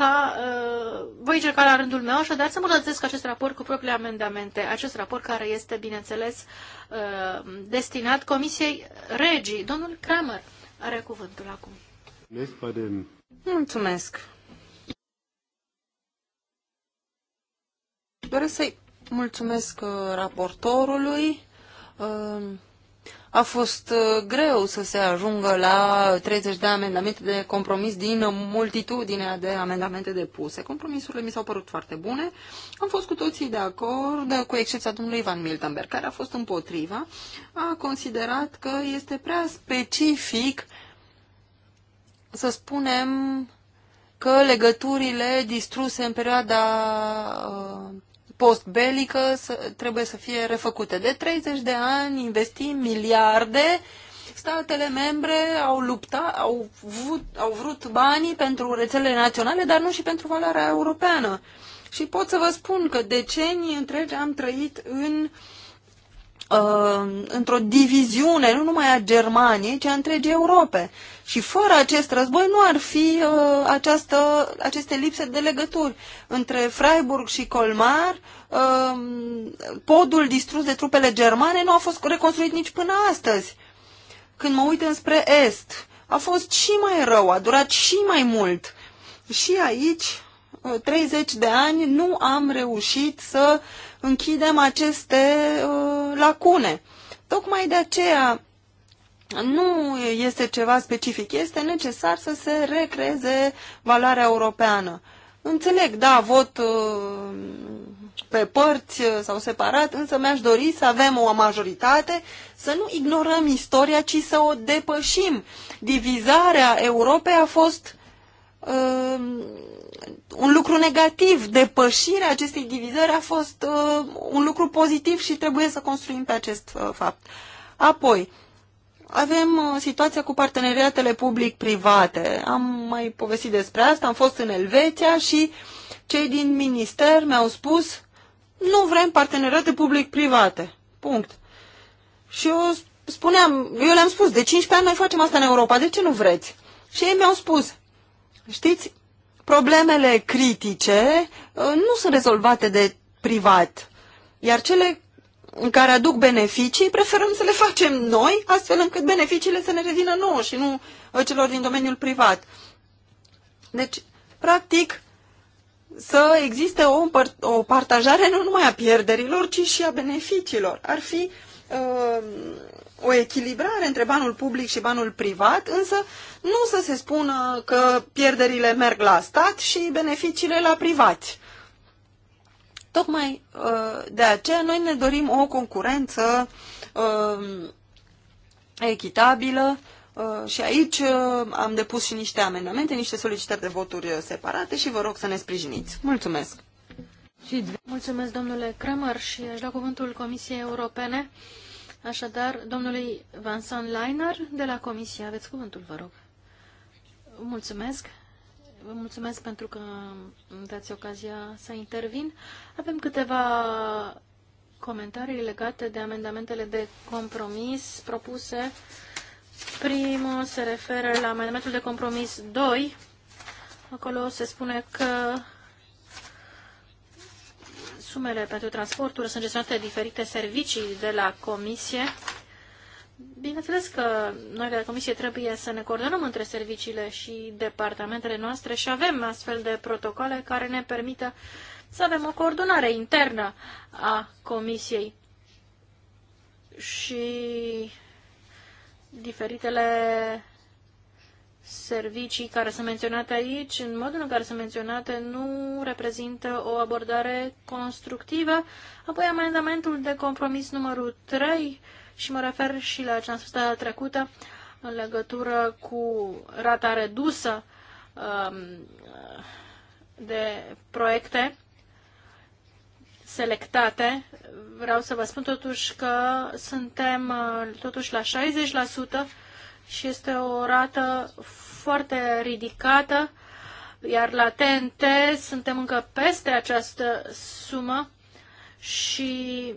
ca, uh, voi încerca la rândul meu așadar să îmbunătățesc acest raport cu propriile amendamente. Acest raport care este, bineînțeles, uh, destinat Comisiei Regii. Domnul Kramer are cuvântul acum. Mulțumesc. Doresc să-i mulțumesc uh, raportorului a fost uh, greu să se ajungă la 30 de amendamente de compromis din multitudinea de amendamente depuse. Compromisurile mi s-au părut foarte bune. Am fost cu toții de acord, cu excepția domnului Ivan Miltenberg, care a fost împotriva. A considerat că este prea specific să spunem că legăturile distruse în perioada uh, postbelică să, trebuie să fie refăcute. De 30 de ani investim miliarde, statele membre au luptat, au, vut, au vrut banii pentru rețelele naționale, dar nu și pentru valoarea europeană. Și pot să vă spun că decenii întregi am trăit în uh, uh, într-o diviziune, nu numai a Germaniei, ci a întregii Europe. Și fără acest război nu ar fi uh, această, aceste lipse de legături. Între Freiburg și Colmar, uh, podul distrus de trupele germane nu a fost reconstruit nici până astăzi. Când mă uit înspre Est, a fost și mai rău, a durat și mai mult. Și aici, 30 uh, de ani, nu am reușit să uh, închidem aceste uh, lacune. Tocmai de aceea nu este ceva specific, este necesar să se recreeze valoarea europeană. Înțeleg, da, vot uh, pe părți uh, sau separat, însă mi-aș dori să avem o majoritate, să nu ignorăm istoria, ci să o depășim. Divizarea Europei a fost uh, un lucru negativ. Depășirea acestei divizări a fost uh, un lucru pozitiv și trebuie să construim pe acest uh, fapt. Apoi, avem uh, situația cu parteneriatele public-private. Am mai povestit despre asta, am fost în Elveția și cei din minister mi-au spus nu vrem parteneriate public-private. Punct. Și eu spuneam, eu le-am spus, de 15 ani noi facem asta în Europa, de ce nu vreți? Și ei mi-au spus, știți, problemele critice uh, nu sunt rezolvate de privat, iar cele care aduc beneficii, preferăm să le facem noi, astfel încât beneficiile să ne revină nouă și nu uh, celor din domeniul privat. Deci, practic, să existe o, o partajare nu numai a pierderilor, ci și a beneficiilor. Ar fi uh, o echilibrare între banul public și banul privat, însă nu să se spună că pierderile merg la stat și beneficiile la privați. Tocmai uh, de aceea noi ne dorim o concurență um, echitabilă uh, și aici uh, am depus și niște amendamente, niște solicitări de voturi separate și vă rog să ne sprijiniți. Mulțumesc! Mulțumesc, domnule Kramer, și aș da cuvântul Comisiei Europene. Așadar, domnului Vincent Leiner de la Comisie, aveți cuvântul, vă rog. Mulțumesc. Vă mulțumesc pentru că îmi dați ocazia să intervin. Avem câteva comentarii legate de amendamentele de compromis propuse. Primul se referă la amendamentul de compromis 2. Acolo se spune că Sumele pentru transporturi sunt gestionate de diferite servicii de la Comisie. Bineînțeles că noi de la Comisie trebuie să ne coordonăm între serviciile și departamentele noastre și avem astfel de protocoale care ne permită să avem o coordonare internă a Comisiei și diferitele servicii care sunt menționate aici, în modul în care sunt menționate, nu reprezintă o abordare constructivă. Apoi amendamentul de compromis numărul 3 și mă refer și la ce am spus data trecută în legătură cu rata redusă um, de proiecte selectate. Vreau să vă spun totuși că suntem uh, totuși la 60% și este o rată foarte ridicată, iar la TNT suntem încă peste această sumă și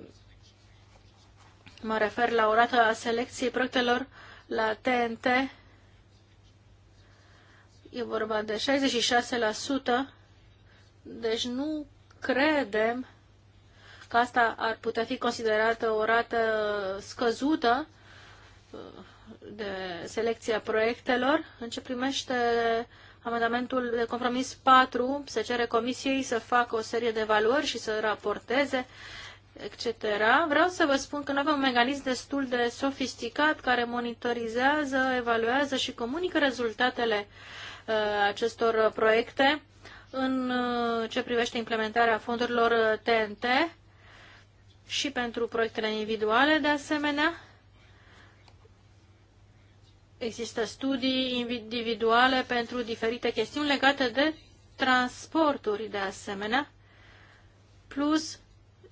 mă refer la o rată a selecției proiectelor la TNT. E vorba de 66%, deci nu credem că asta ar putea fi considerată o rată scăzută de selecție a proiectelor. În ce primește amendamentul de compromis 4, se cere comisiei să facă o serie de valori și să raporteze, etc. Vreau să vă spun că noi avem un mecanism destul de sofisticat care monitorizează, evaluează și comunică rezultatele uh, acestor proiecte în uh, ce privește implementarea fondurilor TNT uh, și pentru proiectele individuale, de asemenea Există studii individuale pentru diferite chestiuni legate de transporturi de asemenea, plus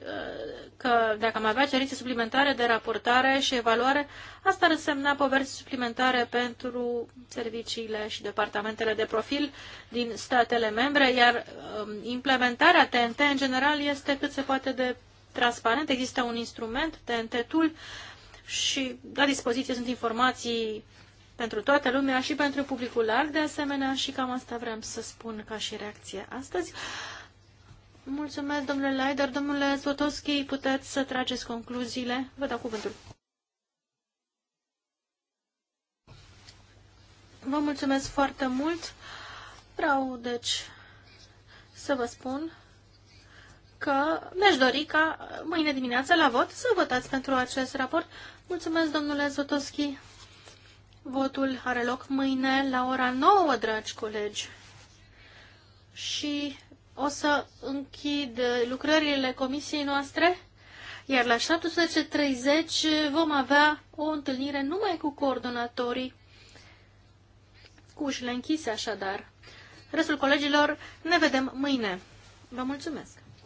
uh, că dacă am avea cerințe suplimentare de raportare și evaluare, asta ar însemna poverți suplimentare pentru serviciile și departamentele de profil din statele membre, iar um, implementarea TNT în general este cât se poate de transparent. Există un instrument, TNT-tul, și la dispoziție sunt informații pentru toată lumea și pentru publicul larg, de asemenea, și cam asta vrem să spun ca și reacție astăzi. Mulțumesc, domnule Leider. Domnule Zlotowski, puteți să trageți concluziile. Vă dau cuvântul. Vă mulțumesc foarte mult. Vreau, deci, să vă spun că mi-aș dori ca mâine dimineață la vot să votați pentru acest raport. Mulțumesc, domnule Zotoschi. Votul are loc mâine la ora 9, dragi colegi. Și o să închid lucrările comisiei noastre, iar la 17.30 vom avea o întâlnire numai cu coordonatorii, cu ușile închise așadar. Restul colegilor ne vedem mâine. Vă mulțumesc!